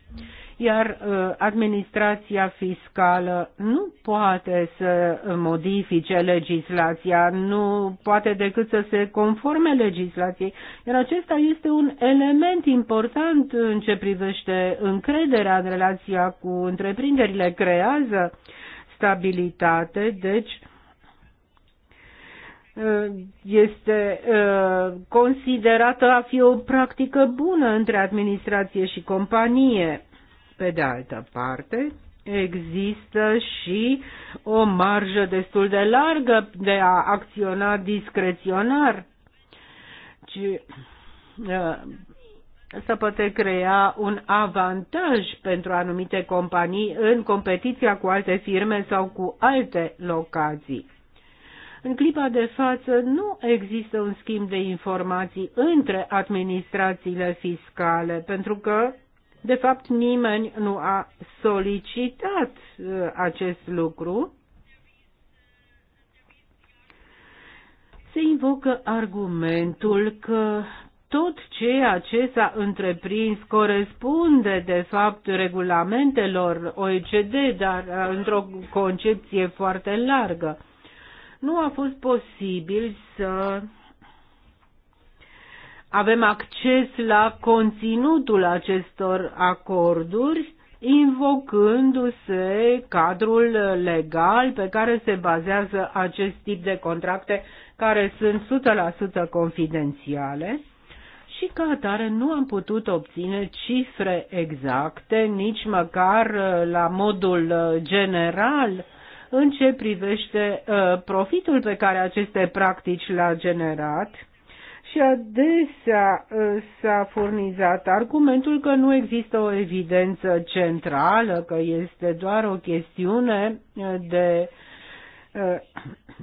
iar uh, administrația fiscală nu poate să modifice legislația, nu poate decât să se conforme legislației, iar acesta este un element important în ce privește încrederea în relația cu întreprinderile, creează stabilitate, deci uh, este uh, considerată a fi o practică bună între administrație și companie. Pe de altă parte, există și o marjă destul de largă de a acționa discreționar. Ci, uh, să poate crea un avantaj pentru anumite companii în competiția cu alte firme sau cu alte locații. În clipa de față nu există un schimb de informații între administrațiile fiscale, pentru că de fapt, nimeni nu a solicitat uh, acest lucru. Se invocă argumentul că tot ceea ce s-a întreprins corespunde, de fapt, regulamentelor OECD, dar uh, într-o concepție foarte largă. Nu a fost posibil să avem acces la conținutul acestor acorduri, invocându-se cadrul legal pe care se bazează acest tip de contracte care sunt 100% confidențiale și ca atare nu am putut obține cifre exacte, nici măcar uh, la modul uh, general, în ce privește uh, profitul pe care aceste practici l-a generat și adesea ă, s-a furnizat argumentul că nu există o evidență centrală, că este doar o chestiune ă, de ă,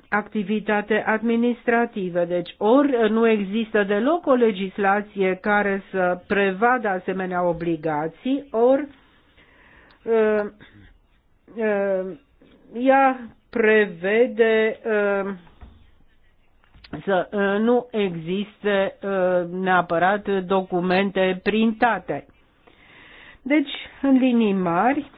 activitate administrativă. Deci ori nu există deloc o legislație care să prevadă asemenea obligații, ori ea prevede uh, să uh, nu existe uh, neapărat documente printate. Deci, în linii mari,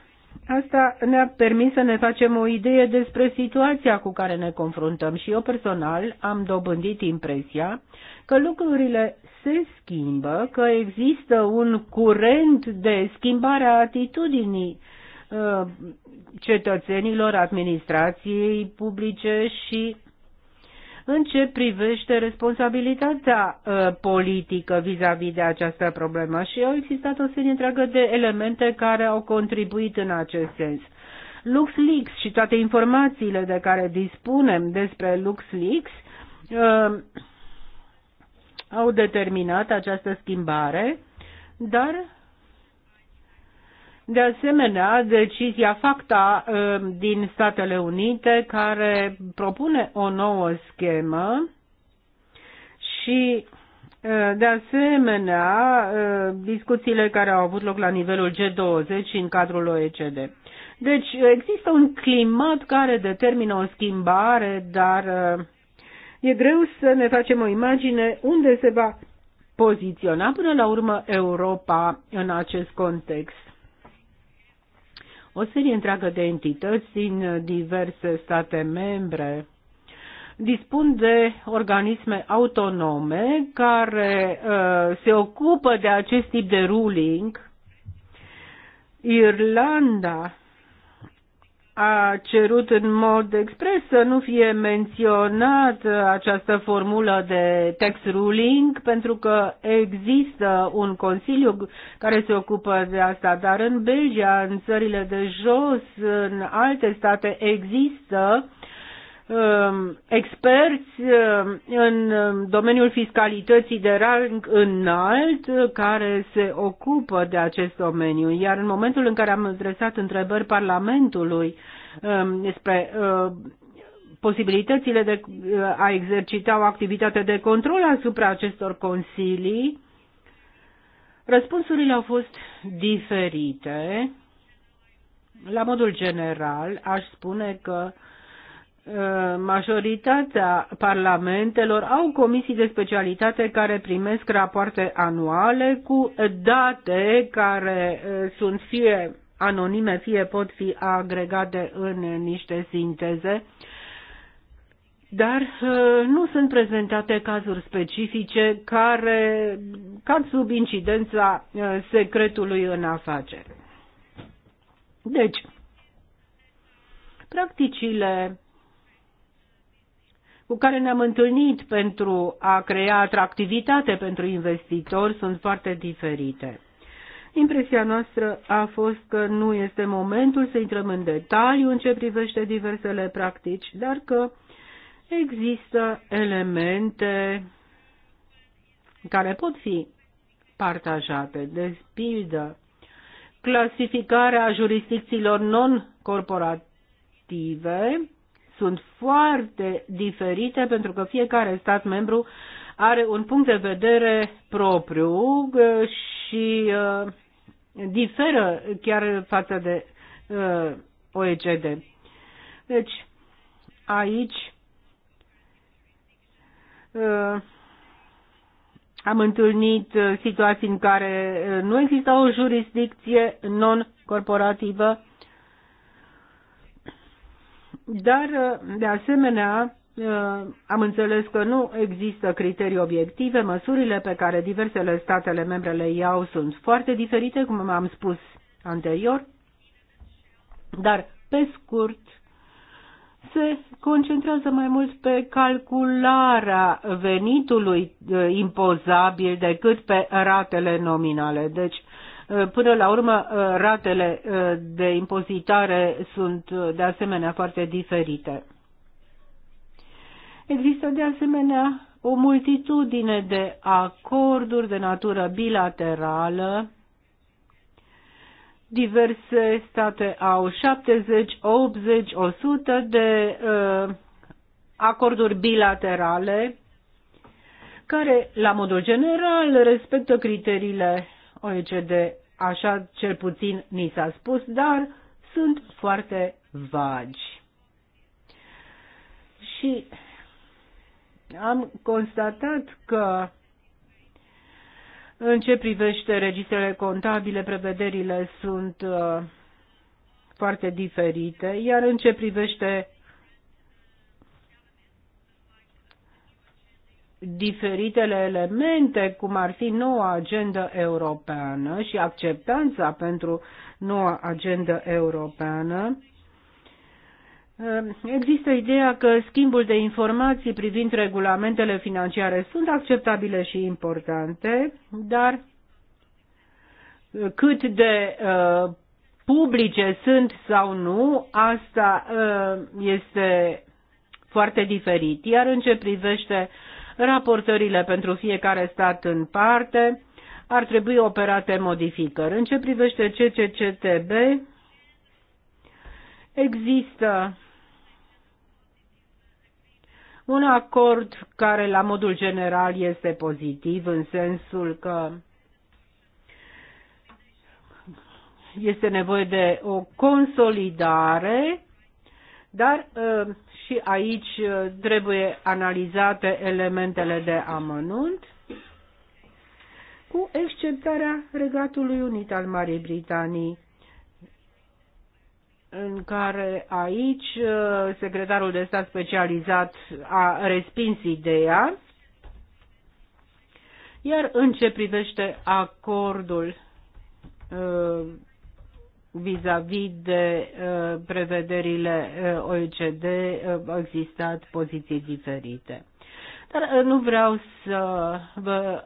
asta ne-a permis să ne facem o idee despre situația cu care ne confruntăm și eu personal am dobândit impresia că lucrurile se schimbă, că există un curent de schimbare a atitudinii uh, cetățenilor, administrației publice și în ce privește responsabilitatea uh, politică vis-a-vis -vis de această problemă și au existat o serie întreagă de elemente care au contribuit în acest sens. LuxLeaks și toate informațiile de care dispunem despre LuxLeaks uh, au determinat această schimbare, dar de asemenea, decizia FACTA um, din Statele Unite care propune o nouă schemă și uh, de asemenea, uh, discuțiile care au avut loc la nivelul G20 și în cadrul OECD. Deci există un climat care determină o schimbare, dar uh, e greu să ne facem o imagine unde se va poziționa până la urmă Europa în acest context o serie întreagă de entități din diverse state membre dispun de organisme autonome care uh, se ocupă de acest tip de ruling. Irlanda a cerut în mod expres să nu fie menționată această formulă de tax ruling, pentru că există un consiliu care se ocupă de asta, dar în Belgia, în țările de jos, în alte state există uh, Um, experți um, în domeniul fiscalității de rang înalt uh, care se ocupă de acest domeniu. Iar în momentul în care am adresat întrebări Parlamentului um, despre uh, posibilitățile de uh, a exercita o activitate de control asupra acestor consilii, răspunsurile au fost diferite. La modul general, aș spune că uh, Uh, majoritatea parlamentelor au comisii de specialitate care primesc rapoarte anuale cu date care uh, sunt fie anonime, fie pot fi agregate în niște sinteze, dar uh, nu sunt prezentate cazuri specifice care cad sub incidența secretului în afaceri. Deci, practicile cu care ne-am întâlnit pentru a crea atractivitate pentru investitori sunt foarte diferite. Impresia noastră a fost că nu este momentul să intrăm în detaliu în ce privește diversele practici, dar că există elemente care pot fi partajate, de pildă clasificarea jurisdicțiilor non-corporative sunt foarte diferite pentru că fiecare stat membru are un punct de vedere propriu uh, și uh, diferă chiar față de uh, OECD. Deci, aici am întâlnit situații în care nu exista o jurisdicție non-corporativă dar, uh, de asemenea, uh, am înțeles că nu există criterii obiective, măsurile pe care diversele statele membre le iau sunt foarte diferite, cum am spus anterior, dar, pe scurt, se concentrează mai mult pe calcularea venitului uh, impozabil decât pe ratele nominale. Deci, Până la urmă, uh, ratele uh, de impozitare sunt uh, de asemenea foarte diferite. Există de asemenea o multitudine de acorduri de natură bilaterală. Diverse state au 70, 80, 100 de uh, acorduri bilaterale care, la modul general, respectă criteriile OECD, așa cel puțin ni s-a spus, dar sunt foarte vagi. Și am constatat că în ce privește registrele contabile, prevederile sunt uh, foarte diferite, iar în ce privește diferitele elemente, cum ar fi noua agendă europeană și acceptanța pentru noua agendă europeană, eh, Există ideea că schimbul de informații privind regulamentele financiare sunt acceptabile și importante, dar cât de uh, publice sunt sau nu, asta uh, este foarte diferit. Iar în ce privește raportările pentru fiecare stat în parte, ar trebui operate modificări. În ce privește CCCTB, există un acord care la modul general este pozitiv în sensul că este nevoie de o consolidare, dar ă, și aici uh, trebuie analizate elementele de amănunt, cu exceptarea Regatului Unit al Marii Britanii, în care aici uh, secretarul de stat specializat a respins ideea, iar în ce privește acordul uh, vis-a-vis -vis de uh, prevederile uh, OECD uh, au existat poziții diferite. Dar nu vreau să vă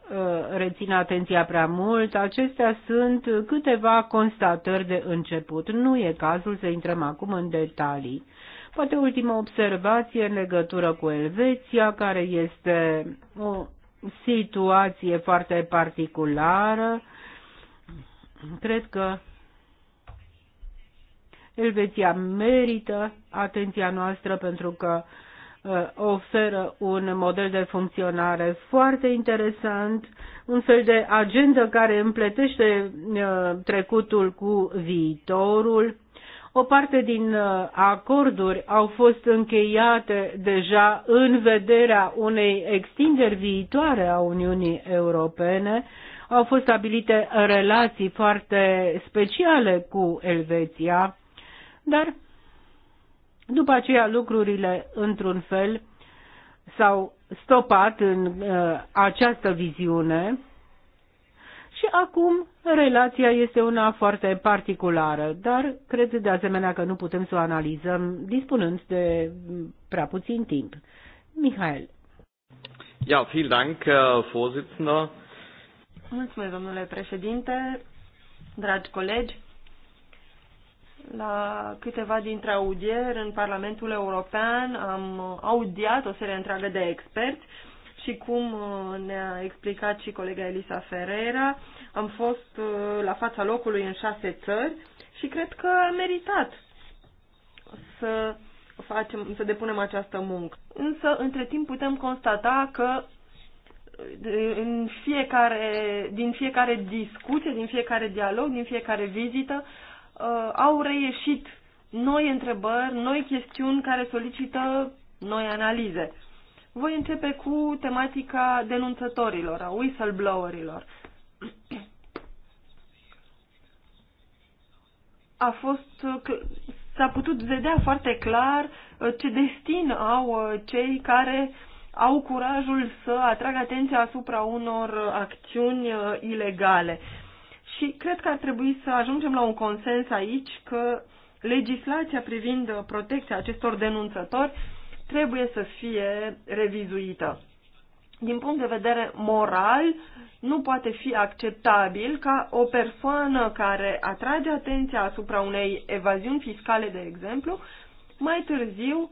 rețin atenția prea mult. Acestea sunt câteva constatări de început. Nu e cazul să intrăm acum în detalii. Poate ultima observație în legătură cu Elveția, care este o situație foarte particulară. Cred că Elveția merită atenția noastră pentru că uh, oferă un model de funcționare foarte interesant, un fel de agendă care împletește uh, trecutul cu viitorul. O parte din uh, acorduri au fost încheiate deja în vederea unei extinderi viitoare a Uniunii Europene. Au fost stabilite relații foarte speciale cu Elveția dar după aceea lucrurile, într-un fel, s-au stopat în uh, această viziune și acum relația este una foarte particulară, dar cred de asemenea că nu putem să o analizăm dispunând de prea puțin timp. Mihail. Ja, vielen Dank, Vorsitzender. Mulțumesc, domnule președinte, dragi colegi. La câteva dintre audieri în Parlamentul European am audiat o serie întreagă de experți și cum uh, ne-a explicat și colega Elisa Ferreira, am fost uh, la fața locului în șase țări și cred că a meritat să, facem, să depunem această muncă. Însă, între timp, putem constata că uh, în fiecare, din fiecare discuție, din fiecare dialog, din fiecare vizită, uh, au reieșit noi întrebări, noi chestiuni care solicită noi analize. Voi începe cu tematica denunțătorilor, a whistleblowerilor. A fost, s-a putut vedea foarte clar uh, ce destin au uh, cei care au curajul să atragă atenția asupra unor acțiuni uh, ilegale. Și cred că ar trebui să ajungem la un consens aici că legislația privind protecția acestor denunțători trebuie să fie revizuită. Din punct de vedere moral, nu poate fi acceptabil ca o persoană care atrage atenția asupra unei evaziuni fiscale, de exemplu, mai târziu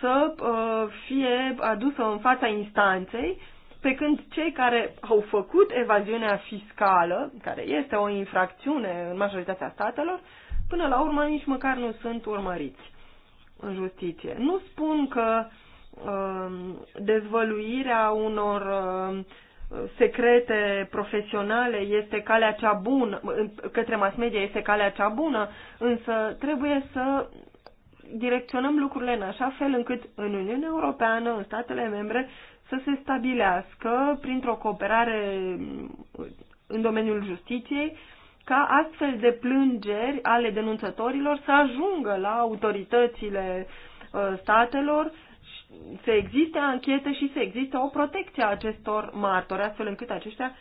să uh, fie adusă în fața instanței pe când cei care au făcut evaziunea fiscală, care este o infracțiune în majoritatea statelor, până la urmă nici măcar nu sunt urmăriți în justiție. Nu spun că um, dezvăluirea unor um, secrete profesionale este calea cea bună, către mass media este calea cea bună, însă trebuie să direcționăm lucrurile în așa fel încât în Uniunea Europeană, în statele membre, să se stabilească printr-o cooperare în domeniul justiției ca astfel de plângeri ale denunțătorilor să ajungă la autoritățile uh, statelor, să existe anchete și să existe o protecție a acestor martori, astfel încât aceștia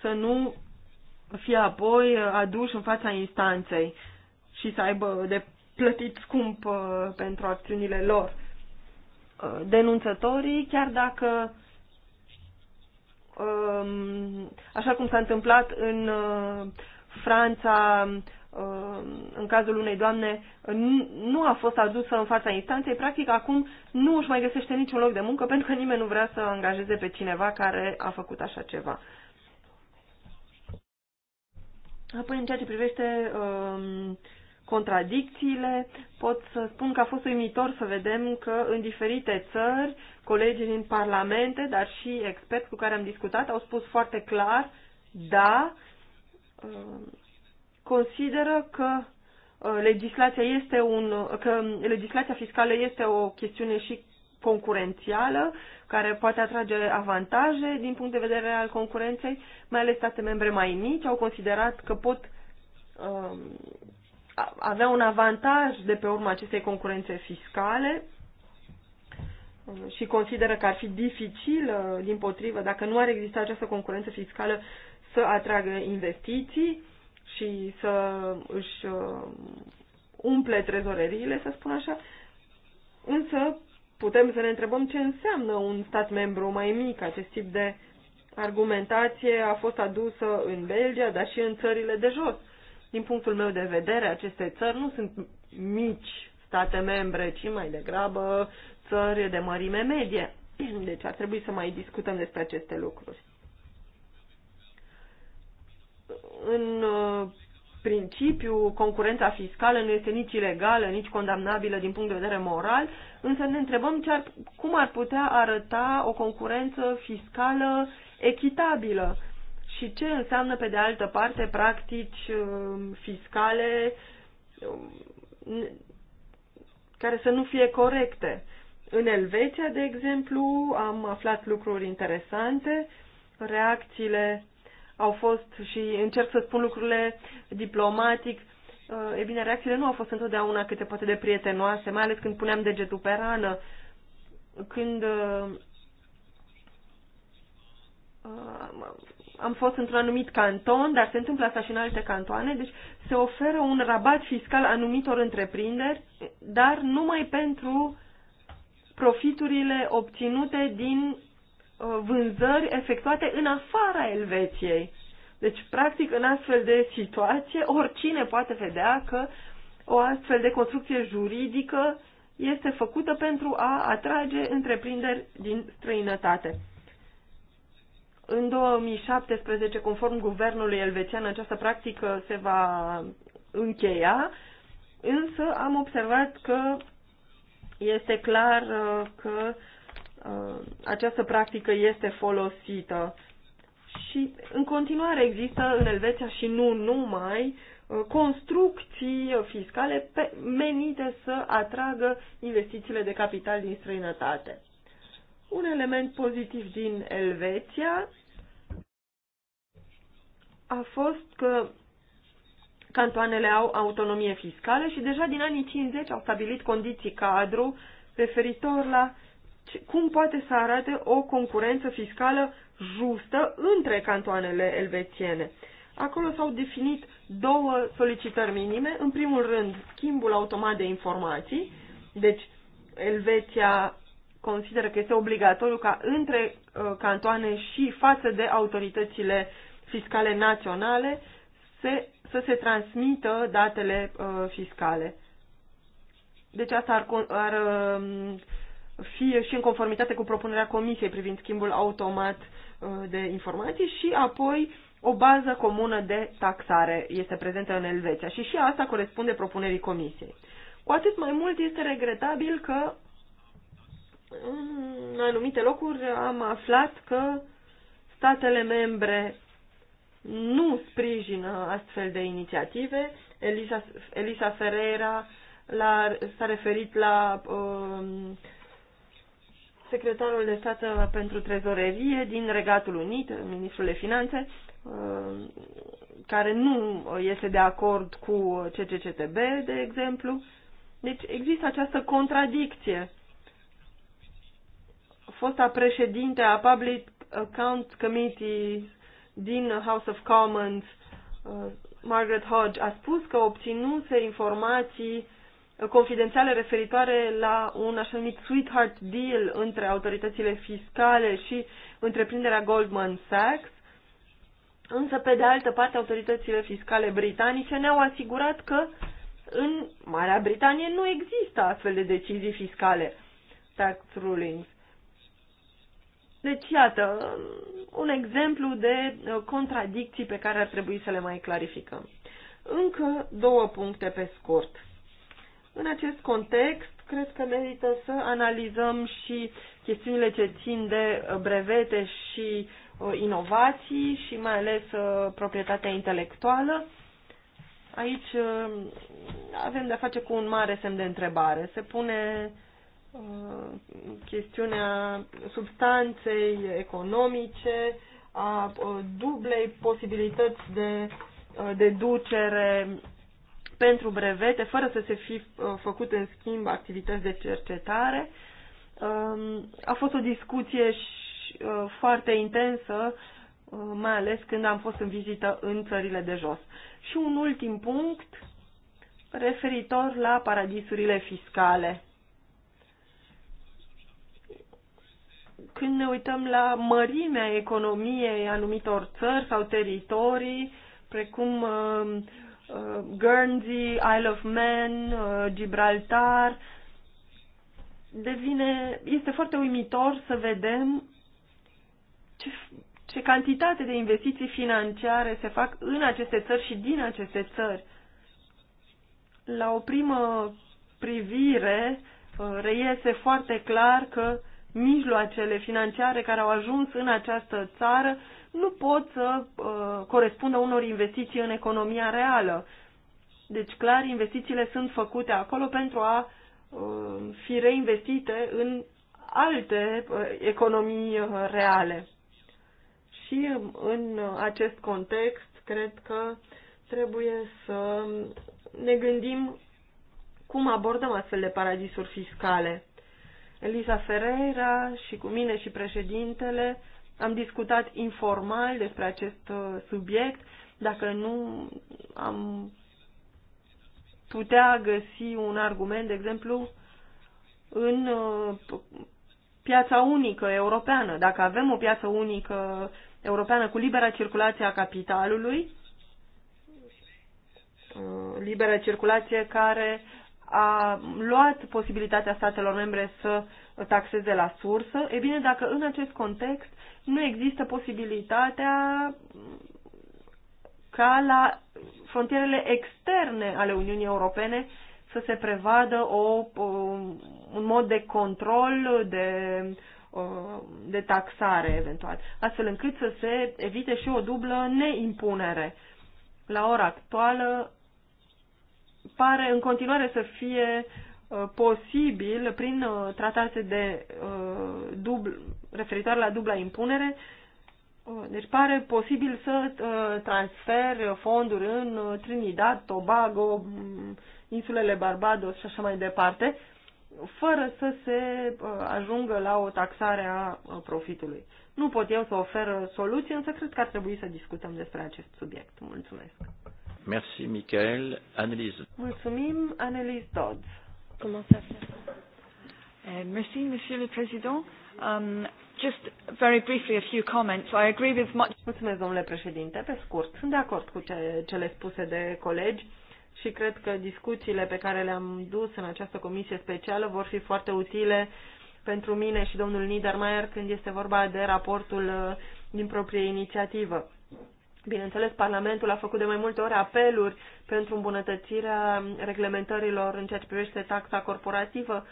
să nu fie apoi uh, aduși în fața instanței și să aibă de plătit scump uh, pentru acțiunile lor denunțătorii, chiar dacă, um, așa cum s-a întâmplat în uh, Franța, um, în cazul unei doamne, nu a fost adusă în fața instanței, practic acum nu își mai găsește niciun loc de muncă pentru că nimeni nu vrea să angajeze pe cineva care a făcut așa ceva. Apoi, în ceea ce privește uh, contradicțiile. Pot să spun că a fost uimitor să vedem că în diferite țări, colegii din parlamente, dar și experți cu care am discutat, au spus foarte clar, da, uh, consideră că uh, legislația este un, că legislația fiscală este o chestiune și concurențială, care poate atrage avantaje din punct de vedere al concurenței, mai ales state membre mai mici au considerat că pot avea un avantaj de pe urma acestei concurențe fiscale și consideră că ar fi dificil, uh, din potrivă, dacă nu ar exista această concurență fiscală, să atragă investiții și să își uh, umple trezoreriile, să spun așa. Însă putem să ne întrebăm ce înseamnă un stat membru mai mic. Acest tip de argumentație a fost adusă în Belgia, dar și în țările de jos. Din punctul meu de vedere, aceste țări nu sunt mici state membre, ci mai degrabă țări de mărime medie. Deci ar trebui să mai discutăm despre aceste lucruri. În uh, principiu, concurența fiscală nu este nici ilegală, nici condamnabilă din punct de vedere moral, însă ne întrebăm ce ar, cum ar putea arăta o concurență fiscală echitabilă și ce înseamnă, pe de altă parte, practici uh, fiscale um, care să nu fie corecte. În Elveția, de exemplu, am aflat lucruri interesante, reacțiile au fost și încerc să spun lucrurile diplomatic, uh, e bine, reacțiile nu au fost întotdeauna câte poate de prietenoase, mai ales când puneam degetul pe rană, când uh, am fost într-un anumit canton, dar se întâmplă asta și în alte cantoane, deci se oferă un rabat fiscal anumitor întreprinderi, dar numai pentru profiturile obținute din uh, vânzări efectuate în afara Elveției. Deci, practic, în astfel de situație, oricine poate vedea că o astfel de construcție juridică este făcută pentru a atrage întreprinderi din străinătate. În 2017, conform guvernului elvețian, această practică se va încheia, însă am observat că este clar uh, că uh, această practică este folosită. Și în continuare există în Elveția și nu numai uh, construcții fiscale menite să atragă investițiile de capital din străinătate. Un element pozitiv din Elveția a fost că cantoanele au autonomie fiscală și deja din anii 50 au stabilit condiții cadru referitor la cum poate să arate o concurență fiscală justă între cantoanele elvețiene. Acolo s-au definit două solicitări minime. În primul rând, schimbul automat de informații. Deci, Elveția consideră că este obligatoriu ca între uh, cantoane și față de autoritățile fiscale naționale se, să se transmită datele uh, fiscale. Deci asta ar, ar um, fi și în conformitate cu propunerea Comisiei privind schimbul automat uh, de informații și apoi o bază comună de taxare este prezentă în Elveția și și asta corespunde propunerii Comisiei. Cu atât mai mult este regretabil că în anumite locuri am aflat că statele membre nu sprijină astfel de inițiative. Elisa, Elisa Ferreira s-a referit la uh, secretarul de stat pentru trezorerie din Regatul Unit, ministrul de finanțe, uh, care nu este de acord cu CCCTB, de exemplu. Deci există această contradicție fosta președinte a Public Account Committee din House of Commons, uh, Margaret Hodge, a spus că obținuse informații confidențiale referitoare la un așa numit sweetheart deal între autoritățile fiscale și întreprinderea Goldman Sachs, însă pe de altă parte autoritățile fiscale britanice ne-au asigurat că în Marea Britanie nu există astfel de decizii fiscale. Tax rulings. Deci, iată, un exemplu de uh, contradicții pe care ar trebui să le mai clarificăm. Încă două puncte pe scurt. În acest context, cred că merită să analizăm și chestiunile ce țin de uh, brevete și uh, inovații și mai ales proprietatea intelectuală. Aici avem de-a face cu un mare semn de întrebare. Se pune Uh, chestiunea substanței economice, a uh, dublei posibilități de uh, deducere pentru brevete, fără să se fi făcut în schimb activități de cercetare. Um, a fost o discuție foarte intensă, mai ales când am fost în vizită în țările de jos. Și un ultim punct referitor la paradisurile fiscale când ne uităm la mărimea economiei anumitor țări sau teritorii, precum uh, uh, Guernsey, Isle of Man, uh, Gibraltar, devine, este foarte uimitor să vedem ce, ce cantitate de investiții financiare se fac în aceste țări și din aceste țări. La o primă privire uh, reiese foarte clar că mijloacele financiare care au ajuns în această țară nu pot să uh, corespundă unor investiții în economia reală. Deci, clar, investițiile sunt făcute acolo pentru a uh, fi reinvestite în alte uh, economii uh, reale. Și um, în acest context, cred că trebuie să ne gândim cum abordăm astfel de paradisuri fiscale Elisa Ferreira și cu mine și președintele am discutat informal despre acest uh, subiect. Dacă nu am putea găsi un argument, de exemplu, în uh, piața unică europeană. Dacă avem o piață unică europeană cu libera circulație a capitalului, uh, libera circulație care a luat posibilitatea statelor membre să taxeze la sursă, e bine, dacă în acest context nu există posibilitatea ca la frontierele externe ale Uniunii Europene să se prevadă o, un mod de control, de, de taxare eventual, astfel încât să se evite și o dublă neimpunere. La ora actuală, pare în continuare să fie uh, posibil prin uh, tratate de uh, dubl, referitoare la dubla impunere, deci pare posibil să transfer fonduri în Trinidad, Tobago, insulele Barbados și așa mai departe, fără să se ajungă la o taxare a profitului. Nu pot eu să ofer soluții, însă cred că ar trebui să discutăm despre acest subiect. Mulțumesc! Merci, Michael. Annelise. Mulțumim, Annelise Dodd. Comment ça fait? Uh, merci, Monsieur le Président. Um, just very briefly a few comments. I agree with much... Mulțumesc, domnule președinte. Pe scurt, sunt de acord cu ce, cele spuse de colegi și cred că discuțiile pe care le-am dus în această comisie specială vor fi foarte utile pentru mine și domnul Niedermayer când este vorba de raportul uh, din proprie inițiativă. Bineînțeles, Parlamentul a făcut de mai multe ori apeluri pentru îmbunătățirea reglementărilor în ceea ce privește taxa corporativă,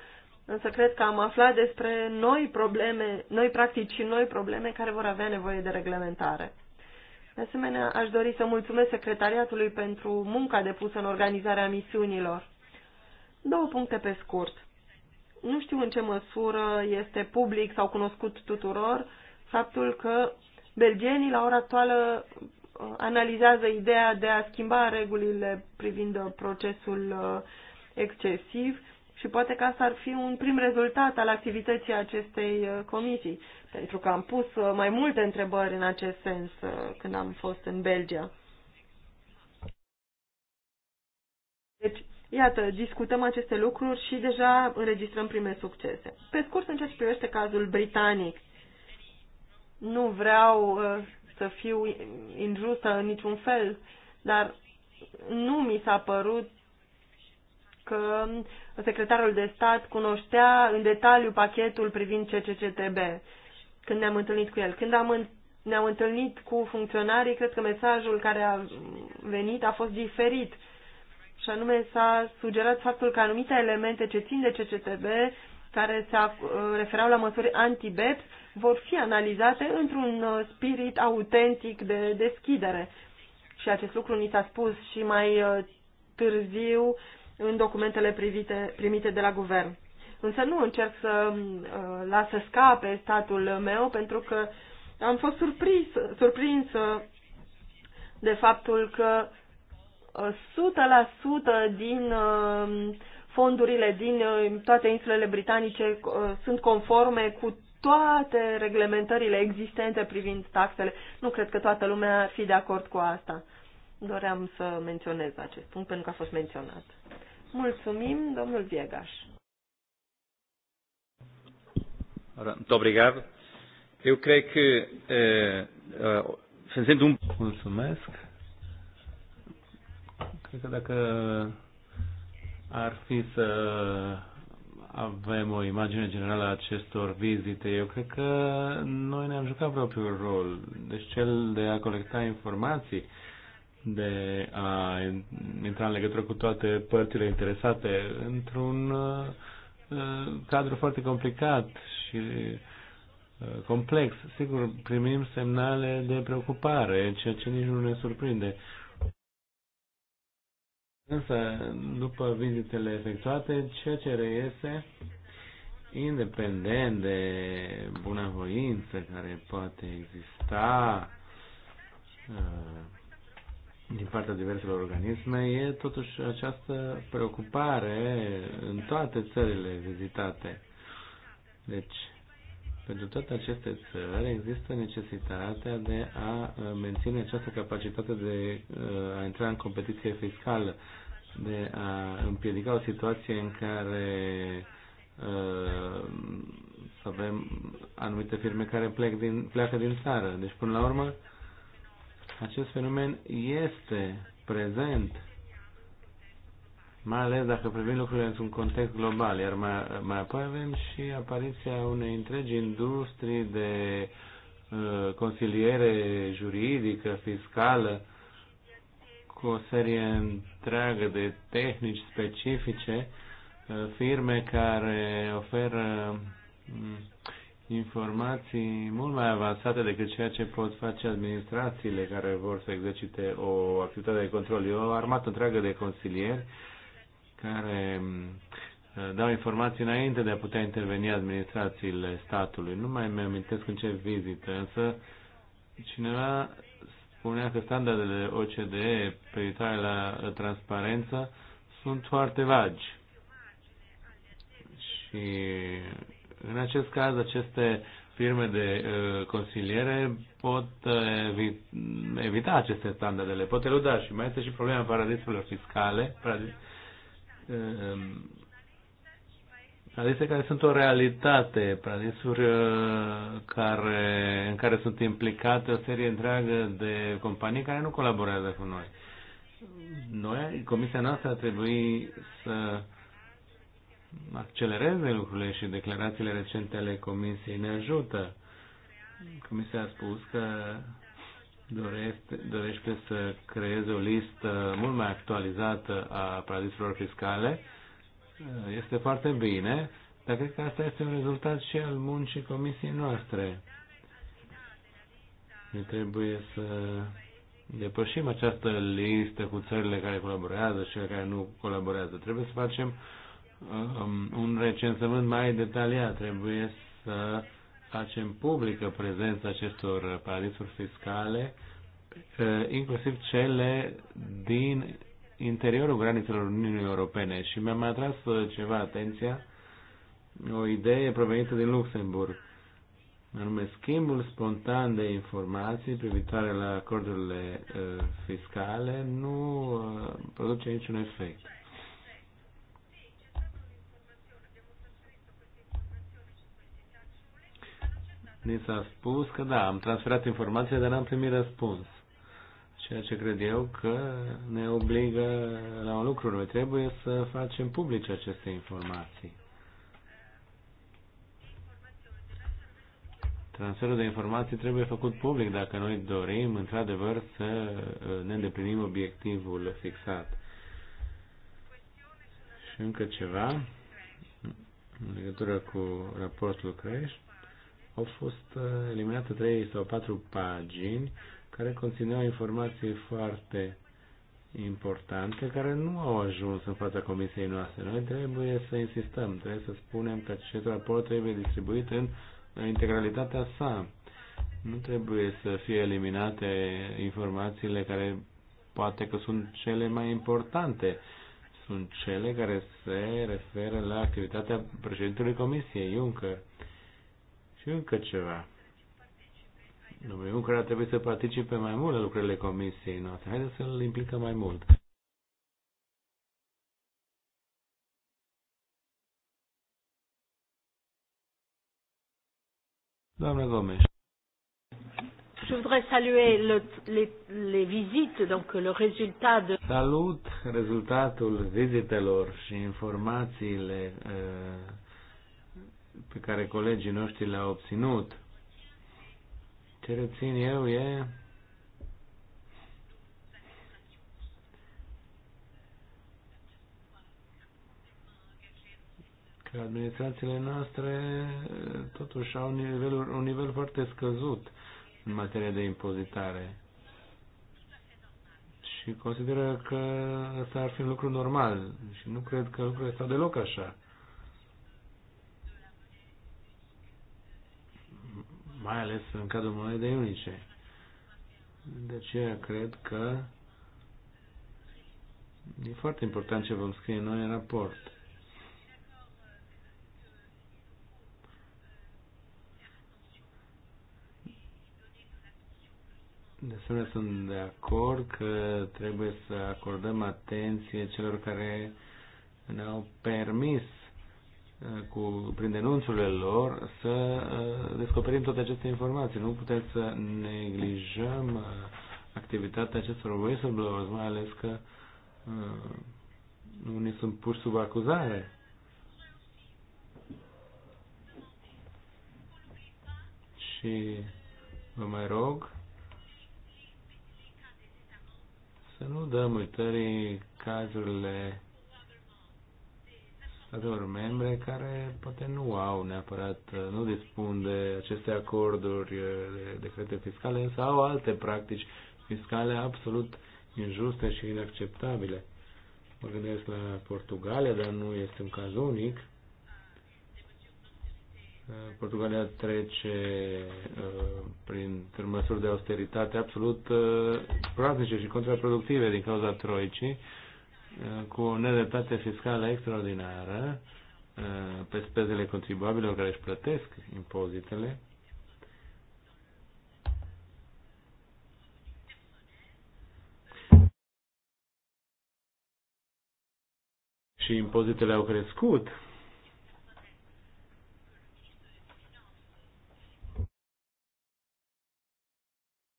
însă cred că am aflat despre noi probleme, noi practici și noi probleme care vor avea nevoie de reglementare. De asemenea, aș dori să mulțumesc secretariatului pentru munca depusă în organizarea misiunilor. Două puncte pe scurt. Nu știu în ce măsură este public sau cunoscut tuturor faptul că belgenii la ora actuală Uh, analizează ideea de a schimba regulile privind uh, procesul uh, excesiv și poate că asta ar fi un prim rezultat al activității acestei comisii, pentru că am pus mai multe întrebări în acest sens când am fost în Belgia. Deci, iată, discutăm aceste lucruri și deja înregistrăm prime succese. Pe scurt, în ce privește cazul britanic, nu vreau să fiu injustă în niciun fel, dar nu mi s-a părut că secretarul de stat cunoștea în detaliu pachetul privind CCCTB când ne-am întâlnit cu el. Când am, ne-am întâlnit cu funcționarii, cred că mesajul care a venit a fost diferit. Și anume s-a sugerat faptul că anumite elemente ce țin de CCTB, care se referau la măsuri anti-BEPS, vor fi analizate într-un uh, spirit autentic de deschidere. Și acest lucru ni s-a spus și mai uh, târziu în documentele privite, primite de la guvern. Însă nu încerc să uh, las să scape statul meu pentru că am fost surprins, surprinsă de faptul că 100% din fondurile din toate insulele britanice sunt conforme cu toate reglementările existente privind taxele. Nu cred că toată lumea ar fi de acord cu asta. Doream să menționez acest punct pentru că a fost menționat. Mulțumim, domnul Viegaș. Obrigado. Eu cred că uh, uh, un... Mulțumesc. Cred că dacă ar fi să avem o imagine generală a acestor vizite. Eu cred că noi ne-am jucat propriul rol, deci cel de a colecta informații, de a intra în legătură cu toate părțile interesate într-un uh, cadru foarte complicat și uh, complex. Sigur, primim semnale de preocupare, ceea ce nici nu ne surprinde. Însă, după vizitele efectuate, ceea ce reiese, independent de bunăvoință care poate exista uh, din partea diverselor organisme, e totuși această preocupare în toate țările vizitate. Deci, pentru toate aceste țări există necesitatea de a uh, menține această capacitate de uh, a intra în competiție fiscală de a împiedica o situație în care uh, să avem anumite firme care plec din, pleacă din țară. Deci, până la urmă, acest fenomen este prezent, mai ales dacă privim lucrurile într-un context global, iar mai, mai apoi avem și apariția unei întregi industrii de uh, consiliere juridică, fiscală, uh, cu o serie întreagă de tehnici specifice, uh, firme care oferă mm, informații mult mai avansate decât ceea ce pot face administrațiile care vor să exercite o activitate de control. E o armată întreagă de consilieri care mm, uh, dau informații înainte de a putea interveni administrațiile statului. Nu mai mi-amintesc în ce vizită, însă cineva spunea că standardele OCDE privitoare la transparență sunt foarte vagi. Și în acest caz, aceste firme de uh, consiliere pot uh, evita aceste standardele, pot eluda și mai este și problema paradisurilor fiscale, paradis, uh, um, Adese care sunt o realitate, pradisuri uh, care, în care sunt implicate o serie întreagă de companii care nu colaborează cu noi. Noi, comisia noastră, ar trebui să accelereze lucrurile și declarațiile recente ale comisiei ne ajută. Comisia a spus că dorește, dorește să creeze o listă mult mai actualizată a paradisurilor fiscale este foarte bine, dar cred că asta este un rezultat și al muncii comisiei noastre. Ne trebuie să depășim această listă cu țările care colaborează și care nu colaborează. Trebuie să facem um, un recensământ mai detaliat. Trebuie să facem publică prezența acestor paradisuri fiscale, uh, inclusiv cele din interiorul granițelor Uniunii Europene și mi-a mai atras uh, ceva atenția, o idee provenită din Luxemburg, anume schimbul spontan de informații privitoare la acordurile uh, fiscale nu uh, produce niciun efect. Ni s-a spus că da, am transferat informația, dar n-am primit răspuns. Ceea ce cred eu că ne obligă la un lucru. Noi trebuie să facem publice aceste informații. Transferul de informații trebuie făcut public dacă noi dorim, într-adevăr, să uh, ne îndeplinim obiectivul fixat. Și încă ceva, în legătură cu raportul Creș, au fost uh, eliminate trei sau patru pagini care conțineau informații foarte importante care nu au ajuns în fața comisiei noastre. Noi trebuie să insistăm, trebuie să spunem că acest raport trebuie distribuit în integralitatea sa. Nu trebuie să fie eliminate informațiile care poate că sunt cele mai importante. Sunt cele care se referă la activitatea președintelui Comisiei, Juncker. Și încă ceva. Domnul Juncker ar trebui să participe mai mult la lucrurile comisiei noastre. Haideți să îl implicăm mai mult. Doamna Gomes. Je voudrais saluer le, les, les visites, donc le résultat de... Salut rezultatul vizitelor și informațiile uh, pe care colegii noștri le-au obținut ce rețin eu e că administrațiile noastre totuși au un nivel, un nivel foarte scăzut în materie de impozitare. Și consideră că asta ar fi un lucru normal și nu cred că lucrurile stau deloc așa. mai ales în cadrul monedei unice. De aceea cred că e foarte important ce vom scrie noi în raport. De asemenea, sunt de acord că trebuie să acordăm atenție celor care ne-au permis Eh, cu, prin denunțurile lor să eh, descoperim toate aceste informații. Nu putem să neglijăm eh, activitatea acestor whistleblowers, mai ales că unii sunt puși sub acuzare. Și vă mai rog să nu dăm uitării cazurile statelor membre care poate nu au neapărat, nu dispun de aceste acorduri eh, de decrete fiscale, însă au alte practici fiscale absolut injuste și inacceptabile. Mă gândesc la Portugalia, dar nu este un caz unic. Eh, Portugalia trece eh, prin măsuri de austeritate absolut practice și contraproductive din cauza troicii cu o nedreptate fiscală extraordinară uh, pe spezele contribuabililor care își plătesc impozitele. Și impozitele au crescut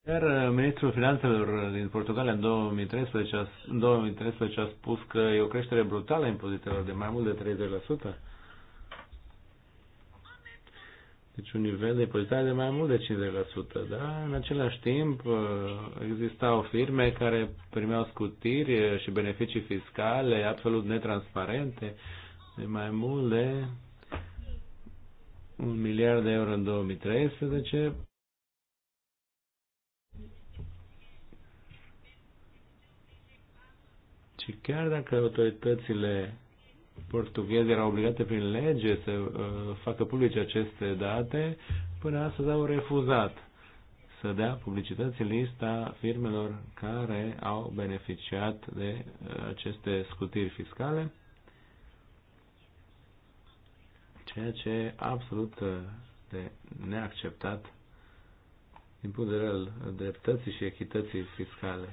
Iar uh, ministrul finanțelor uh, din Portugalia în 2013, a, în 2013 a spus că e o creștere brutală a impozitelor de mai mult de 30%. Deci un nivel de impozitare de mai mult de 50%, dar în același timp uh, existau firme care primeau scutiri și beneficii fiscale absolut netransparente de mai mult de un miliard de euro în 2013 Și chiar dacă autoritățile portugheze erau obligate prin lege să uh, facă publice aceste date, până astăzi au refuzat să dea publicității lista firmelor care au beneficiat de uh, aceste scutiri fiscale, ceea ce e absolut uh, de neacceptat din punct de vedere al dreptății și echității fiscale.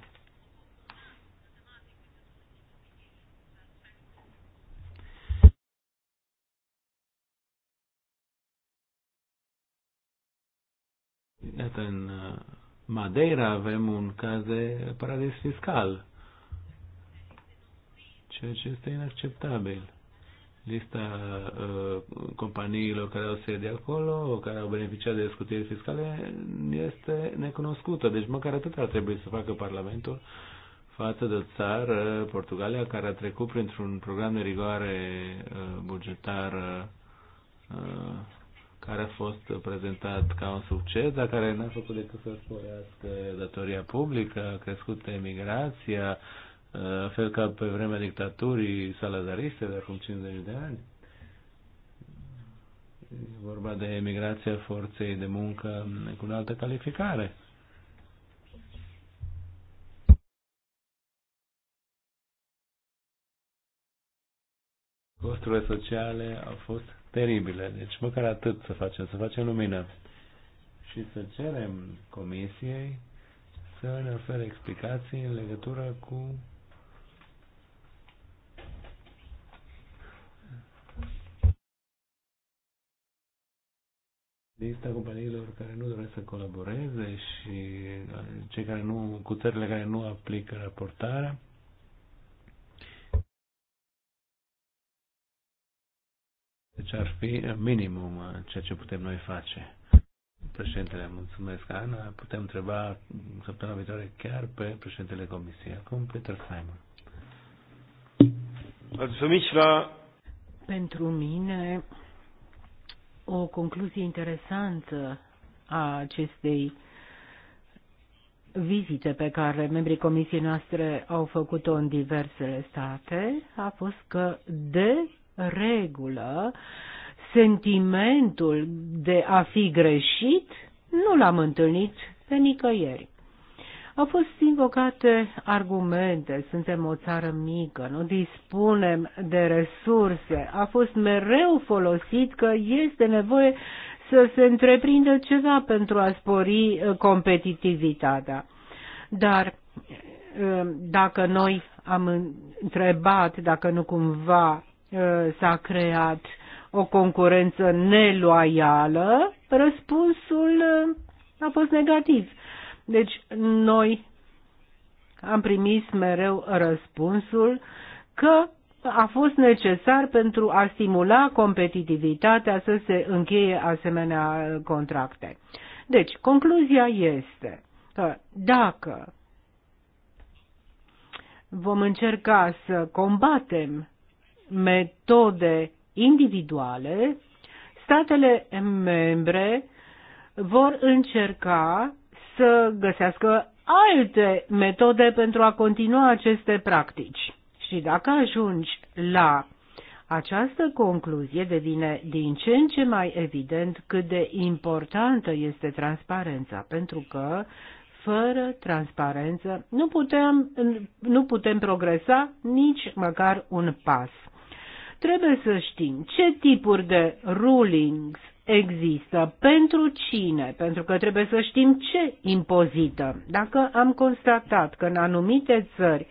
Iată, în uh, Madeira avem un caz de paradis fiscal, ceea ce este inacceptabil. Lista uh, companiilor care au sede acolo, care au beneficiat de scutiri fiscale, este necunoscută. Deci măcar atât ar trebui să facă Parlamentul față de țară, Portugalia, care a trecut printr-un program de rigoare uh, bugetar uh, care a fost prezentat ca un succes, dar care n-a făcut decât să sporească datoria publică, a crescut emigrația, fel ca pe vremea dictaturii salazariste de acum 50 de ani. E vorba de emigrația forței de muncă cu o altă calificare. Costurile sociale au fost teribile. Deci măcar atât să facem, să facem lumină. Și să cerem comisiei să ne ofere explicații în legătură cu lista companiilor care nu doresc să colaboreze și cei care nu, cu țările care nu aplică raportarea. Deci ar fi minimum uh, ceea ce putem noi face. Președintele, mulțumesc, Ana. Putem întreba săptămâna viitoare chiar pe președintele Comisiei. Acum, Peter Simon. Mulțumesc la... Pentru mine, o concluzie interesantă a acestei vizite pe care membrii comisiei noastre au făcut-o în diversele state a fost că de regulă, sentimentul de a fi greșit nu l-am întâlnit pe nicăieri. Au fost invocate argumente, suntem o țară mică, nu dispunem de resurse, a fost mereu folosit că este nevoie să se întreprindă ceva pentru a spori uh, competitivitatea. Dar uh, dacă noi am întrebat dacă nu cumva Uh, s-a creat o concurență neloială, răspunsul uh, a fost negativ. Deci noi am primit mereu răspunsul că a fost necesar pentru a stimula competitivitatea să se încheie asemenea uh, contracte. Deci, concluzia este că dacă vom încerca să combatem metode individuale, statele membre vor încerca să găsească alte metode pentru a continua aceste practici. Și dacă ajungi la această concluzie, devine din ce în ce mai evident cât de importantă este transparența, pentru că fără transparență nu putem, nu putem progresa nici măcar un pas. Trebuie să știm ce tipuri de rulings există, pentru cine, pentru că trebuie să știm ce impozită. Dacă am constatat că în anumite țări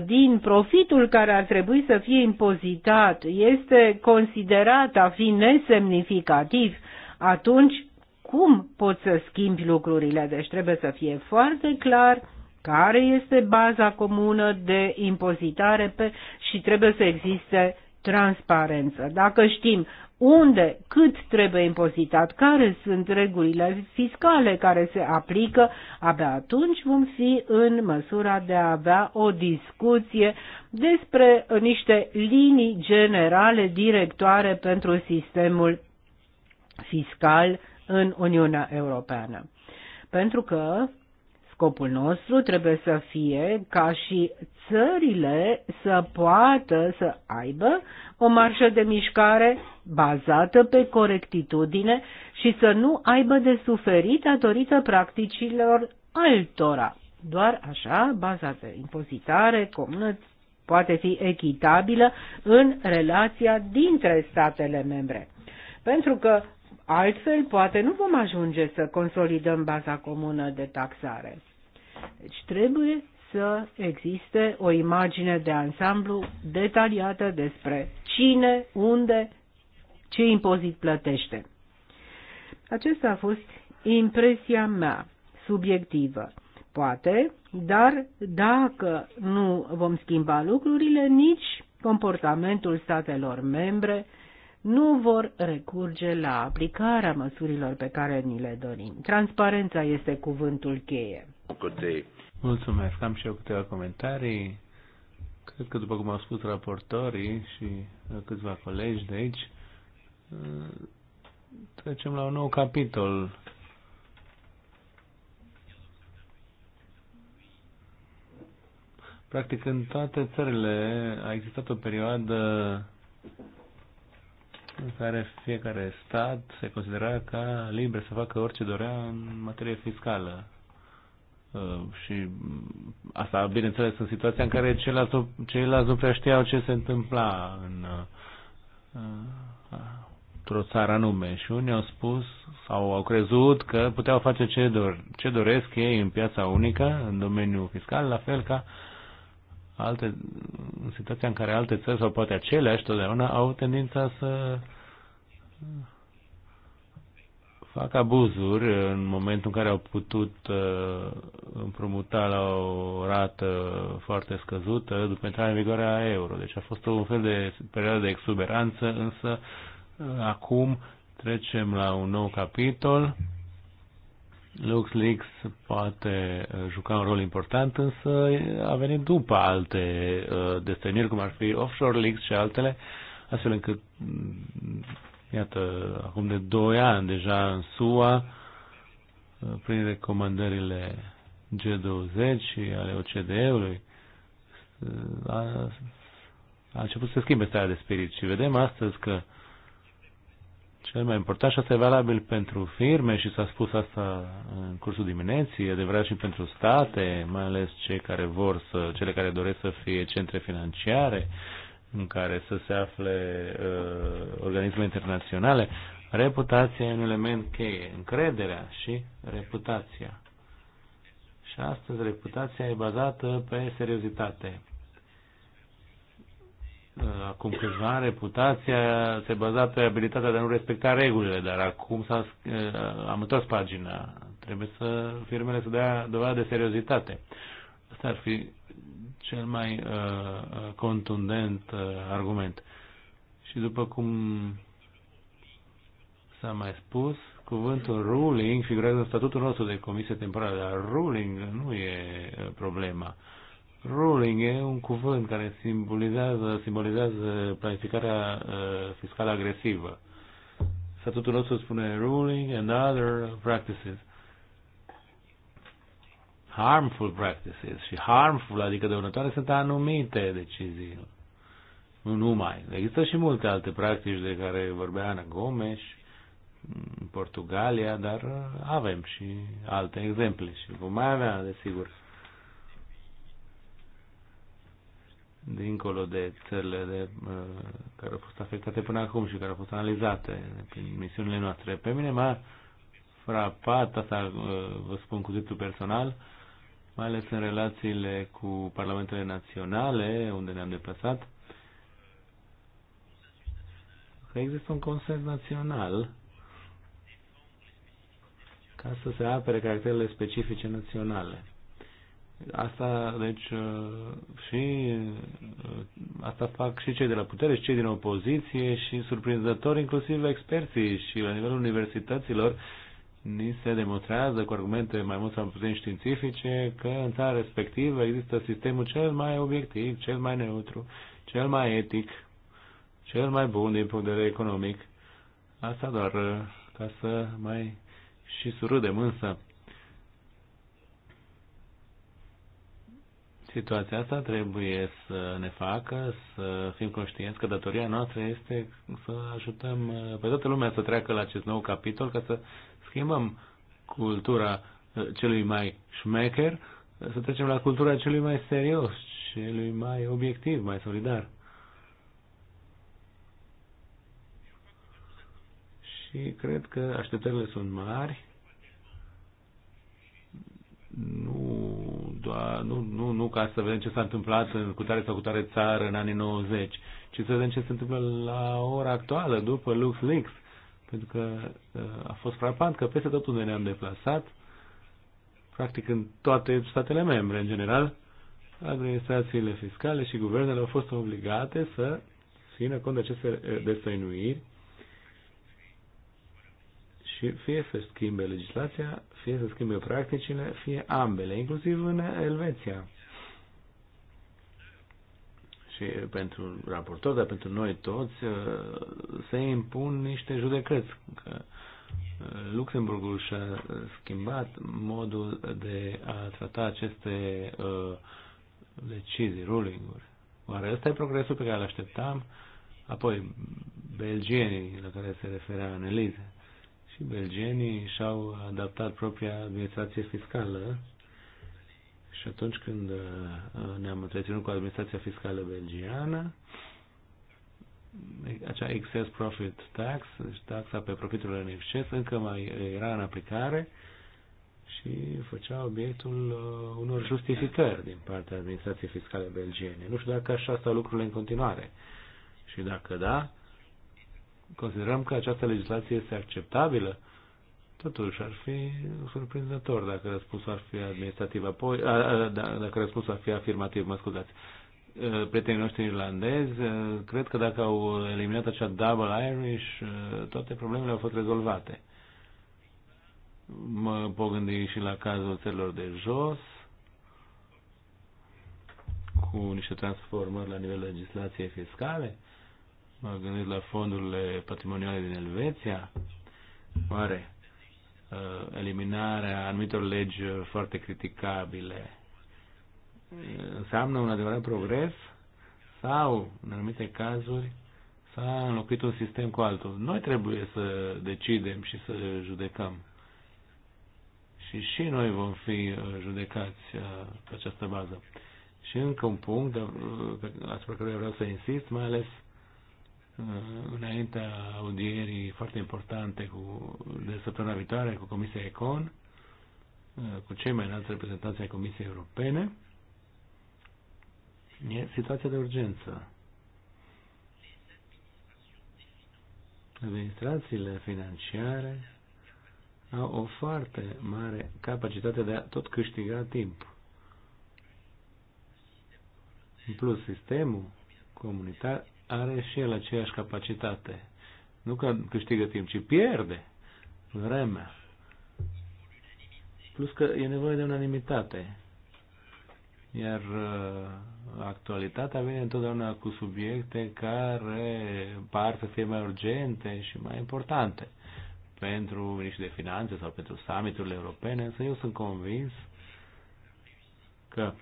90% din profitul care ar trebui să fie impozitat este considerat a fi nesemnificativ, atunci cum poți să schimbi lucrurile? Deci trebuie să fie foarte clar care este baza comună de impozitare pe, și trebuie să existe transparență. Dacă știm unde, cât trebuie impozitat, care sunt regulile fiscale care se aplică, abia atunci vom fi în măsura de a avea o discuție despre niște linii generale directoare pentru sistemul fiscal în Uniunea Europeană. Pentru că Scopul nostru trebuie să fie ca și țările să poată să aibă o marșă de mișcare bazată pe corectitudine și să nu aibă de suferit datorită practicilor altora. Doar așa, baza de impozitare comună poate fi echitabilă în relația dintre statele membre. Pentru că Altfel, poate nu vom ajunge să consolidăm baza comună de taxare. Deci trebuie să existe o imagine de ansamblu detaliată despre cine, unde, ce impozit plătește. Acesta a fost impresia mea subiectivă. Poate, dar dacă nu vom schimba lucrurile, nici comportamentul statelor membre nu vor recurge la aplicarea măsurilor pe care ni le dorim. Transparența este cuvântul cheie. Mulțumesc. Am și eu câteva comentarii. Cred că, după cum au spus raportorii și uh, câțiva colegi de aici, uh, trecem la un nou capitol. Practic, în toate țările a existat o perioadă în care fiecare stat se considera ca liber să facă orice dorea în materie fiscală. Uh, și asta, bineînțeles, în situația în care ceilalți, nu prea știau ce se întâmpla în, uh, într-o țară anume. Și unii au spus sau au crezut că puteau face ce, dor, ce doresc ei în piața unică, în domeniul fiscal, la fel ca uh, alte, în situația în care alte țări sau poate aceleași totdeauna au tendința să fac abuzuri în momentul în care au putut uh, împrumuta la o rată foarte scăzută după intrarea în vigoare a euro. Deci a fost un fel de perioadă de exuberanță, însă uh, acum trecem la un nou capitol LuxLeaks poate uh, juca un rol important, însă a venit după alte uh, destăiniri, cum ar fi Offshore Leaks și altele, astfel încât, mm, iată, acum de 2 ani deja în SUA, uh, prin recomandările G20 și ale OCDE-ului, a, a început să schimbe starea de spirit și vedem astăzi că cel mai important și asta e valabil pentru firme și s-a spus asta în cursul dimineții, adevărat și pentru state, mai ales cei care vor să, cele care doresc să fie centre financiare în care să se afle uh, organisme internaționale. Reputația e un element cheie, încrederea și reputația. Și astăzi reputația e bazată pe seriozitate, acum câțiva reputația se baza pe abilitatea de a nu respecta regulile, dar acum s-a, am întors pagina. Trebuie să firmele să dea dovadă de seriozitate. Asta ar fi cel mai uh, contundent uh, argument. Și după cum s-a mai spus, cuvântul ruling figurează în statutul nostru de comisie temporară, dar ruling nu e problema. Uh, Ruling e un cuvânt care simbolizează, simbolizează planificarea uh, fiscală agresivă. Statutul nostru spune ruling and other practices. Harmful practices și harmful, adică dăunătoare, sunt anumite decizii. Nu numai. Există și multe alte practici de care vorbea Ana Gomes, în Portugalia, dar avem și alte exemple și vom mai avea, desigur. dincolo de țările de, uh, care au fost afectate până acum și care au fost analizate prin misiunile noastre. Pe mine m-a frapat, asta uh, vă spun cu titlul personal, mai ales în relațiile cu parlamentele naționale, unde ne-am deplasat, că există un consens național ca să se apere caracterele specifice naționale. Asta, deci, uh, și uh, asta fac și cei de la putere și cei din opoziție și surprinzător, inclusiv experții și la nivelul universităților ni se demonstrează cu argumente mai mult sau puțin științifice că în țara respectivă există sistemul cel mai obiectiv, cel mai neutru, cel mai etic, cel mai bun din punct de vedere economic. Asta doar uh, ca să mai și surâdem însă situația asta trebuie să ne facă să fim conștienți că datoria noastră este să ajutăm uh, pe toată lumea să treacă la acest nou capitol ca să schimbăm cultura uh, celui mai șmecher, uh, să trecem la cultura celui mai serios, celui mai obiectiv, mai solidar. Și cred că așteptările sunt mari. Nu doar, nu, nu, nu ca să vedem ce s-a întâmplat în, cu tare sau cu tare țară în anii 90, ci să vedem ce se întâmplă la ora actuală, după LuxLeaks. Pentru că uh, a fost frapant că peste tot unde ne-am deplasat, practic în toate statele membre, în general, administrațiile fiscale și guvernele au fost obligate să țină cont de aceste uh, destăinuiri și fie să schimbe legislația, fie să schimbe practicile, fie ambele, inclusiv în Elveția. Și pentru raportor, dar pentru noi toți, uh, se impun niște judecăți. Că uh, Luxemburgul și-a schimbat modul de a trata aceste uh, decizii, ruling-uri. Oare ăsta e progresul pe care îl așteptam? Apoi, belgienii la care se referea Elize și belgenii și-au adaptat propria administrație fiscală și atunci când uh, ne-am întreținut cu administrația fiscală belgiană, acea excess profit tax, deci taxa pe profiturile în exces, încă mai era în aplicare și făcea obiectul uh, unor justificări din partea administrației fiscale belgiene. Nu știu dacă așa stau lucrurile în continuare. Și dacă da, considerăm că această legislație este acceptabilă, totuși ar fi surprinzător dacă răspunsul ar fi administrativ, apoi, a, a, da, dacă răspunsul ar fi afirmativ, mă scuzați. Uh, prietenii noștri irlandezi, uh, cred că dacă au eliminat acea double Irish, uh, toate problemele au fost rezolvate. Mă pot gândi și la cazul țărilor de jos, cu niște transformări la nivel legislației fiscale M-am gândit la fondurile patrimoniale din Elveția. Oare uh, eliminarea anumitor legi foarte criticabile înseamnă un adevărat progres sau, în anumite cazuri, s-a înlocuit un sistem cu altul. Noi trebuie să decidem și să judecăm. Și și noi vom fi uh, judecați uh, pe această bază. Și încă un punct asupra care vreau să insist, mai ales Uh, înaintea audierii foarte importante cu, de săptămâna viitoare cu Comisia Econ, uh, cu cei mai înalți reprezentanți ai Comisiei Europene, e situația de urgență. Administrațiile financiare au o foarte mare capacitate de a tot câștiga timp. În plus, sistemul comunitar are și el aceeași capacitate. Nu că câștigă timp, ci pierde vremea. Plus că e nevoie de unanimitate. Iar uh, actualitatea vine întotdeauna cu subiecte care par să fie mai urgente și mai importante pentru miniștrii de finanțe sau pentru summiturile europene, însă eu sunt convins că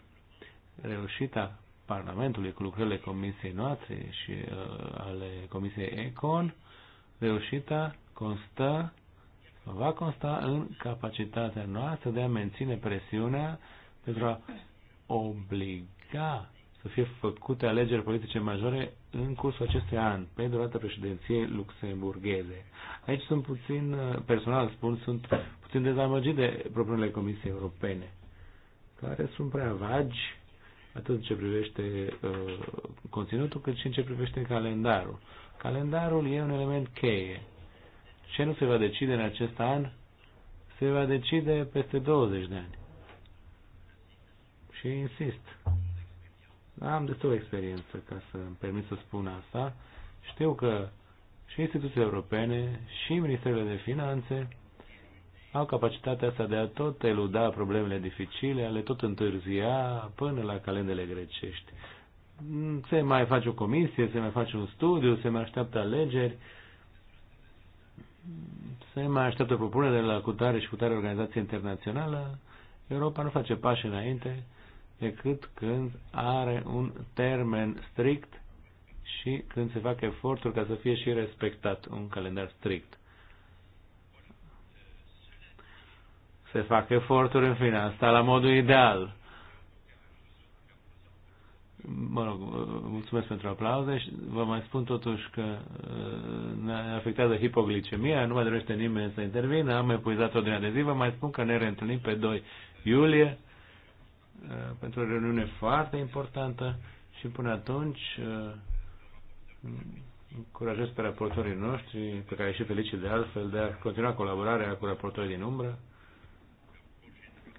reușita Parlamentului, cu lucrările Comisiei noastre și uh, ale Comisiei ECON, reușita constă, va consta în capacitatea noastră de a menține presiunea pentru a obliga să fie făcute alegeri politice majore în cursul acestui an, pe durata președinției luxemburgheze. Aici sunt puțin, uh, personal spun, sunt puțin dezamăgit de propunerile Comisiei Europene, care sunt prea vagi atât în ce privește uh, conținutul, cât și în ce privește calendarul. Calendarul e un element cheie. Ce nu se va decide în acest an, se va decide peste 20 de ani. Și insist. Am destul experiență ca să îmi permit să spun asta. Știu că și instituțiile europene, și ministerele de finanțe, au capacitatea asta de a tot eluda problemele dificile, a le tot întârzia până la calendele grecești. Se mai face o comisie, se mai face un studiu, se mai așteaptă alegeri, se mai așteaptă propunere la cutare și cutare organizație internațională. Europa nu face pași înainte decât când are un termen strict și când se fac eforturi ca să fie și respectat un calendar strict. se fac eforturi în fine, asta la modul ideal. Mă rog, mulțumesc pentru aplauze și vă mai spun totuși că uh, ne afectează hipoglicemia, nu mai dorește nimeni să intervină, am epuizat o de zi, vă mai spun că ne reîntâlnim pe 2 iulie uh, pentru o reuniune foarte importantă și până atunci uh, încurajez pe raportorii noștri, pe care și felicit de altfel, de a continua colaborarea cu raportorii din umbră.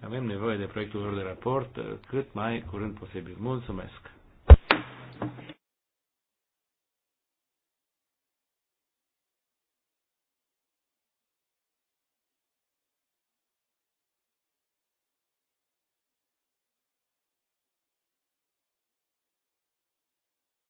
Avem nevoie de proiectul lor de raport uh, cât mai curând posibil. Mulțumesc!